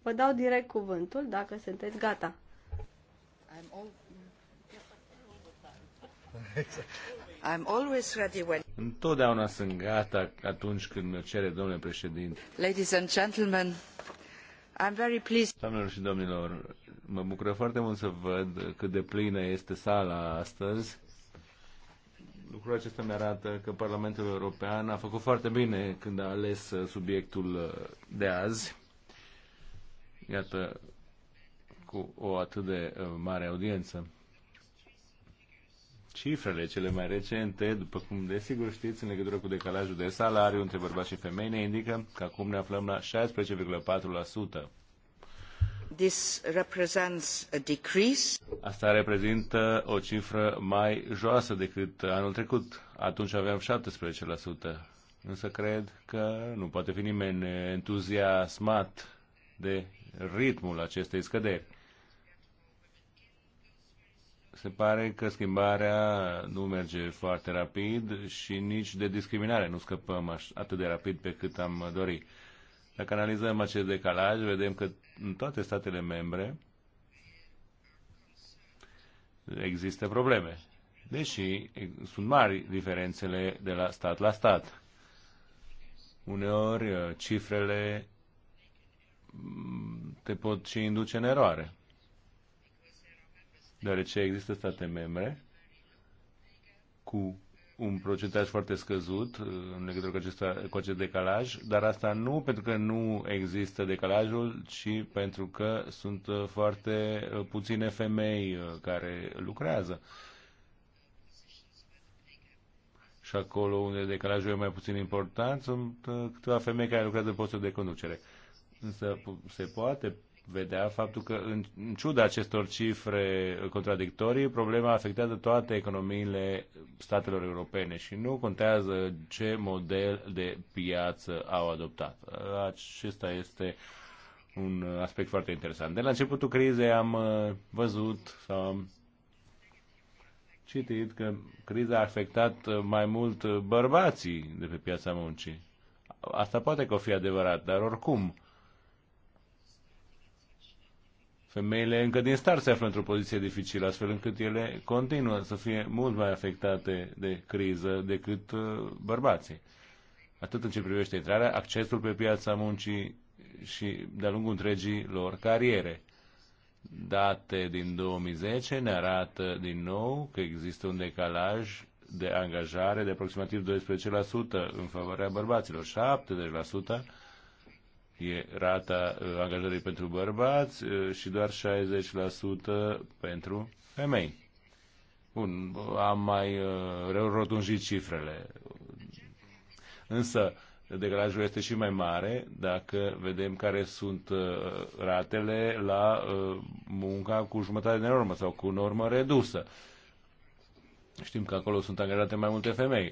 Vă dau direct cuvântul dacă sunteți gata. I'm, all... I'm always ready when... Întotdeauna sunt gata atunci când mă cere domnule președinte. Ladies and gentlemen, I'm very pleased. Doamnelor și domnilor, mă bucură foarte mult să văd cât de plină este sala astăzi lucrul acesta ne arată că Parlamentul European a făcut foarte bine când a ales uh, subiectul uh, de azi. Iată, cu o atât de uh, mare audiență. Cifrele cele mai recente, după cum desigur știți, în legătură cu decalajul de salariu între bărbați și femei, ne indică că acum ne aflăm la 16,4% This represents a decrease. Asta reprezintă o cifră mai joasă decât anul trecut. Atunci aveam 17%. Însă cred că nu poate fi nimeni entuziasmat de ritmul acestei scăderi. Se pare că schimbarea nu merge foarte rapid și nici de discriminare nu scăpăm atât de rapid pe cât am dorit. Dacă analizăm acest decalaj, vedem că în toate statele membre există probleme. Deși sunt mari diferențele de la stat la stat. Uneori uh, cifrele te pot și induce în eroare. Deoarece există state membre cu un procentaj foarte scăzut uh, în legătură cu acest, cu acest decalaj, dar asta nu pentru că nu există decalajul, ci pentru că sunt uh, foarte uh, puține femei care lucrează. Și acolo unde decalajul e mai puțin important, sunt câteva femei care lucrează în postul de conducere. Însă se poate vedea faptul că, în ciuda acestor cifre contradictorii, problema afectează toate economiile statelor europene și nu contează ce model de piață au adoptat. Acesta este un aspect foarte interesant. De la începutul crizei am uh, văzut sau am citit că criza a afectat uh, mai mult uh, bărbații de pe piața muncii. Asta poate că o fi adevărat, dar oricum, femeile încă din start se află într-o poziție dificilă, astfel încât ele continuă să fie mult mai afectate de criză decât uh, bărbații. Atât în ce privește intrarea, accesul pe piața muncii și de-a lungul întregii lor cariere. Date din 2010 ne arată din nou că există un decalaj de angajare de aproximativ 12% în favoarea bărbaților, 70% e rata uh, angajării pentru bărbați uh, și doar 60% pentru femei. Bun, am mai uh, rotunjit cifrele. Însă, degrajul este și mai mare dacă vedem care sunt ratele la munca cu jumătate de normă sau cu normă redusă. Știm că acolo sunt angajate mai multe femei.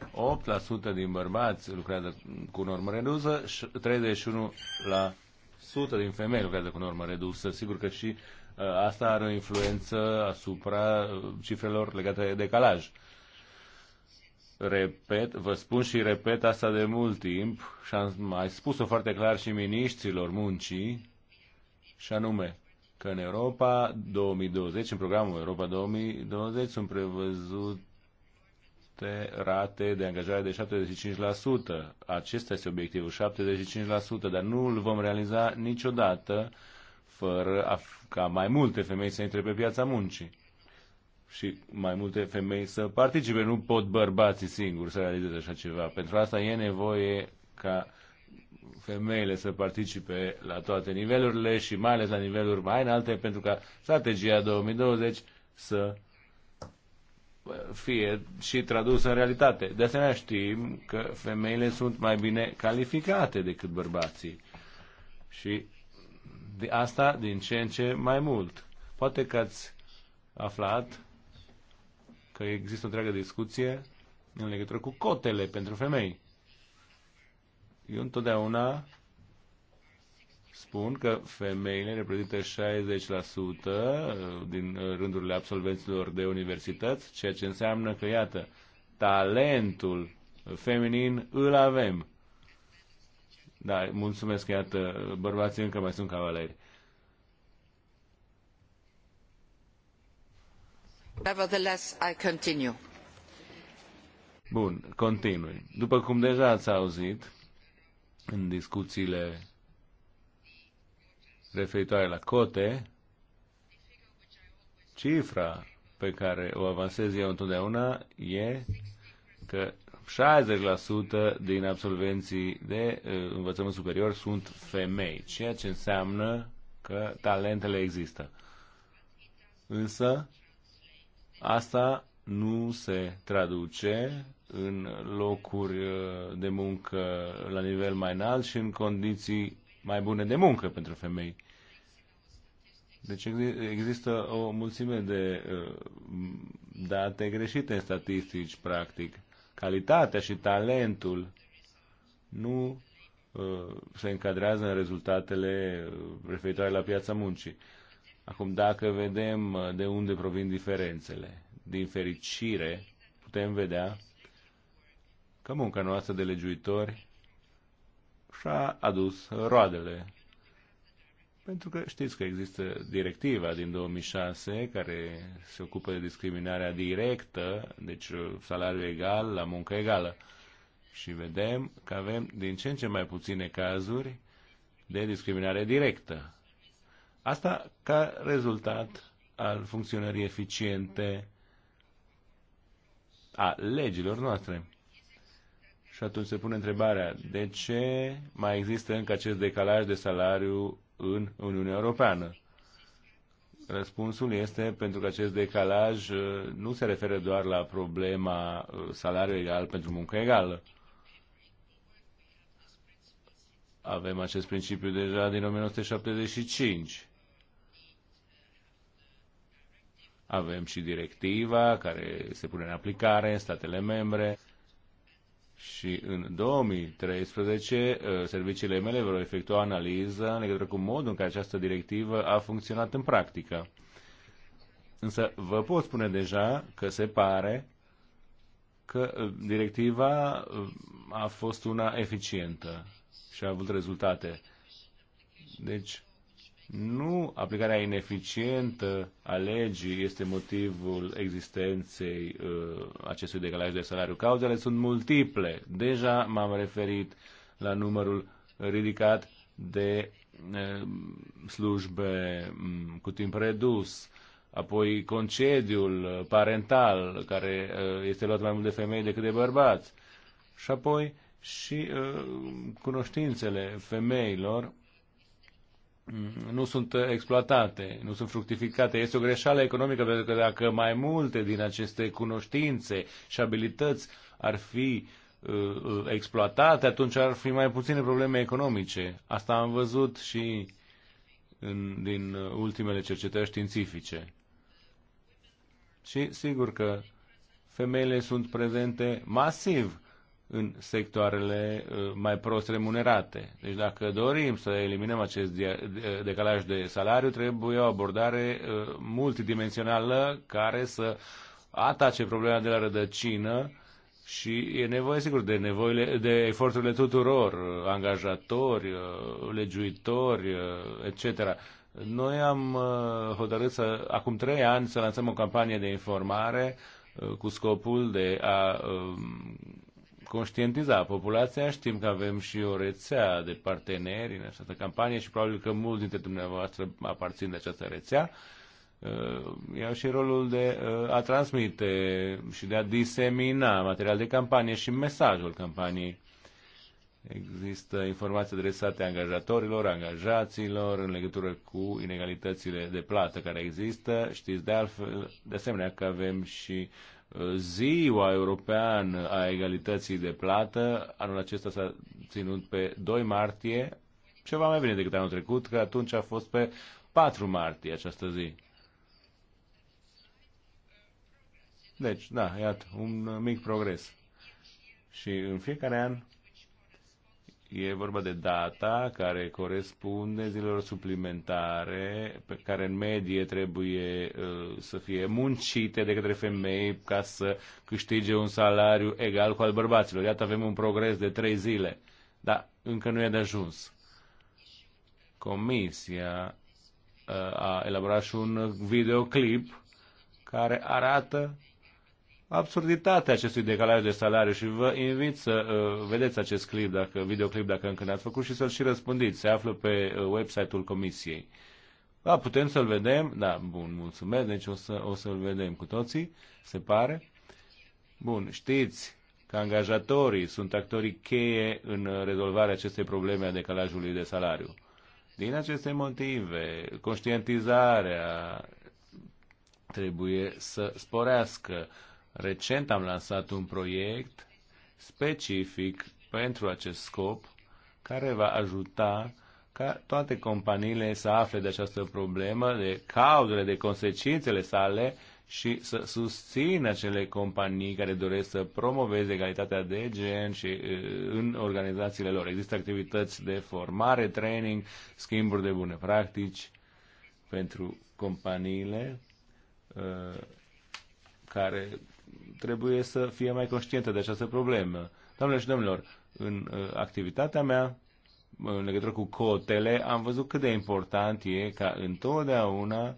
8% din bărbați lucrează cu normă redusă, 31% din femei lucrează cu normă redusă. Sigur că și uh, asta are o influență asupra uh, cifrelor legate de decalaj. Repet, vă spun și repet asta de mult timp și am mai spus-o foarte clar și miniștrilor muncii, și anume că în Europa 2020, în programul Europa 2020, sunt prevăzut niște rate de angajare de 75%. Acesta este obiectivul, 75%, dar nu îl vom realiza niciodată fără a, ca mai multe femei să intre pe piața muncii și mai multe femei să participe. Nu pot bărbații singuri să realizeze așa ceva. Pentru asta e nevoie ca femeile să participe la toate nivelurile și mai ales la niveluri mai înalte pentru ca strategia 2020 să fie și tradus în realitate. De asemenea știm că femeile sunt mai bine calificate decât bărbații. Și de asta din ce în ce mai mult. Poate că ați aflat că există o întreagă discuție în legătură cu cotele pentru femei. Eu întotdeauna spun că femeile reprezintă 60% uh, din uh, rândurile absolvenților de universități, ceea ce înseamnă că, iată, talentul feminin îl avem. Da, mulțumesc că, iată, bărbații încă mai sunt cavaleri. Nevertheless, I continue. Bun, continui. După cum deja ați auzit în discuțiile referitoare la cote, cifra pe care o avansez eu întotdeauna e că 60% din absolvenții de uh, învățământ superior sunt femei, ceea ce înseamnă că talentele există. Însă, asta nu se traduce în locuri uh, de muncă la nivel mai înalt și în condiții mai bune de muncă pentru femei. Deci există o mulțime de uh, date greșite în statistici, practic. Calitatea și talentul nu uh, se încadrează în rezultatele uh, referitoare la piața muncii. Acum, dacă vedem de unde provin diferențele, din fericire, putem vedea că munca noastră de legiuitori și-a adus roadele pentru că știți că există directiva din 2006 care se ocupă de discriminarea directă, deci uh, salariu egal la muncă egală. Și vedem că avem din ce în ce mai puține cazuri de discriminare directă. Asta ca rezultat al funcționării eficiente a legilor noastre. Și atunci se pune întrebarea, de ce mai există încă acest decalaj de salariu în Uniunea Europeană. Răspunsul este pentru că acest decalaj uh, nu se referă doar la problema uh, salariu egal pentru muncă egală. Avem acest principiu deja din 1975. Avem și directiva care se pune în aplicare în statele membre și în 2013 uh, serviciile mele vor efectua o analiză în legătură cu modul în care această directivă a funcționat în practică. Însă vă pot spune deja că se pare că uh, directiva uh, a fost una eficientă și a avut rezultate. Deci, nu aplicarea ineficientă a legii este motivul existenței uh, acestui decalaj de salariu. Cauzele sunt multiple. Deja m-am referit la numărul ridicat de uh, slujbe um, cu timp redus, apoi concediul parental, care uh, este luat mai mult de femei decât de bărbați, și apoi și uh, cunoștințele femeilor Mm, nu sunt exploatate, nu sunt fructificate. Este o greșeală economică pentru că dacă mai multe din aceste cunoștințe și abilități ar fi uh, uh, exploatate, atunci ar fi mai puține probleme economice. Asta am văzut și în, din ultimele cercetări științifice. Și sigur că femeile sunt prezente masiv în sectoarele uh, mai prost remunerate. Deci dacă dorim să eliminăm acest decalaj de salariu, trebuie o abordare uh, multidimensională care să atace problema de la rădăcină și e nevoie, sigur, de nevoile, de eforturile tuturor, uh, angajatori, legiuitori, etc. Noi am hotărât să, acum trei ani, să lansăm o campanie de informare cu scopul de a um, conștientiza populația. Știm că avem și o rețea de parteneri în această campanie și probabil că mulți dintre dumneavoastră aparțin de această rețea. Uh, iau și rolul de uh, a transmite și de a disemina material de campanie și mesajul campaniei. Există informații adresate angajatorilor, angajaților în legătură cu inegalitățile de plată care există. Știți de altfel, de asemenea că avem și uh, Ziua Europeană a Egalității de Plată, anul acesta s-a ținut pe 2 martie, ceva mai bine decât anul trecut, că atunci a fost pe 4 martie această zi. Deci, da, iată, un mic progres. Și în fiecare an E vorba de data care corespunde zilelor suplimentare, pe care în medie trebuie uh, să fie muncite de către femei ca să câștige un salariu egal cu al bărbaților. Iată, avem un progres de trei zile, dar încă nu e de ajuns. Comisia uh, a elaborat și un videoclip care arată absurditatea acestui decalaj de salariu și vă invit să uh, vedeți acest clip, dacă, videoclip, dacă încă n-ați făcut și să-l și răspândiți. Se află pe uh, website-ul comisiei. Da, putem să-l vedem. Da, bun, mulțumesc. Deci o, să, o să-l vedem cu toții, se pare. Bun, știți că angajatorii sunt actorii cheie în rezolvarea acestei probleme a decalajului de salariu. Din aceste motive, conștientizarea trebuie să sporească Recent am lansat un proiect specific pentru acest scop care va ajuta ca toate companiile să afle de această problemă, de cauzele, de consecințele sale și să susțină acele companii care doresc să promoveze egalitatea de gen și în organizațiile lor. Există activități de formare, training, schimburi de bune practici pentru companiile care trebuie să fie mai conștientă de această problemă. Doamnelor și domnilor, în uh, activitatea mea, uh, în legătură cu cotele, am văzut cât de important e ca întotdeauna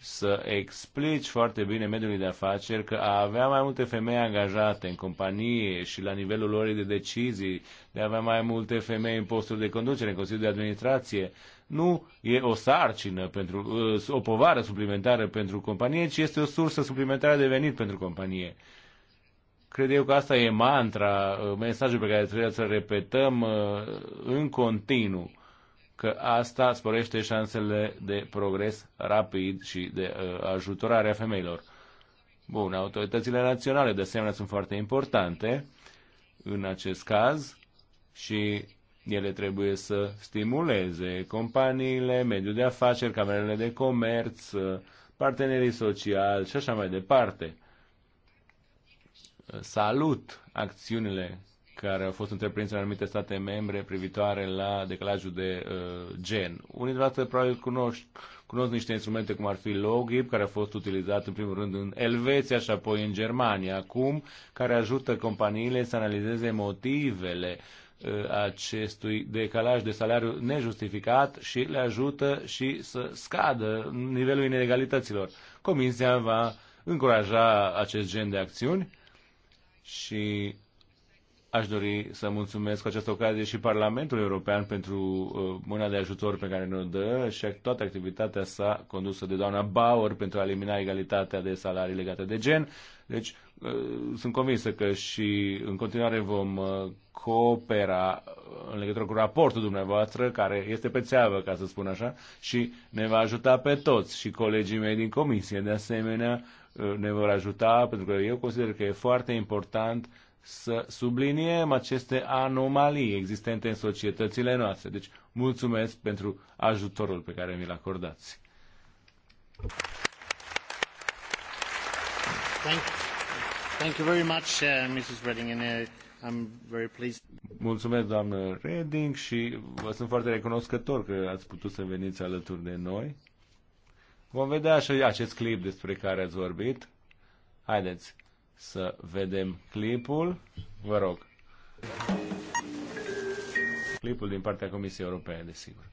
să explici foarte bine mediului de afaceri că a avea mai multe femei angajate în companie și la nivelul lor de decizii, de a avea mai multe femei în posturi de conducere, în Consiliul de Administrație, nu e o sarcină, pentru, uh, o povară suplimentară pentru companie, ci este o sursă suplimentară de venit pentru companie. Cred eu că asta e mantra, uh, mesajul pe care trebuie să-l repetăm uh, în continuu, că asta sporește șansele de progres rapid și de ajutorare a femeilor. Bun, autoritățile naționale de asemenea sunt foarte importante în acest caz și ele trebuie să stimuleze companiile, mediul de afaceri, camerele de comerț, partenerii sociali și așa mai departe. Salut acțiunile care au fost întreprinse în anumite state membre privitoare la decalajul de uh, gen. Unii dintre probabil cunoști, cunosc niște instrumente cum ar fi Logip, care a fost utilizat în primul rând în Elveția și apoi în Germania acum, care ajută companiile să analizeze motivele uh, Uh, acestui decalaj de salariu nejustificat și le ajută și să scadă nivelul inegalităților. Comisia va încuraja acest gen de acțiuni și aș dori să mulțumesc cu această ocazie și Parlamentul European pentru uh, mâna de ajutor pe care ne-o dă și toată activitatea sa condusă de doamna Bauer pentru a elimina egalitatea de salarii legate de gen. Deci, Eh, sunt convinsă că și în continuare vom eh, coopera eh, în legătură cu raportul dumneavoastră, care este pe țeavă, ca să spun așa, și ne va ajuta pe toți și colegii mei din comisie. De asemenea, ne vor ajuta, pentru că eu consider că e foarte important să subliniem aceste anomalii existente în societățile noastre. Deci, mulțumesc pentru ajutorul pe care mi-l acordați. Thank you. Mulțumesc, doamnă Reding, și vă sunt foarte recunoscător că ați putut să veniți alături de noi. Vom vedea și acest clip despre care ați vorbit. Haideți să vedem clipul. Vă rog. Clipul din partea Comisiei Europene, desigur.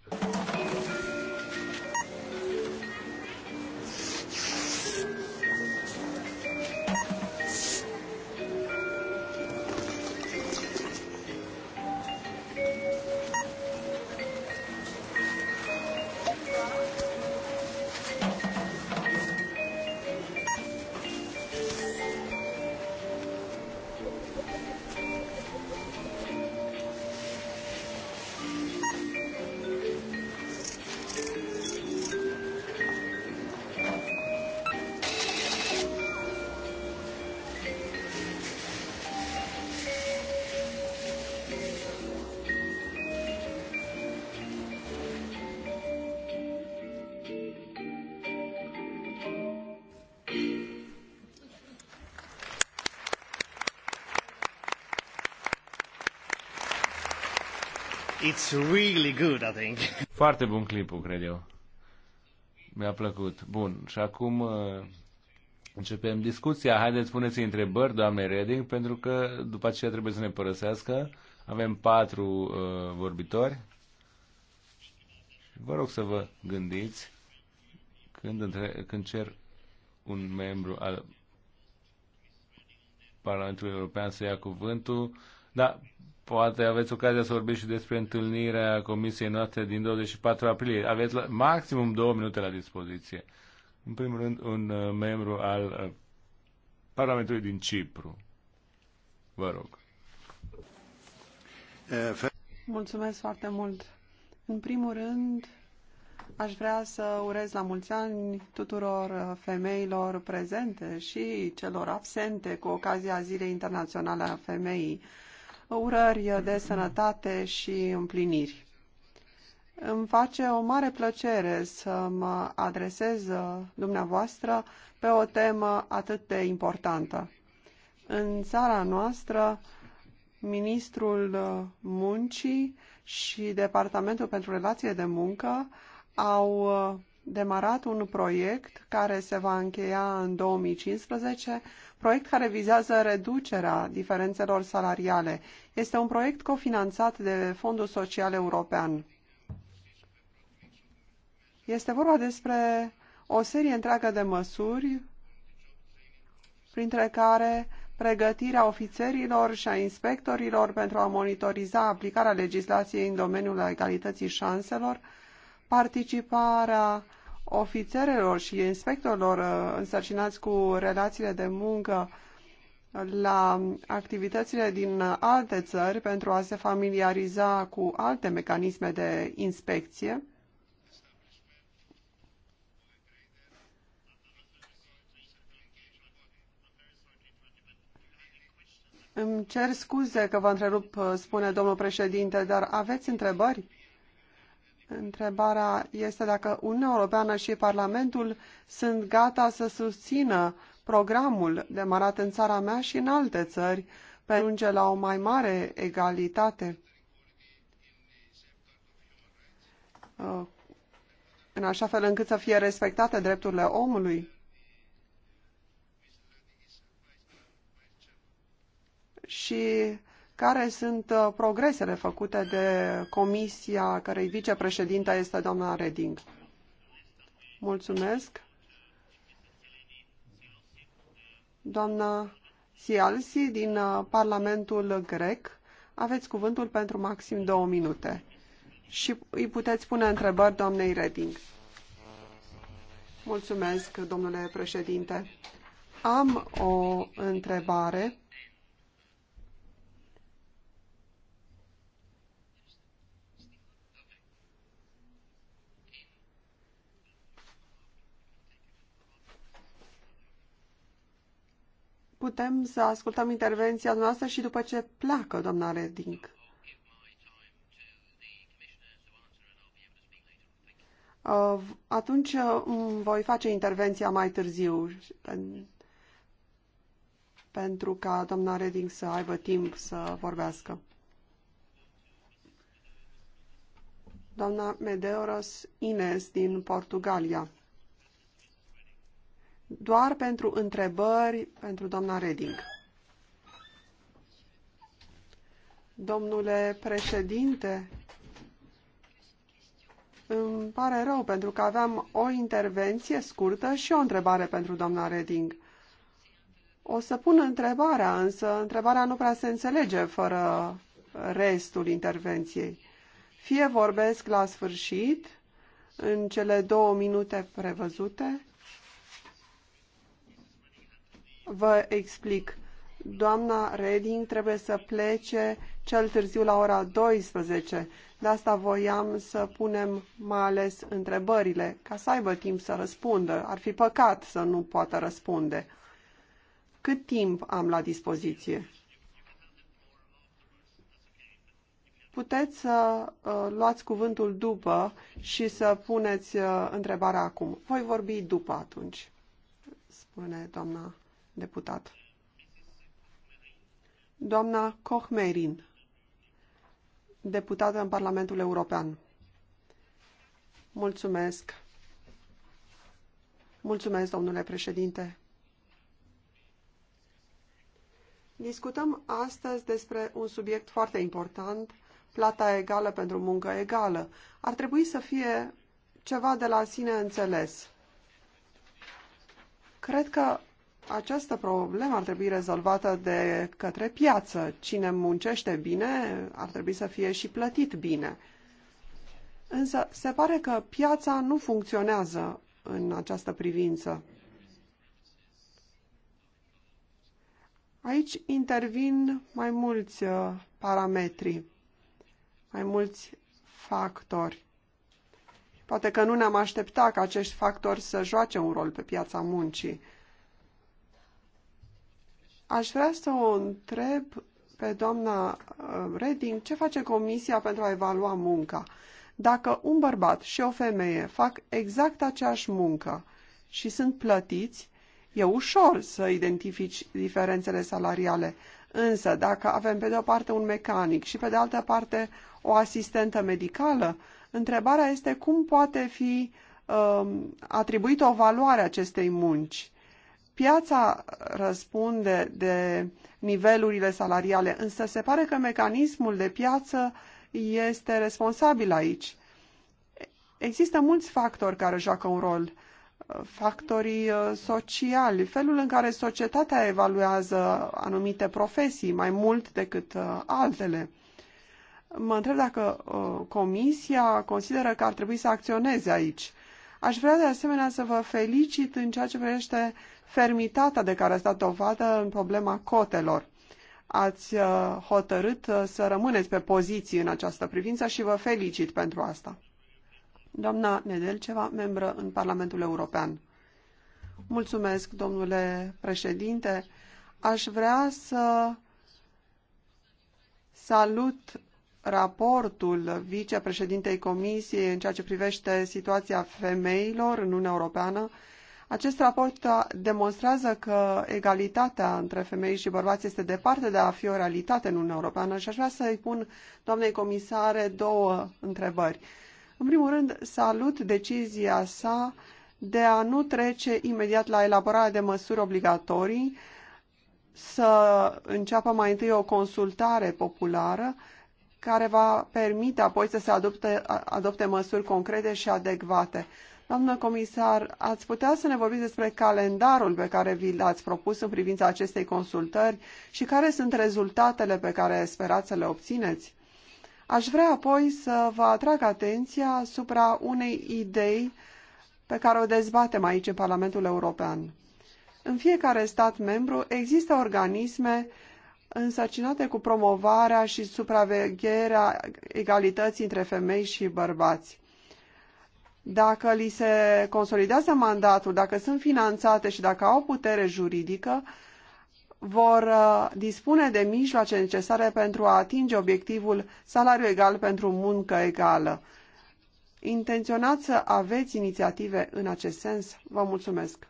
It's really good, I think. Foarte bun clipul, cred eu. Mi-a plăcut. Bun, și acum uh, începem discuția. Haideți, puneți întrebări, doamne Reding, pentru că după aceea trebuie să ne părăsească. Avem patru uh, vorbitori. Vă rog să vă gândiți când, între, când cer un membru al Parlamentului European să ia cuvântul, dar Poate aveți ocazia să vorbiți și despre întâlnirea comisiei noastre din 24 aprilie. Aveți la, maximum două minute la dispoziție. În primul rând, un uh, membru al uh, Parlamentului din Cipru. Vă rog. Mulțumesc foarte mult. În primul rând, aș vrea să urez la mulți ani tuturor uh, femeilor prezente și celor absente cu ocazia Zilei Internaționale a Femeii urări de sănătate și împliniri. Îmi face o mare plăcere să mă adresez dumneavoastră pe o temă atât de importantă. În țara noastră, Ministrul Muncii și Departamentul pentru Relațiile de Muncă au demarat un proiect care se va încheia în 2015, proiect care vizează reducerea diferențelor salariale. Este un proiect cofinanțat de Fondul Social European. Este vorba despre o serie întreagă de măsuri, printre care pregătirea ofițerilor și a inspectorilor pentru a monitoriza aplicarea legislației în domeniul egalității șanselor, participarea ofițerelor și inspectorilor uh, însărcinați cu relațiile de muncă la activitățile din alte țări pentru a se familiariza cu alte mecanisme de inspecție. Îmi cer scuze că vă întrerup, uh, spune domnul președinte, dar aveți întrebări? Întrebarea este dacă Uniunea Europeană și Parlamentul sunt gata să susțină programul demarat în țara mea și în alte țări pentru a ajunge la o mai mare egalitate. Uh, în așa fel încât să fie respectate drepturile omului. Și care sunt uh, progresele făcute de comisia cărei vicepreședinta este doamna Reding. Mulțumesc. Doamna Sialsi din uh, Parlamentul grec, aveți cuvântul pentru maxim două minute și îi puteți pune întrebări doamnei Reding. Mulțumesc, domnule președinte. Am o întrebare putem să ascultăm intervenția noastră și după ce pleacă doamna Reding. Uh, atunci uh, voi face intervenția mai târziu pentru ca doamna Reding să aibă timp să vorbească. Doamna Medeoros Ines din Portugalia doar pentru întrebări pentru doamna Reding. Domnule președinte, îmi pare rău pentru că aveam o intervenție scurtă și o întrebare pentru doamna Reding. O să pun întrebarea, însă întrebarea nu prea se înțelege fără restul intervenției. Fie vorbesc la sfârșit, în cele două minute prevăzute, Vă explic. Doamna Reding trebuie să plece cel târziu la ora 12. De asta voiam să punem mai ales întrebările, ca să aibă timp să răspundă. Ar fi păcat să nu poată răspunde. Cât timp am la dispoziție? Puteți să uh, luați cuvântul după și să puneți uh, întrebarea acum. Voi vorbi după atunci, spune doamna deputat. Doamna Kochmerin, deputată în Parlamentul European. Mulțumesc. Mulțumesc, domnule președinte. Discutăm astăzi despre un subiect foarte important, plata egală pentru muncă egală. Ar trebui să fie ceva de la sine înțeles. Cred că această problemă ar trebui rezolvată de către piață. Cine muncește bine ar trebui să fie și plătit bine. Însă se pare că piața nu funcționează în această privință. Aici intervin mai mulți uh, parametri, mai mulți factori. Poate că nu ne-am aștepta ca acești factori să joace un rol pe piața muncii. Aș vrea să o întreb pe doamna uh, Reding ce face comisia pentru a evalua munca. Dacă un bărbat și o femeie fac exact aceeași muncă și sunt plătiți, e ușor să identifici diferențele salariale. Însă, dacă avem pe de o parte un mecanic și pe de altă parte o asistentă medicală, întrebarea este cum poate fi um, atribuită o valoare acestei munci. Piața răspunde de nivelurile salariale, însă se pare că mecanismul de piață este responsabil aici. Există mulți factori care joacă un rol. Factorii uh, sociali, felul în care societatea evaluează anumite profesii mai mult decât uh, altele. Mă întreb dacă uh, Comisia consideră că ar trebui să acționeze aici. Aș vrea de asemenea să vă felicit în ceea ce privește fermitatea de care ați dat dovadă în problema cotelor. Ați uh, hotărât uh, să rămâneți pe poziții în această privință și vă felicit pentru asta. Doamna Nedelceva, membră în Parlamentul European. Mulțumesc, domnule președinte. Aș vrea să salut raportul vicepreședintei Comisiei în ceea ce privește situația femeilor în Uniunea Europeană acest raport uh, demonstrează că egalitatea între femei și bărbați este departe de a fi o realitate în Uniunea Europeană și aș vrea să-i pun doamnei comisare două întrebări. În primul rând, salut decizia sa de a nu trece imediat la elaborarea de măsuri obligatorii, să înceapă mai întâi o consultare populară care va permite apoi să se adopte, adopte măsuri concrete și adecvate. Doamnă comisar, ați putea să ne vorbiți despre calendarul pe care vi l-ați propus în privința acestei consultări și care sunt rezultatele pe care sperați să le obțineți? Aș vrea apoi să vă atrag atenția asupra unei idei pe care o dezbatem aici în Parlamentul European. În fiecare stat membru există organisme însăcinate cu promovarea și supravegherea egalității între femei și bărbați. Dacă li se consolidează mandatul, dacă sunt finanțate și dacă au putere juridică, vor uh, dispune de mijloace necesare pentru a atinge obiectivul salariu egal pentru muncă egală. Intenționați să aveți inițiative în acest sens? Vă mulțumesc.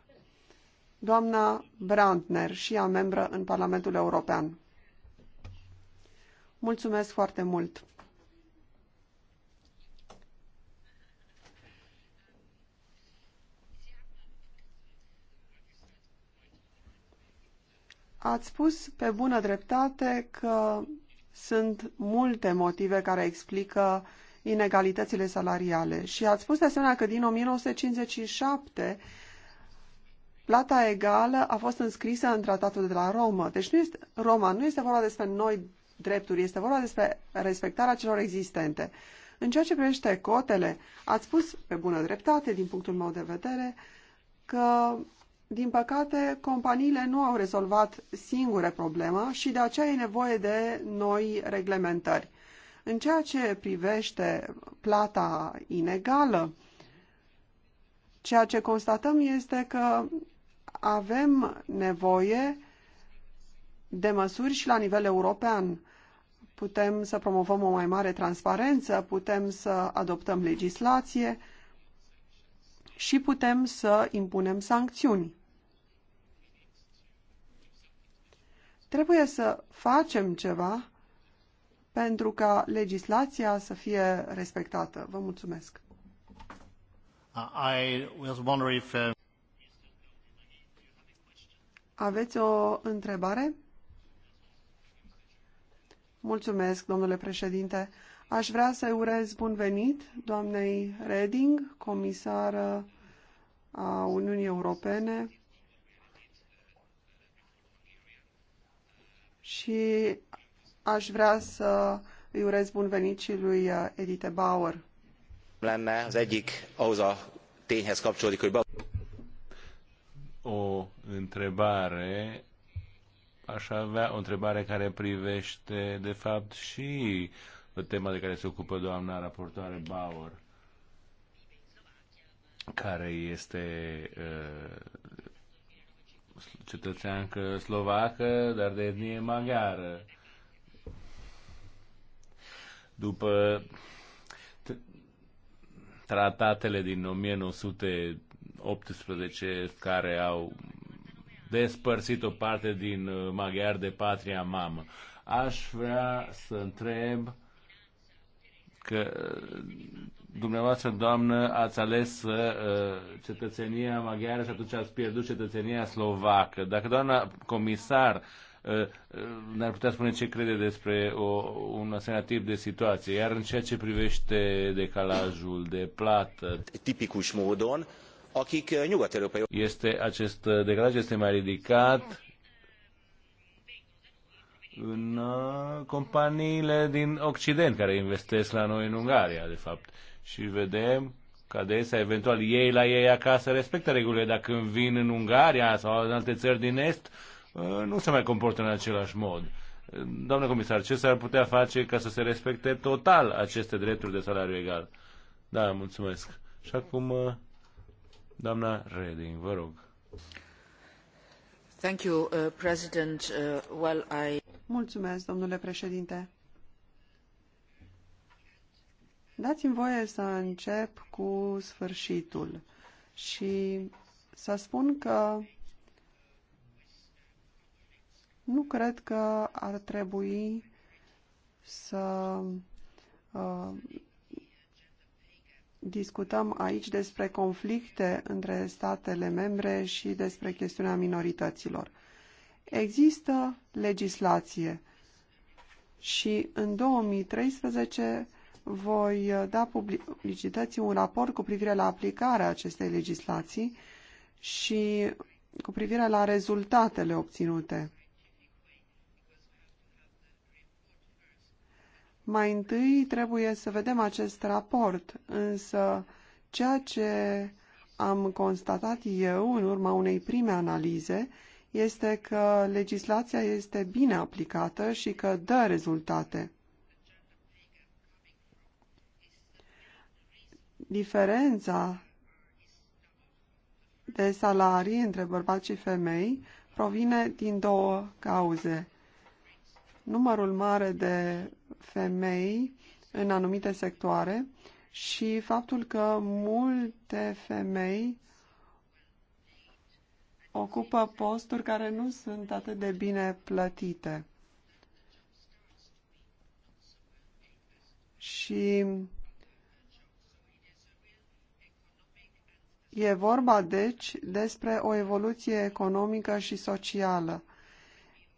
Doamna Brandner și ea membră în Parlamentul European. Mulțumesc foarte mult. Ați spus pe bună dreptate că sunt multe motive care explică inegalitățile salariale și ați spus de asemenea că din 1957 plata egală a fost înscrisă în tratatul de la Roma. Deci nu este, Roma nu este vorba despre noi drepturi, este vorba despre respectarea celor existente. În ceea ce privește cotele, ați spus pe bună dreptate, din punctul meu de vedere, că din păcate, companiile nu au rezolvat singure problema și de aceea e nevoie de noi reglementări. În ceea ce privește plata inegală, ceea ce constatăm este că avem nevoie de măsuri și la nivel european. Putem să promovăm o mai mare transparență, putem să adoptăm legislație și putem să impunem sancțiuni. Trebuie să facem ceva pentru ca legislația să fie respectată. Vă mulțumesc. I was wondering if, uh... Aveți o întrebare? Mulțumesc, domnule președinte. Aș vrea să urez bun venit doamnei Reding, comisară a Uniunii Europene. și aș vrea să îi urez bun venit și lui uh, Edite Bauer. Lenne az egyik ahhoz a tényhez kapcsolódik, hogy o întrebare aș avea o întrebare care privește de fapt și tema de care se ocupă doamna raportoare Bauer care este uh, cetățeancă slovacă, dar de etnie maghiară. După tratatele din 1918 care au despărțit o parte din uh, maghiar de patria mamă. Aș vrea să întreb că dumneavoastră, doamnă, ați ales uh, cetățenia maghiară și atunci ați pierdut cetățenia slovacă. Dacă doamna comisar uh, uh, ne-ar putea spune ce crede despre o, un asemenea tip de situație, iar în ceea ce privește decalajul de plată. Tipicul șmudon, akik uh, nyugat-európai... Este acest uh, decalaj este mai ridicat în companiile din Occident care investesc la noi în Ungaria, de fapt și vedem că adesea, eventual, ei la ei acasă respectă regulile, dacă când vin în Ungaria sau în alte țări din Est, uh, nu se mai comportă în același mod. Doamne comisar, ce s-ar putea face ca să se respecte total aceste drepturi de salariu egal? Da, mulțumesc. Și acum, uh, doamna Reding, vă rog. Thank you, uh, President. Uh, well, I... Mulțumesc, domnule președinte. Dați-mi voie să încep cu sfârșitul și să spun că nu cred că ar trebui să uh, discutăm aici despre conflicte între statele membre și despre chestiunea minorităților. Există legislație și în 2013 voi uh, da publicității un raport cu privire la aplicarea acestei legislații și cu privire la rezultatele obținute. Mai întâi trebuie să vedem acest raport, însă ceea ce am constatat eu în urma unei prime analize este că legislația este bine aplicată și că dă rezultate. diferența de salarii între bărbați și femei provine din două cauze. Numărul mare de femei în anumite sectoare și faptul că multe femei ocupă posturi care nu sunt atât de bine plătite. Și E vorba, deci, despre o evoluție economică și socială.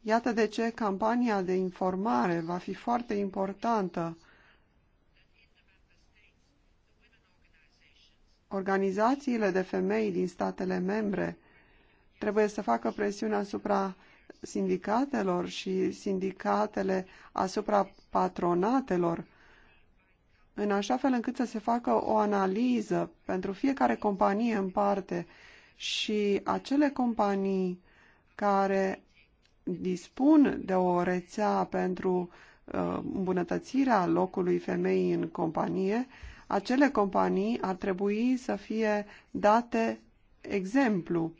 Iată de ce campania de informare va fi foarte importantă. Organizațiile de femei din statele membre trebuie să facă presiune asupra sindicatelor și sindicatele asupra patronatelor în așa fel încât să se facă o analiză pentru fiecare companie în parte și acele companii care dispun de o rețea pentru uh, îmbunătățirea locului femeii în companie, acele companii ar trebui să fie date exemplu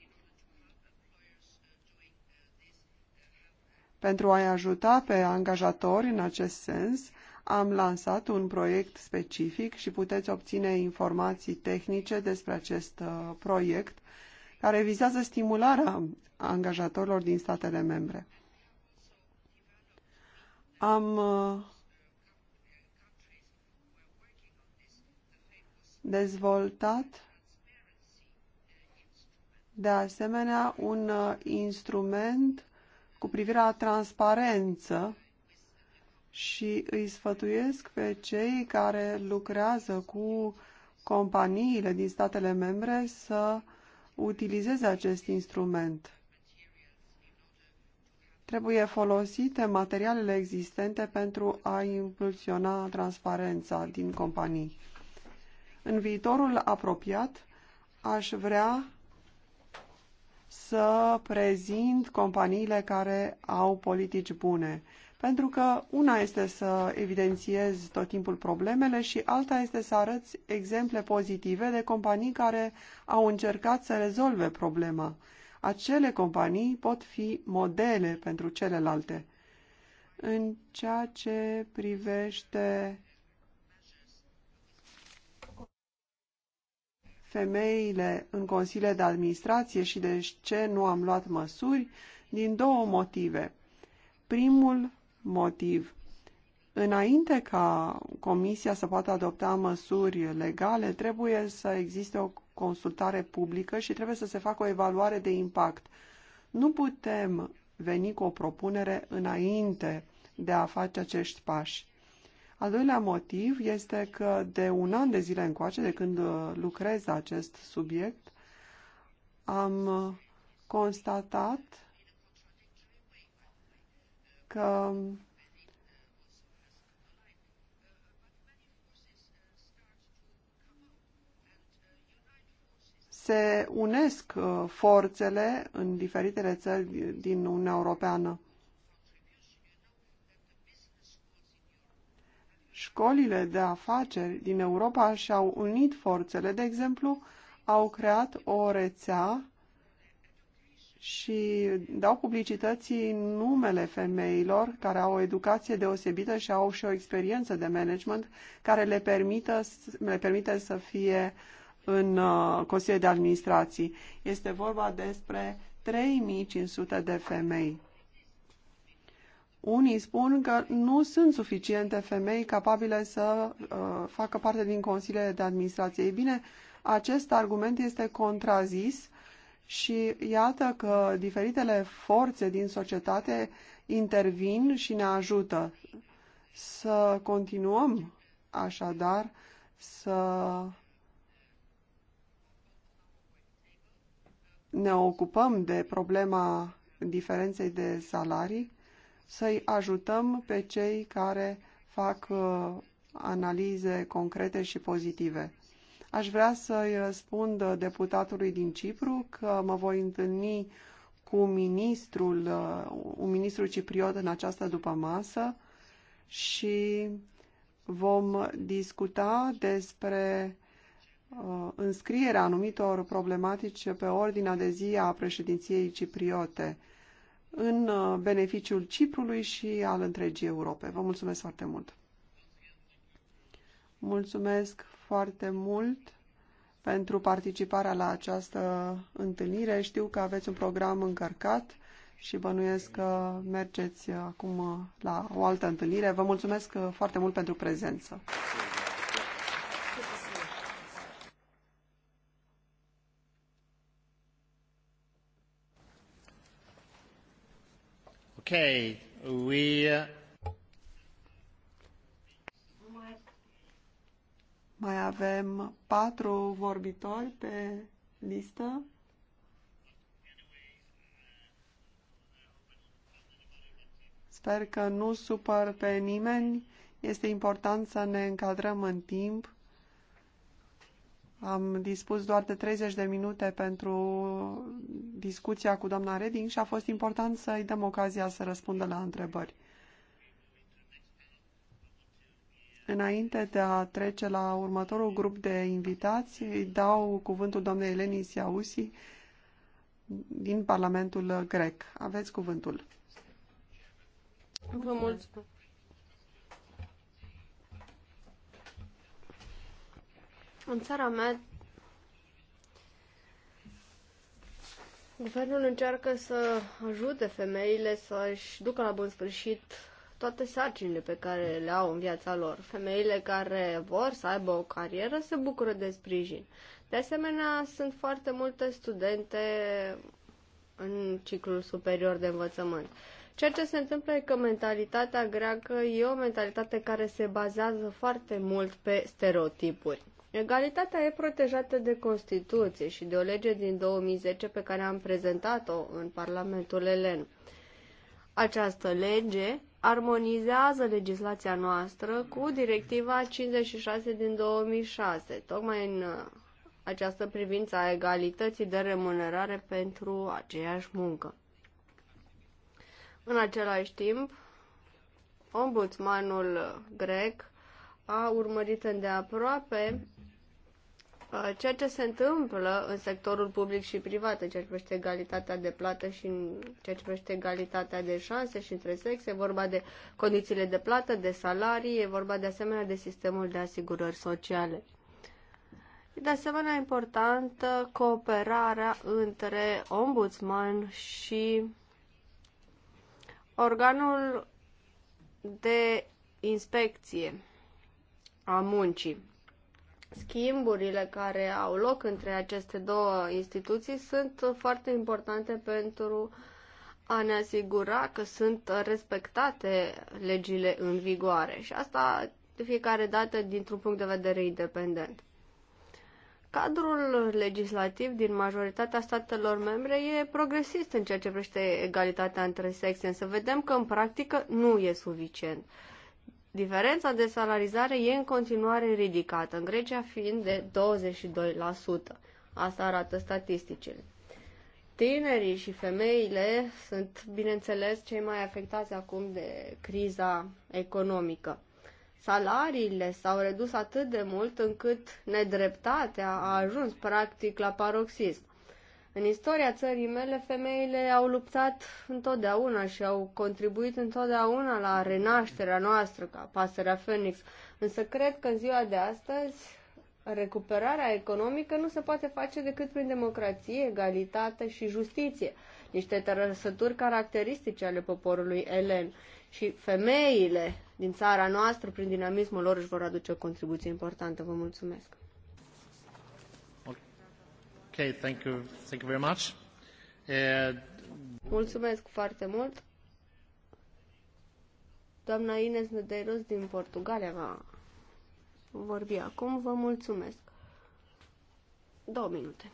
pentru a-i ajuta pe angajatori în acest sens am lansat un proiect specific și puteți obține informații tehnice despre acest uh, proiect care vizează stimularea angajatorilor din statele membre. Am uh, dezvoltat de asemenea un uh, instrument cu privire la transparență și îi sfătuiesc pe cei care lucrează cu companiile din statele membre să utilizeze acest instrument. Trebuie folosite materialele existente pentru a impulsiona transparența din companii. În viitorul apropiat, aș vrea să prezint companiile care au politici bune pentru că una este să evidențiezi tot timpul problemele și alta este să arăți exemple pozitive de companii care au încercat să rezolve problema. Acele companii pot fi modele pentru celelalte. În ceea ce privește femeile în consiliile de administrație și de ce nu am luat măsuri, din două motive. Primul motiv. Înainte ca Comisia să poată adopta măsuri legale, trebuie să existe o consultare publică și trebuie să se facă o evaluare de impact. Nu putem veni cu o propunere înainte de a face acești pași. Al doilea motiv este că de un an de zile încoace, de când lucrez acest subiect, am constatat că se unesc uh, forțele în diferitele țări din Uniunea Europeană. Școlile de afaceri din Europa și-au unit forțele, de exemplu, au creat o rețea și dau publicității numele femeilor care au o educație deosebită și au și o experiență de management care le, permită, le permite să fie în uh, Consiliul de Administrații. Este vorba despre 3500 de femei. Unii spun că nu sunt suficiente femei capabile să uh, facă parte din consiliile de administrație. Ei bine, acest argument este contrazis și iată că diferitele forțe din societate intervin și ne ajută să continuăm așadar să ne ocupăm de problema diferenței de salarii, să-i ajutăm pe cei care fac uh, analize concrete și pozitive. Aș vrea să-i răspund deputatului din Cipru că mă voi întâlni cu ministrul, un ministru cipriot în această masă și vom discuta despre uh, înscrierea anumitor problematici pe ordinea de zi a președinției cipriote în uh, beneficiul Ciprului și al întregii Europe. Vă mulțumesc foarte mult! Mulțumesc foarte mult pentru participarea la această întâlnire. Știu că aveți un program încărcat și bănuiesc că mergeți acum la o altă întâlnire. Vă mulțumesc foarte mult pentru prezență. Okay, we Mai avem patru vorbitori pe listă. Sper că nu supăr pe nimeni. Este important să ne încadrăm în timp. Am dispus doar de 30 de minute pentru discuția cu doamna Reding și a fost important să-i dăm ocazia să răspundă la întrebări. Înainte de a trece la următorul grup de invitați, îi dau cuvântul doamnei Eleni Siausi din Parlamentul grec. Aveți cuvântul. Vă mulțumesc. În țara mea, guvernul încearcă să ajute femeile să-și ducă la bun sfârșit toate sarcinile pe care le au în viața lor. Femeile care vor să aibă o carieră se bucură de sprijin. De asemenea, sunt foarte multe studente în ciclul superior de învățământ. Ceea ce se întâmplă e că mentalitatea greacă e o mentalitate care se bazează foarte mult pe stereotipuri. Egalitatea e protejată de Constituție și de o lege din 2010 pe care am prezentat-o în Parlamentul Elen. Această lege armonizează legislația noastră cu directiva 56 din 2006, tocmai în uh, această privință a egalității de remunerare pentru aceeași muncă. În același timp, ombudsmanul grec a urmărit îndeaproape Uh, ceea ce se întâmplă în sectorul public și privat, în ceea ce privește egalitatea de plată și în ceea ce privește egalitatea de șanse și între sexe, e vorba de condițiile de plată, de salarii, e vorba de asemenea de sistemul de asigurări sociale. E de asemenea importantă cooperarea între ombudsman și organul de inspecție a muncii schimburile care au loc între aceste două instituții sunt foarte importante pentru a ne asigura că sunt respectate legile în vigoare și asta de fiecare dată dintr-un punct de vedere independent. Cadrul legislativ din majoritatea statelor membre e progresist în ceea ce privește egalitatea între sexe, însă vedem că în practică nu e suficient diferența de salarizare e în continuare ridicată, în Grecia fiind de 22%. Asta arată statisticile. Tinerii și femeile sunt, bineînțeles, cei mai afectați acum de criza economică. Salariile s-au redus atât de mult încât nedreptatea a ajuns practic la paroxism. În istoria țării mele, femeile au luptat întotdeauna și au contribuit întotdeauna la renașterea noastră ca pasărea Phoenix. Însă cred că în ziua de astăzi recuperarea economică nu se poate face decât prin democrație, egalitate și justiție, niște trăsături caracteristice ale poporului elen. Și femeile din țara noastră, prin dinamismul lor, își vor aduce o contribuție importantă. Vă mulțumesc! Uh, mulțumesc foarte mult. Doamna Ines Medeiros din Portugalia va vorbi acum. Vă mulțumesc. Două minute.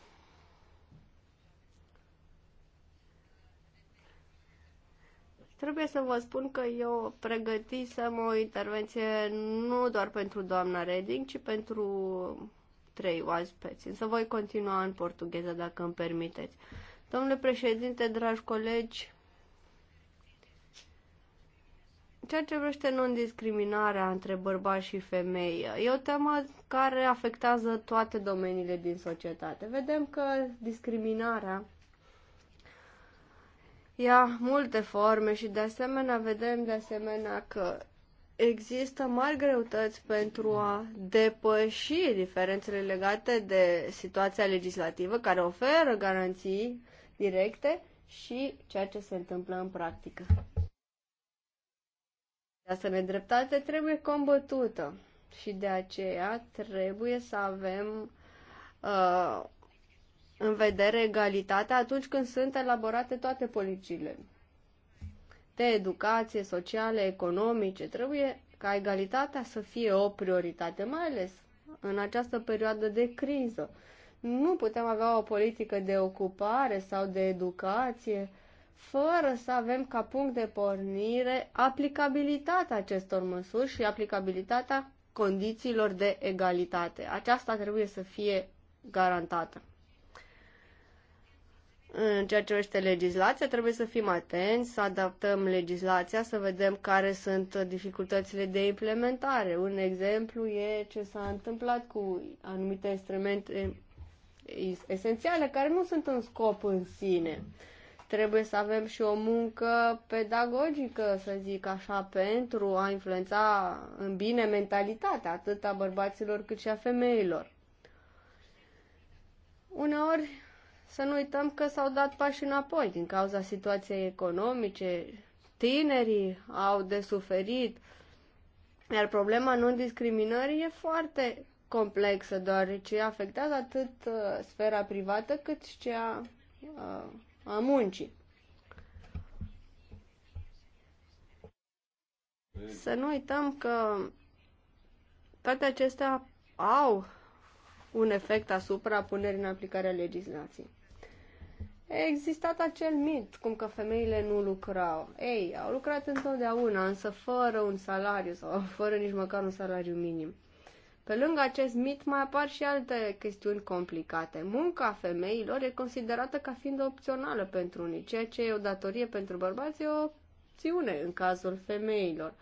Trebuie să vă spun că eu pregătisem o intervenție nu doar pentru doamna Reding, ci pentru trei oaspeți, însă voi continua în portugheză dacă îmi permiteți. Domnule președinte, dragi colegi, ceea ce vrește non-discriminarea între bărbați și femei e o temă care afectează toate domeniile din societate. Vedem că discriminarea ia multe forme și de asemenea vedem de asemenea că există mari greutăți pentru a depăși diferențele legate de situația legislativă care oferă garanții directe și ceea ce se întâmplă în practică. Această nedreptate trebuie combătută și de aceea trebuie să avem uh, în vedere egalitatea atunci când sunt elaborate toate politicile de educație, sociale, economice. Trebuie ca egalitatea să fie o prioritate, mai ales în această perioadă de criză. Nu putem avea o politică de ocupare sau de educație fără să avem ca punct de pornire aplicabilitatea acestor măsuri și aplicabilitatea condițiilor de egalitate. Aceasta trebuie să fie garantată. În ceea ce este legislația, trebuie să fim atenți, să adaptăm legislația, să vedem care sunt dificultățile de implementare. Un exemplu e ce s-a întâmplat cu anumite instrumente esențiale care nu sunt în scop în sine. Trebuie să avem și o muncă pedagogică, să zic așa, pentru a influența în bine mentalitatea atât a bărbaților cât și a femeilor. Uneori să nu uităm că s-au dat pași înapoi din cauza situației economice, tinerii au de suferit, iar problema non-discriminării e foarte complexă, deoarece afectează atât uh, sfera privată cât și cea uh, a muncii. Să nu uităm că toate acestea au un efect asupra punerii în aplicare a legislației a existat acel mit, cum că femeile nu lucrau. Ei, au lucrat întotdeauna, însă fără un salariu sau fără nici măcar un salariu minim. Pe lângă acest mit mai apar și alte chestiuni complicate. Munca femeilor e considerată ca fiind opțională pentru unii, ceea ce e o datorie pentru bărbați e o opțiune în cazul femeilor.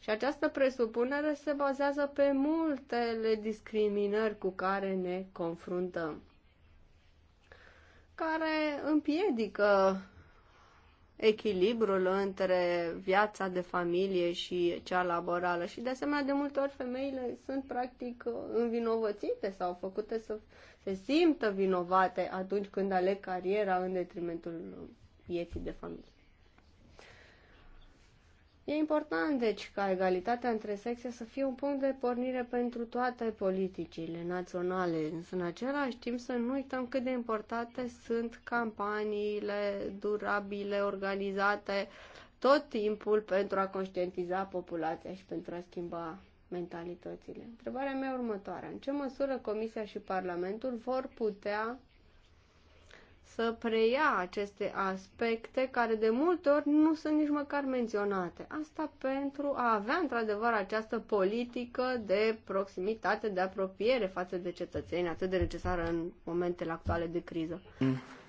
Și această presupunere se bazează pe multele discriminări cu care ne confruntăm care împiedică echilibrul între viața de familie și cea laborală și de asemenea de multe ori femeile sunt practic învinovățite sau făcute să se simtă vinovate atunci când aleg cariera în detrimentul vieții de familie. E important, deci, ca egalitatea între sexe să fie un punct de pornire pentru toate politicile naționale, însă în același timp să nu uităm cât de importante sunt campaniile durabile, organizate tot timpul pentru a conștientiza populația și pentru a schimba mentalitățile. Întrebarea mea următoare. În ce măsură Comisia și Parlamentul vor putea să preia aceste aspecte care de multe ori nu sunt nici măcar menționate. Asta pentru a avea într-adevăr această politică de proximitate, de apropiere față de cetățeni atât de necesară în momentele actuale de criză.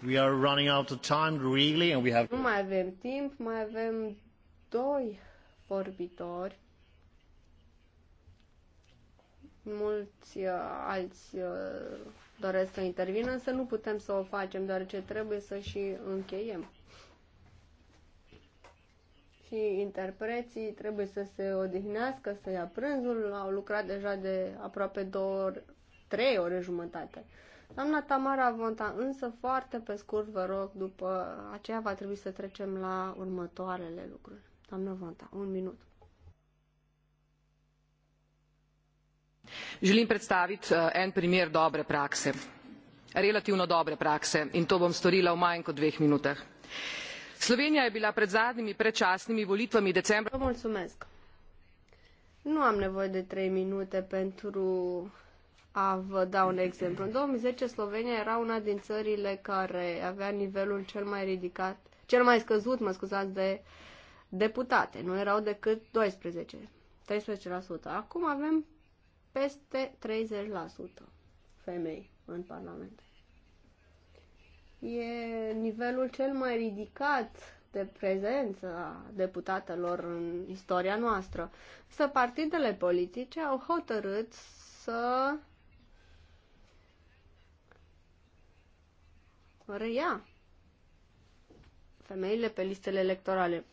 We are running out of time really and we have... Nu mai avem timp, mai avem doi vorbitori mulți uh, alți uh, doresc să intervină, însă nu putem să o facem, deoarece trebuie să și încheiem. Și interpreții trebuie să se odihnească, să ia prânzul, au lucrat deja de aproape două ori, trei ore jumătate. Doamna Tamara Vonta, însă foarte pe scurt vă rog, după aceea va trebui să trecem la următoarele lucruri. Doamna Vonta, un minut. želim predstaviti eh, en primer dobre prakse relativno dobre prakse in to bom storila v manj kot dveh minutah. slovenija je bila pred zadnjimi predčasnimi volitvami decembra. Mulțumesc. Nu am nevoie de trei minute pentru a vă da un exemplu. În 2010 Slovenia era una din țările care avea nivelul cel mai ridicat, cel mai scăzut, mă scuzați, de deputate. Nu erau decât 12, 13%. Acum avem peste 30% femei în Parlament. E nivelul cel mai ridicat de prezență a deputatelor în istoria noastră. Să partidele politice au hotărât să reia femeile pe listele electorale.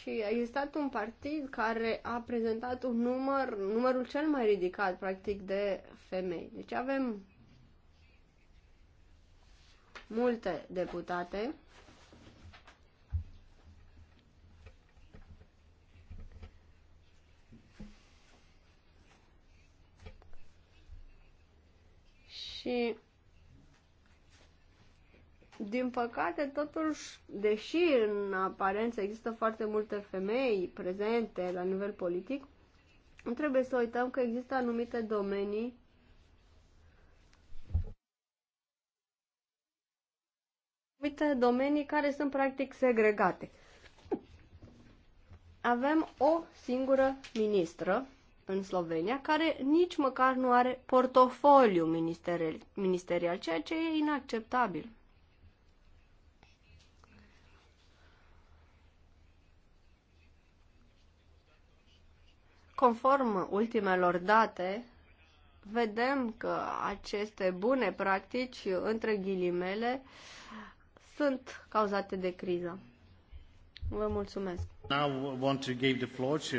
și a existat un partid care a prezentat un număr, numărul cel mai ridicat, practic, de femei. Deci avem multe deputate. Și din păcate, totuși, deși în aparență există foarte multe femei prezente la nivel politic, nu trebuie să uităm că există anumite domenii anumite domenii care sunt practic segregate. Avem o singură ministră în Slovenia care nici măcar nu are portofoliu ministerial, ceea ce e inacceptabil. Conform ultimelor date, vedem că aceste bune practici, între ghilimele, sunt cauzate de criză. Vă mulțumesc. Now want to give the floor to,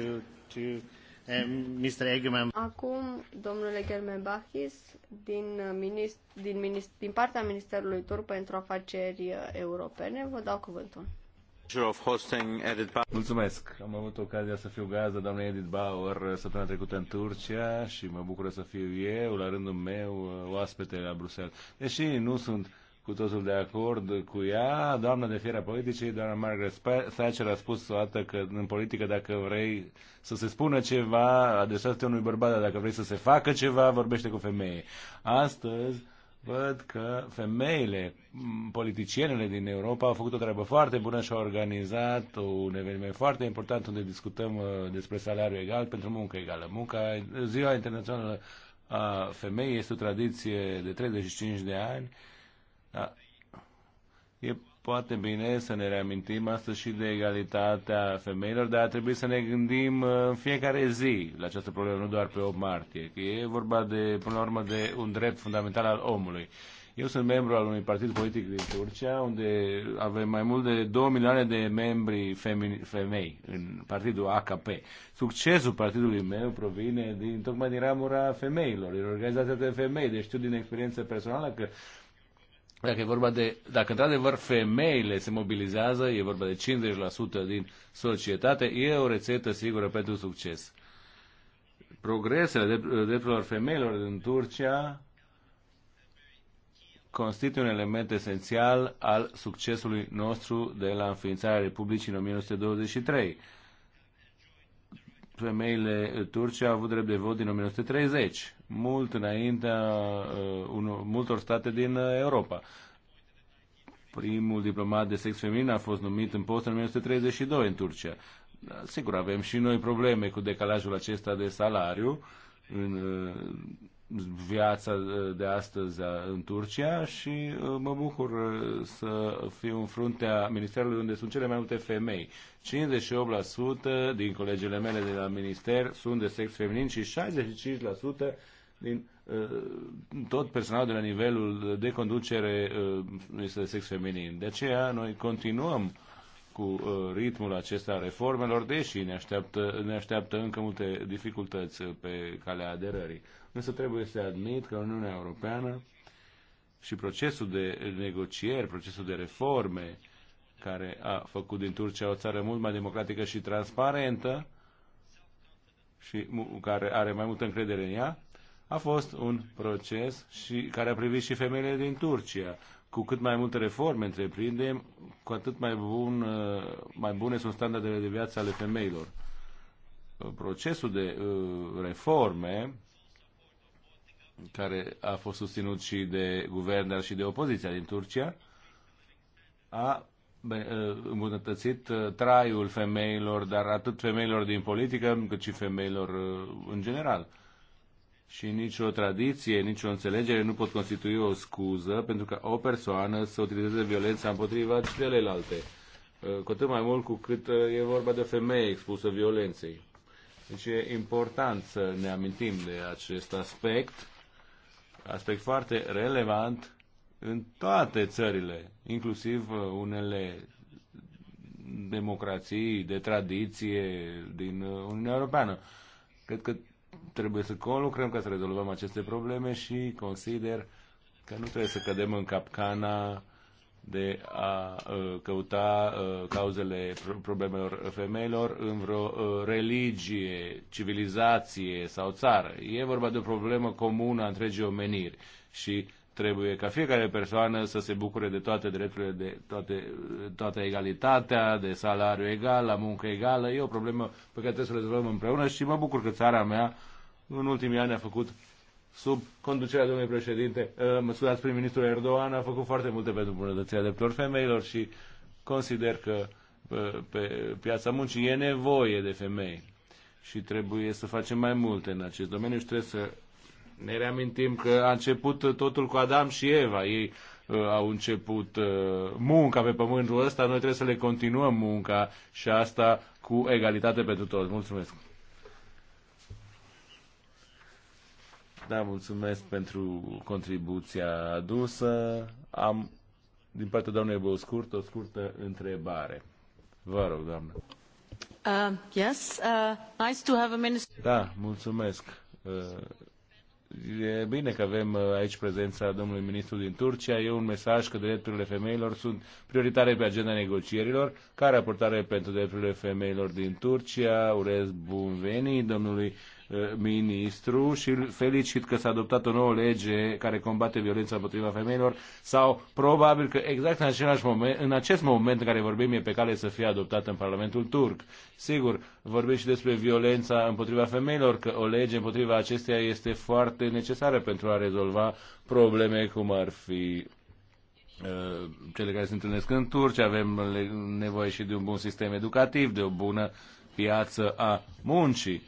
to uh, Mr. Acum, domnule Egerman Bachis, din, minist, din, minist, din partea Ministerului Tur pentru Afaceri Europene, vă dau cuvântul. Mulțumesc. Am avut ocazia să fiu gazdă doamnei Edith Bauer săptămâna trecută în Turcia și mă bucur să fiu eu, la rândul meu, oaspete la Bruxelles. Deși nu sunt cu totul de acord cu ea, doamna de fiera politicii, doamna Margaret Thatcher a spus o dată că în politică dacă vrei să se spună ceva, adresează-te unui bărbat, dar dacă vrei să se facă ceva, vorbește cu femeie. Astăzi, văd că femeile, politicienele din Europa au făcut o treabă foarte bună și au organizat un eveniment foarte important unde discutăm uh, despre salariu egal pentru muncă egală. Munca, Ziua Internațională a Femeii este o tradiție de 35 de ani. Da. E poate bine să ne reamintim astăzi și de egalitatea femeilor, dar trebuie să ne gândim uh, în fiecare zi la această problemă, nu doar pe 8 martie, că e vorba de, până la urmă, de un drept fundamental al omului. Eu sunt membru al unui partid politic din Turcia, unde avem mai mult de 2 milioane de membri femei în partidul AKP. Succesul partidului meu provine din, tocmai din ramura femeilor, din organizația de femei, deci știu din experiență personală că dacă e vorba de, dacă într-adevăr femeile se mobilizează, e vorba de 50% din societate, e o rețetă sigură pentru succes. Progresele drepturilor femeilor din Turcia constituie un element esențial al succesului nostru de la înființarea Republicii în 1923 femeile turce au avut drept de vot din 1930, mult înaintea uh, multor state din uh, Europa. Primul diplomat de sex feminin a fost numit în post în 1932 în Turcia. Sigur, avem și noi probleme cu decalajul acesta de salariu în uh, viața eh, de astăzi în Turcia și eh, mă bucur eh, să fiu în fruntea ministerului unde sunt cele mai multe femei. 58% din colegele mele de la minister sunt de sex feminin și 65% din tot personalul de la nivelul de conducere este de sex feminin. De aceea noi continuăm cu ritmul acesta reformelor, deși ne așteaptă, ne așteaptă încă multe dificultăți pe calea aderării. Însă trebuie să admit că Uniunea Europeană și procesul de negocieri, procesul de reforme care a făcut din Turcia o țară mult mai democratică și transparentă și care are mai multă încredere în ea, a fost un proces și care a privit și femeile din Turcia. Cu cât mai multe reforme întreprindem, cu atât mai, bun, mai bune sunt standardele de viață ale femeilor. Procesul de uh, reforme care a fost susținut și de guvern, dar și de opoziția din Turcia, a ă, îmbunătățit ă, traiul femeilor, dar atât femeilor din politică, cât și femeilor ă, în general. Și nicio tradiție, nicio înțelegere nu pot constitui o scuză pentru ca o persoană să utilizeze violența împotriva celelalte. Cu atât mai mult cu cât e vorba de o femeie expusă violenței. Deci e important să ne amintim de acest aspect aspect foarte relevant în toate țările, inclusiv uh, unele democrații de tradiție din uh, Uniunea Europeană. Cred că trebuie să colucrăm ca să rezolvăm aceste probleme și consider că nu trebuie să cădem în capcana de a uh, căuta uh, cauzele problemelor femeilor în vreo uh, religie, civilizație sau țară. E vorba de o problemă comună a întregii omeniri și trebuie ca fiecare persoană să se bucure de toate drepturile, de toate, toată egalitatea, de salariu egal, la muncă egală. E o problemă pe care trebuie să o rezolvăm împreună și mă bucur că țara mea în ultimii ani a făcut sub conducerea domnului președinte, uh, mă scuzați, prim-ministru Erdogan a făcut foarte multe pentru bunătățirea drepturilor femeilor și consider că uh, pe piața muncii e nevoie de femei și trebuie să facem mai multe în acest domeniu și trebuie să ne reamintim că a început totul cu Adam și Eva. Ei uh, au început uh, munca pe pământul ăsta, noi trebuie să le continuăm munca și asta cu egalitate pentru toți. Mulțumesc! Da, mulțumesc pentru contribuția adusă. Am, din partea doamnei Boscurt, o scurtă întrebare. Vă rog, doamnă. Uh, yes, uh, nice to have a minister. Da, mulțumesc. Uh, e bine că avem uh, aici prezența domnului ministru din Turcia. E un mesaj că drepturile femeilor sunt prioritare pe agenda negocierilor. Ca raportare pentru drepturile femeilor din Turcia, urez bun venit domnului uh, ministru și îl felicit că s-a adoptat o nouă lege care combate violența împotriva femeilor sau probabil că exact în, același moment, în acest moment în care vorbim e pe cale să fie adoptată în Parlamentul turc. Sigur, vorbim și despre violența împotriva femeilor, că o lege împotriva acesteia este foarte necesară pentru a rezolva probleme cum ar fi uh, cele care se întâlnesc în Turcia, avem nevoie și de un bun sistem educativ, de o bună piață a muncii.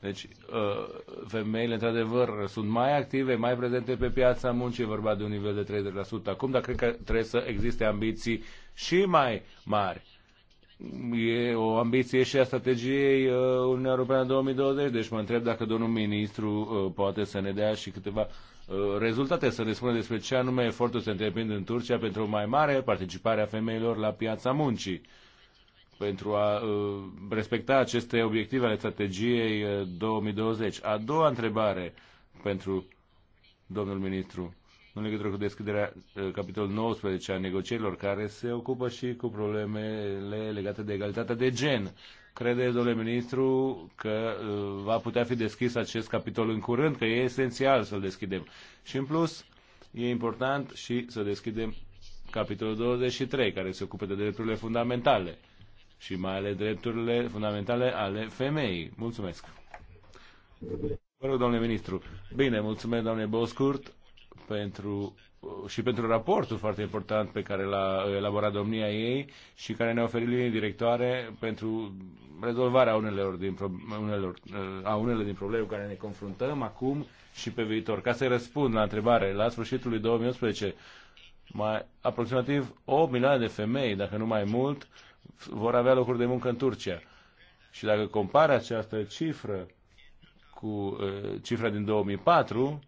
Deci, uh, femeile, într-adevăr, sunt mai active, mai prezente pe piața muncii, vorba de un nivel de 30% acum, dar cred că trebuie să existe ambiții și mai mari. E o ambiție și a strategiei uh, Uniunea Europeană 2020, deci mă întreb dacă domnul ministru uh, poate să ne dea și câteva rezultate, să ne spună despre ce anume efortul se întreprinde în Turcia pentru o mai mare participare a femeilor la piața muncii pentru a uh, respecta aceste obiective ale strategiei 2020. Uh, a doua întrebare pentru domnul ministru în legătură cu deschiderea uh, capitolul 19 a negocierilor care se ocupă și cu problemele legate de egalitatea de gen. Credeți, domnule ministru, că va putea fi deschis acest capitol în curând, că e esențial să-l deschidem. Și în plus, e important și să deschidem capitolul 23, care se ocupă de drepturile fundamentale și mai ales drepturile fundamentale ale femeii. Mulțumesc! Vă rog, domnule ministru. Bine, mulțumesc, domnule Boscurt, pentru, și pentru raportul foarte important pe care l-a elaborat domnia ei și care ne-a oferit linii directoare pentru rezolvarea unelor din, unelor, a unele din probleme cu care ne confruntăm acum și pe viitor. Ca să răspund la întrebare, la sfârșitul lui 2018, mai aproximativ 8 milioane de femei, dacă nu mai mult, uh, vor avea locuri de muncă în Turcia. Și dacă compare această cifră cu eh, cifra din 2004,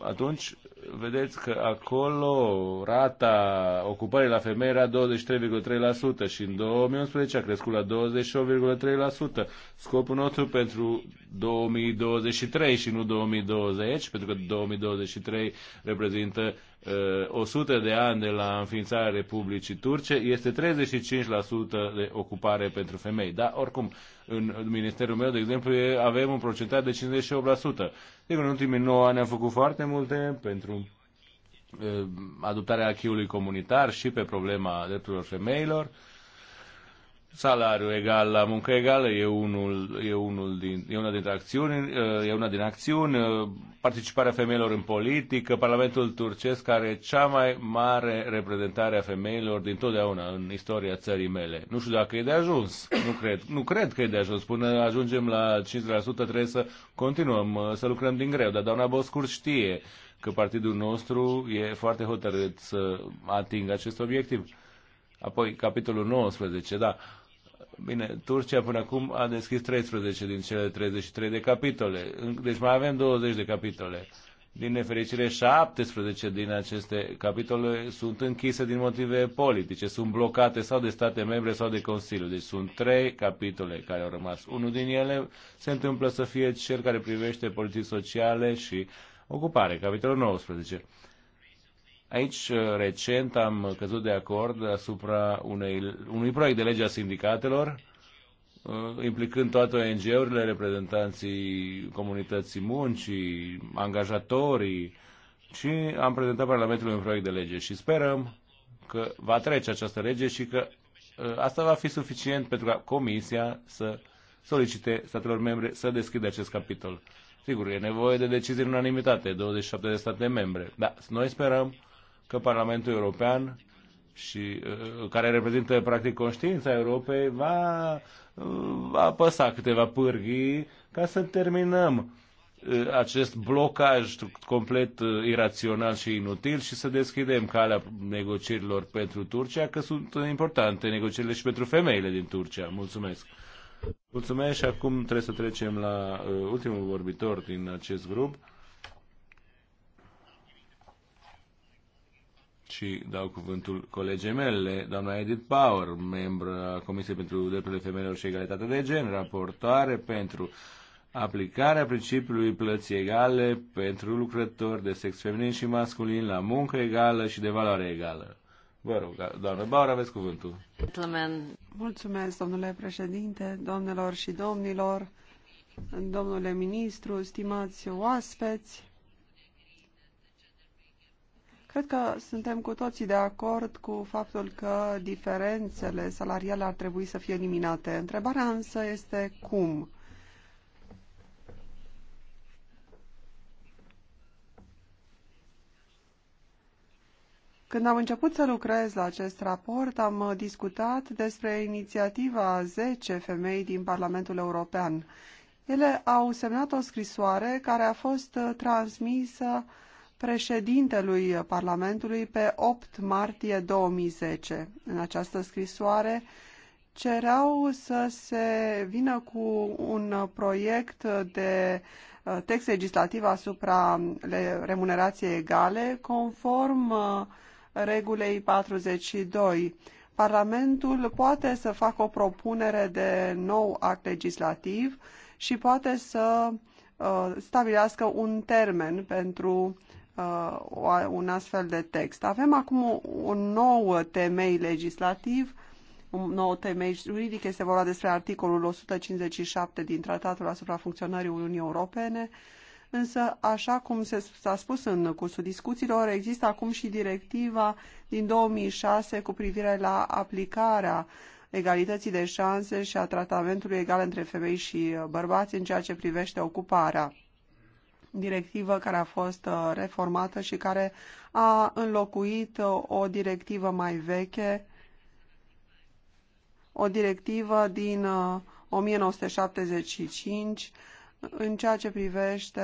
atunci vedeți că acolo rata ocupării la femei era 23,3% și în 2011 a crescut la 28,3%. Scopul nostru pentru 2023 și nu 2020, pentru că 2023 reprezintă uh, 100 de ani de la înființarea Republicii Turce, este 35% de ocupare pentru femei. Dar, oricum, în ministerul meu, de exemplu, avem un procentaj de 58%. Sigur, în ultimii 9 ani am făcut foarte multe pentru adoptarea acquis comunitar și pe problema drepturilor femeilor Salariu egal la muncă egală e, unul, e, unul din, e una dintre acțiuni, e una din acțiuni, participarea femeilor în politică, Parlamentul turcesc are cea mai mare reprezentare a femeilor din totdeauna în istoria țării mele. Nu știu dacă e de ajuns, nu cred, nu cred că e de ajuns. Până ajungem la 50% trebuie să continuăm, uh, să lucrăm din greu, dar doamna Boscur știe că partidul nostru e foarte hotărât să atingă acest obiectiv. Apoi, capitolul 19, da. Uh, Bine, Turcia până acum a deschis 13 din cele 33 de capitole. Deci mai avem 20 de capitole. Din nefericire, 17 din aceste capitole sunt închise din motive politice, sunt blocate sau de state membre sau de Consiliu. Deci sunt trei capitole care au rămas. Unul din ele se întâmplă să fie cel care privește politici sociale și ocupare, capitolul 19. Aici, uh, recent, am căzut de acord asupra unei, unui proiect de lege a sindicatelor, uh, implicând toate ONG-urile, reprezentanții comunității muncii, angajatorii, și am prezentat Parlamentului un proiect de lege și sperăm că va trece această lege și că uh, asta va fi suficient pentru ca Comisia să solicite statelor membre să deschidă acest capitol. Sigur, e nevoie de decizii în unanimitate, 27 de state membre, dar noi sperăm că Parlamentul European și uh, care reprezintă practic conștiința Europei uh, va apăsa câteva pârghii ca să terminăm uh, acest blocaj complet irațional și inutil și să deschidem calea negocierilor pentru Turcia, că sunt importante negocierile și pentru femeile din Turcia. Mulțumesc! Mulțumesc și acum trebuie să trecem la ultimul vorbitor din acest grup. și dau cuvântul colegii mele, doamna Edith Power, membră a Comisiei pentru Drepturile Femeilor și Egalitatea de Gen, raportoare pentru aplicarea principiului plății egale pentru lucrători de sex feminin și masculin la muncă egală și de valoare egală. Vă rog, doamnă Bauer, aveți cuvântul. Mulțumesc, domnule președinte, domnilor și domnilor, domnule ministru, stimați oaspeți, Cred că suntem cu toții de acord cu faptul că diferențele salariale ar trebui să fie eliminate. Întrebarea însă este cum. Când am început să lucrez la acest raport, am discutat despre inițiativa 10 femei din Parlamentul European. Ele au semnat o scrisoare care a fost transmisă președintelui Parlamentului pe 8 martie 2010. În această scrisoare cereau să se vină cu un proiect de uh, text legislativ asupra remunerației egale conform uh, regulei 42. Parlamentul poate să facă o propunere de nou act legislativ și poate să uh, stabilească un termen pentru uh, un astfel de text. Avem acum un nou temei legislativ, un nou temei juridic, este vorba despre articolul 157 din Tratatul asupra funcționării Uniunii Europene, însă, așa cum s-a spus în cursul discuțiilor, există acum și directiva din 2006 cu privire la aplicarea egalității de șanse și a tratamentului egal între femei și bărbați în ceea ce privește ocuparea directivă care a fost uh, reformată și care a înlocuit uh, o directivă mai veche, o directivă din 1975 uh, în ceea ce privește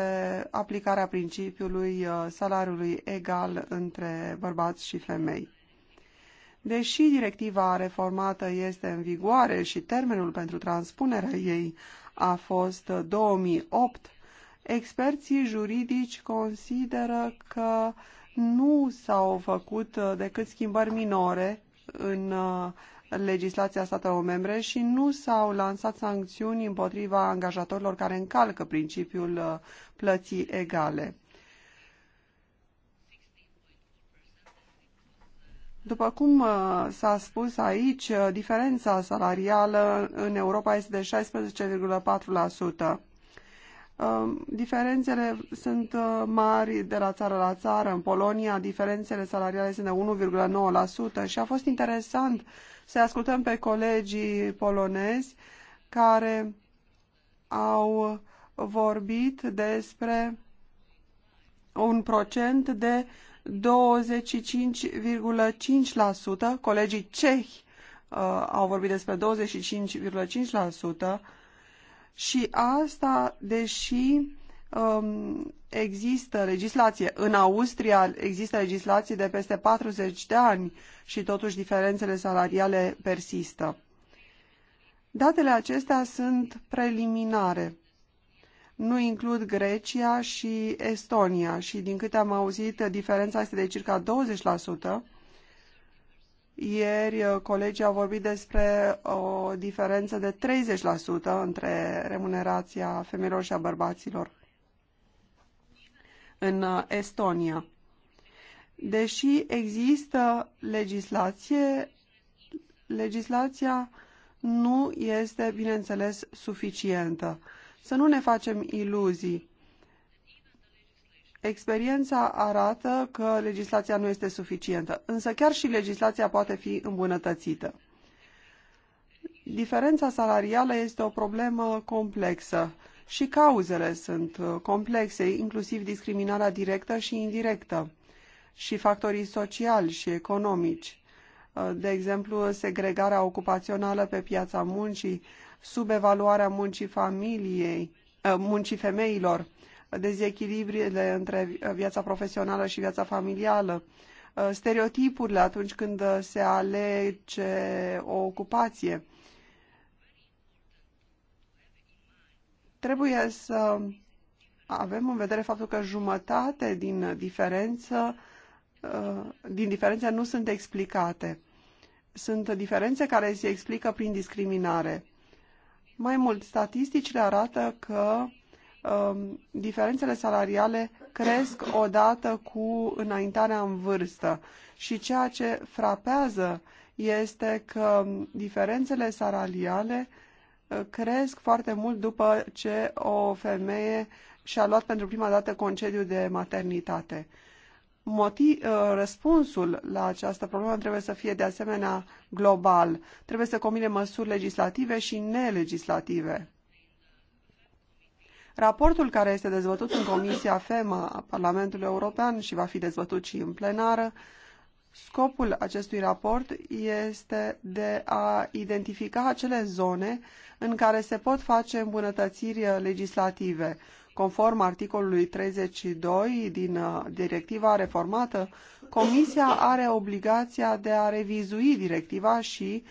aplicarea principiului salariului egal între bărbați și femei. Deși directiva reformată este în vigoare și termenul pentru transpunerea ei a fost 2008, Experții juridici consideră că nu s-au făcut uh, decât schimbări minore în uh, legislația statelor membre și nu s-au lansat sancțiuni împotriva angajatorilor care încalcă principiul uh, plății egale. După cum s-a spus aici, diferența salarială în Europa este de 16,4%. Um, diferențele sunt uh, mari de la țară la țară. În Polonia, diferențele salariale sunt de 1,9% și a fost interesant să ascultăm pe colegii polonezi care au vorbit despre un procent de 25,5%. Colegii cehi uh, au vorbit despre 25,5%. Și asta, deși um, există legislație. În Austria există legislație de peste 40 de ani și totuși diferențele salariale persistă. Datele acestea sunt preliminare. Nu includ Grecia și Estonia și din câte am auzit, diferența este de circa 20%, ieri uh, colegii au vorbit despre o diferență de 30% între remunerația femeilor și a bărbaților în uh, Estonia. Deși există legislație, legislația nu este, bineînțeles, suficientă. Să nu ne facem iluzii. Experiența arată că legislația nu este suficientă, însă chiar și legislația poate fi îmbunătățită. Diferența salarială este o problemă complexă și cauzele sunt complexe, inclusiv discriminarea directă și indirectă și factorii sociali și economici. De exemplu, segregarea ocupațională pe piața muncii, subevaluarea muncii familiei, muncii femeilor, dezechilibrile între viața profesională și viața familială, uh, stereotipurile atunci când se alege o ocupație. Trebuie să avem în vedere faptul că jumătate din diferență uh, din diferențe nu sunt explicate. Sunt diferențe care se explică prin discriminare. Mai mult, statisticile arată că Um, diferențele salariale cresc odată cu înaintarea în vârstă și ceea ce frapează este că diferențele salariale uh, cresc foarte mult după ce o femeie și-a luat pentru prima dată concediu de maternitate. Motiv, uh, răspunsul la această problemă trebuie să fie de asemenea global. Trebuie să combine măsuri legislative și nelegislative. Raportul care este dezbătut în Comisia FEMA a Parlamentului European și va fi dezbătut și în plenară, scopul acestui raport este de a identifica acele zone în care se pot face îmbunătățiri legislative, Conform articolului 32 din uh, directiva reformată, Comisia are obligația de a revizui directiva și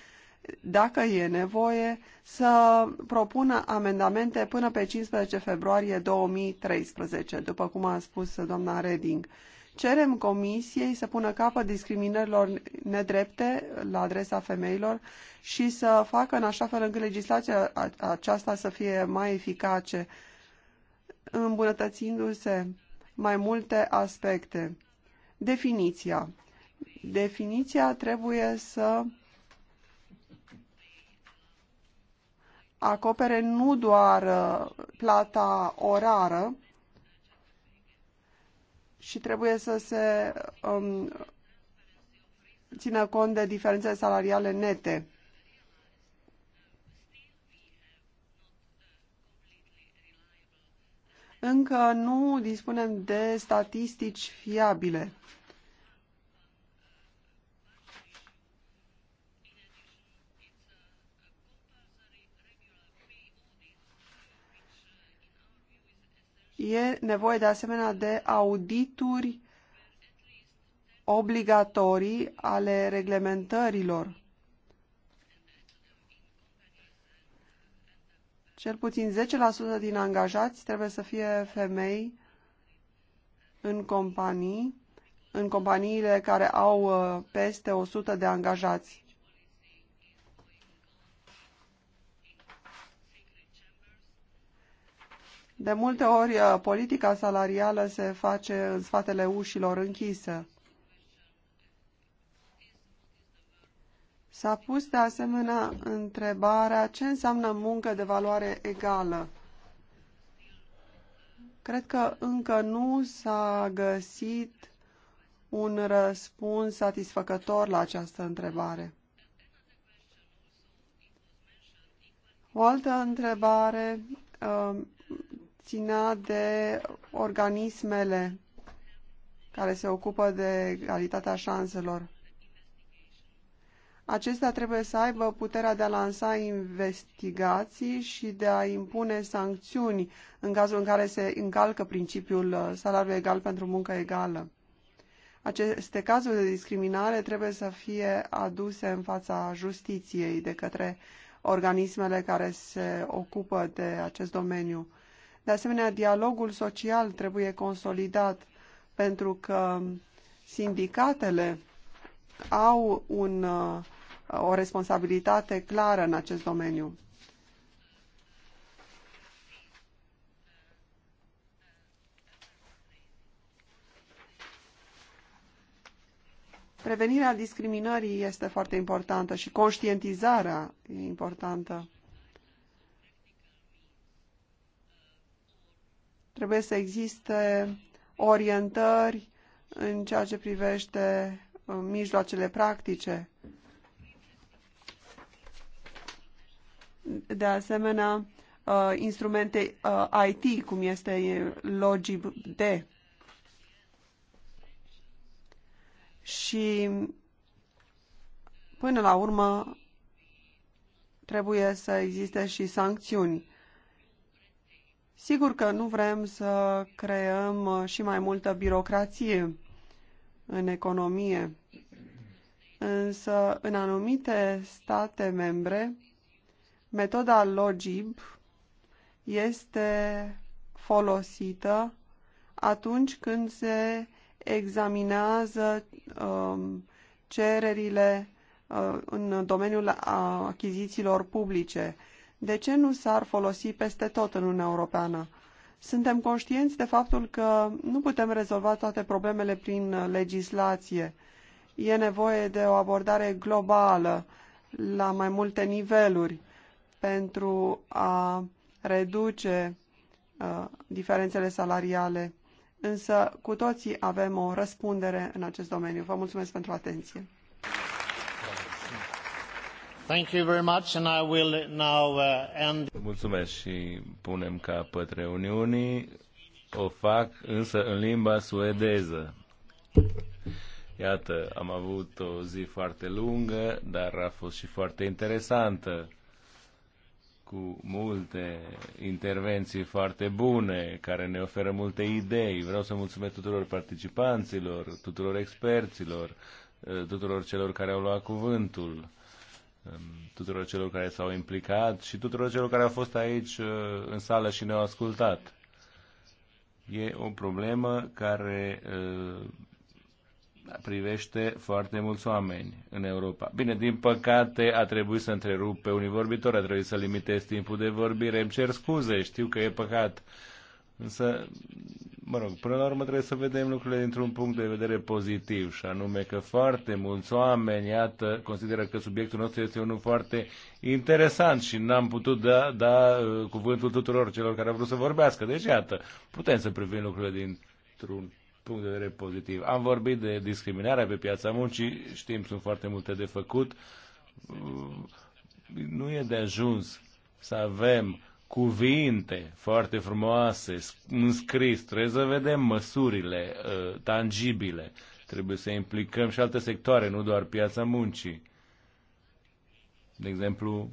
dacă e nevoie, să propună amendamente până pe 15 februarie 2013, după cum a spus doamna Reding. Cerem Comisiei să pună capăt discriminărilor nedrepte la adresa femeilor și să facă în așa fel încât legislația aceasta să fie mai eficace, îmbunătățindu-se mai multe aspecte. Definiția. Definiția trebuie să acopere nu doar uh, plata orară și trebuie să se um, țină cont de diferențe salariale nete. Încă nu dispunem de statistici fiabile. E nevoie de asemenea de audituri obligatorii ale reglementărilor. Cel puțin 10% din angajați trebuie să fie femei în companii, în companiile care au uh, peste 100 de angajați. De multe ori, uh, politica salarială se face în spatele ușilor închise. S-a pus de asemenea întrebarea ce înseamnă muncă de valoare egală. Cred că încă nu s-a găsit un răspuns satisfăcător la această întrebare. O altă întrebare uh, ținea de organismele care se ocupă de calitatea șanselor. Acestea trebuie să aibă puterea de a lansa investigații și de a impune sancțiuni în cazul în care se încalcă principiul uh, salariu egal pentru muncă egală. Aceste cazuri de discriminare trebuie să fie aduse în fața justiției de către organismele care se ocupă de acest domeniu. De asemenea, dialogul social trebuie consolidat pentru că sindicatele au un, uh, o responsabilitate clară în acest domeniu. Prevenirea discriminării este foarte importantă și conștientizarea e importantă. Trebuie să existe orientări în ceea ce privește uh, mijloacele practice. De asemenea, uh, instrumente uh, IT, cum este Logib D. Și până la urmă trebuie să existe și sancțiuni. Sigur că nu vrem să creăm uh, și mai multă birocrație în economie, însă în anumite state membre, metoda LOGIB este folosită atunci când se examinează um, cererile uh, în domeniul achizițiilor publice de ce nu s-ar folosi peste tot în Uniunea Europeană? Suntem conștienți de faptul că nu putem rezolva toate problemele prin legislație. E nevoie de o abordare globală, la mai multe niveluri, pentru a reduce uh, diferențele salariale. Însă, cu toții avem o răspundere în acest domeniu. Vă mulțumesc pentru atenție. Thank you very much and I will now uh, end. Mulțumesc și punem capăt reuniunii. O fac însă în limba suedeză. Iată, am avut o zi foarte lungă, dar a fost și foarte interesantă, cu multe intervenții foarte bune, care ne oferă multe idei. Vreau să mulțumesc tuturor participanților, tuturor experților, uh, tuturor celor care au luat cuvântul tuturor celor care s-au implicat și tuturor celor care au fost aici uh, în sală și ne-au ascultat. E o problemă care uh, privește foarte mulți oameni în Europa. Bine, din păcate a trebuit să întrerup pe unii vorbitori, a trebuit să limitez timpul de vorbire. Îmi cer scuze, știu că e păcat. Însă, mă rog, până la urmă trebuie să vedem lucrurile dintr-un punct de vedere pozitiv, și anume că foarte mulți oameni, iată, consideră că subiectul nostru este unul foarte interesant și n-am putut da, da uh, cuvântul tuturor celor care au vrut să vorbească. Deci, iată, putem să privim lucrurile dintr-un punct de vedere pozitiv. Am vorbit de discriminarea pe piața muncii, știm, sunt foarte multe de făcut. Uh, nu e de ajuns să avem cuvinte foarte frumoase, înscris, trebuie să vedem măsurile uh, tangibile. Trebuie să implicăm și alte sectoare, nu doar piața muncii. De exemplu,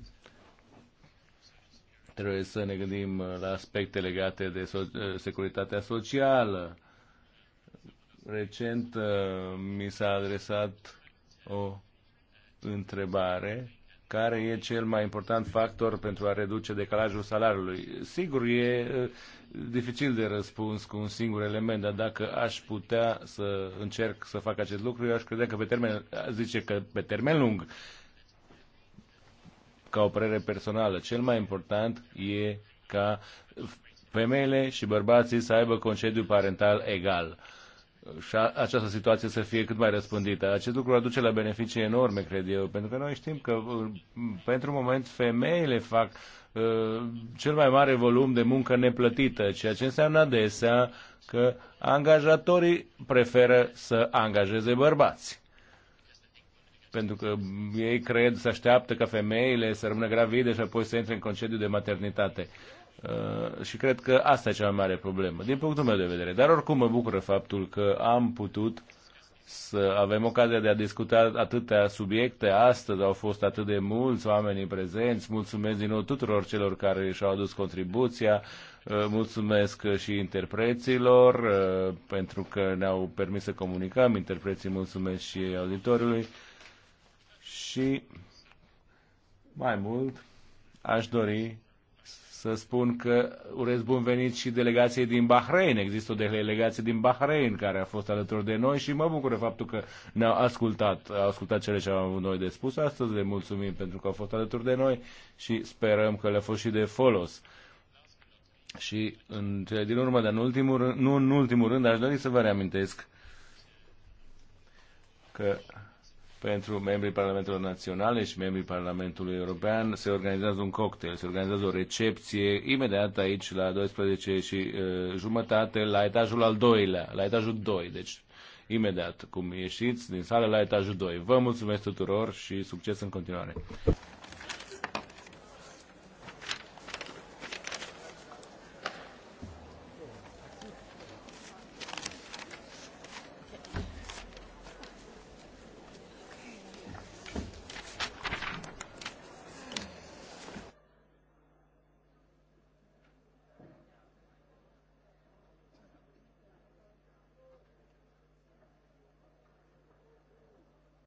trebuie să ne gândim uh, la aspecte legate de so- uh, securitatea socială. Recent uh, mi s-a adresat o întrebare care e cel mai important factor pentru a reduce decalajul salariului. Sigur, e dificil de răspuns cu un singur element, dar dacă aș putea să încerc să fac acest lucru, eu aș credea că pe termen, zice că pe termen lung, ca o părere personală, cel mai important e ca femeile și bărbații să aibă concediu parental egal. Uh, și a, această situație să fie cât mai răspândită. Acest lucru aduce la beneficii enorme, cred eu, pentru că noi știm că uh, pentru moment femeile fac uh, cel mai mare volum de muncă neplătită, ceea ce înseamnă adesea că angajatorii preferă să angajeze bărbați pentru că ei cred, să așteaptă ca femeile să rămână gravide și apoi să intre în concediu de maternitate. Uh, și cred că asta e cea mai mare problemă, din punctul meu de vedere. Dar oricum mă bucură faptul că am putut să avem ocazia de a discuta atâtea subiecte. Astăzi au fost atât de mulți oameni prezenți. Mulțumesc din nou tuturor celor care și-au adus contribuția. Uh, mulțumesc și interpreților uh, pentru că ne-au permis să comunicăm. Interpreții mulțumesc și auditorului Și mai mult aș dori să spun că urez bun venit și delegației din Bahrain. Există o delegație din Bahrain care a fost alături de noi și mă bucur de faptul că ne-au ascultat, au ascultat cele ce am avut noi de spus astăzi. Le mulțumim pentru că au fost alături de noi și sperăm că le-a fost și de folos. Și în cele din urmă, dar în ultimul rând, nu în ultimul rând, aș dori să vă reamintesc că pentru membrii Parlamentelor Naționale și membrii Parlamentului European se organizează un cocktail, se organizează o recepție imediat aici la 12 și uh, jumătate la etajul al doilea, la etajul 2, deci imediat cum ieșiți din sală la etajul 2. Vă mulțumesc tuturor și succes în continuare!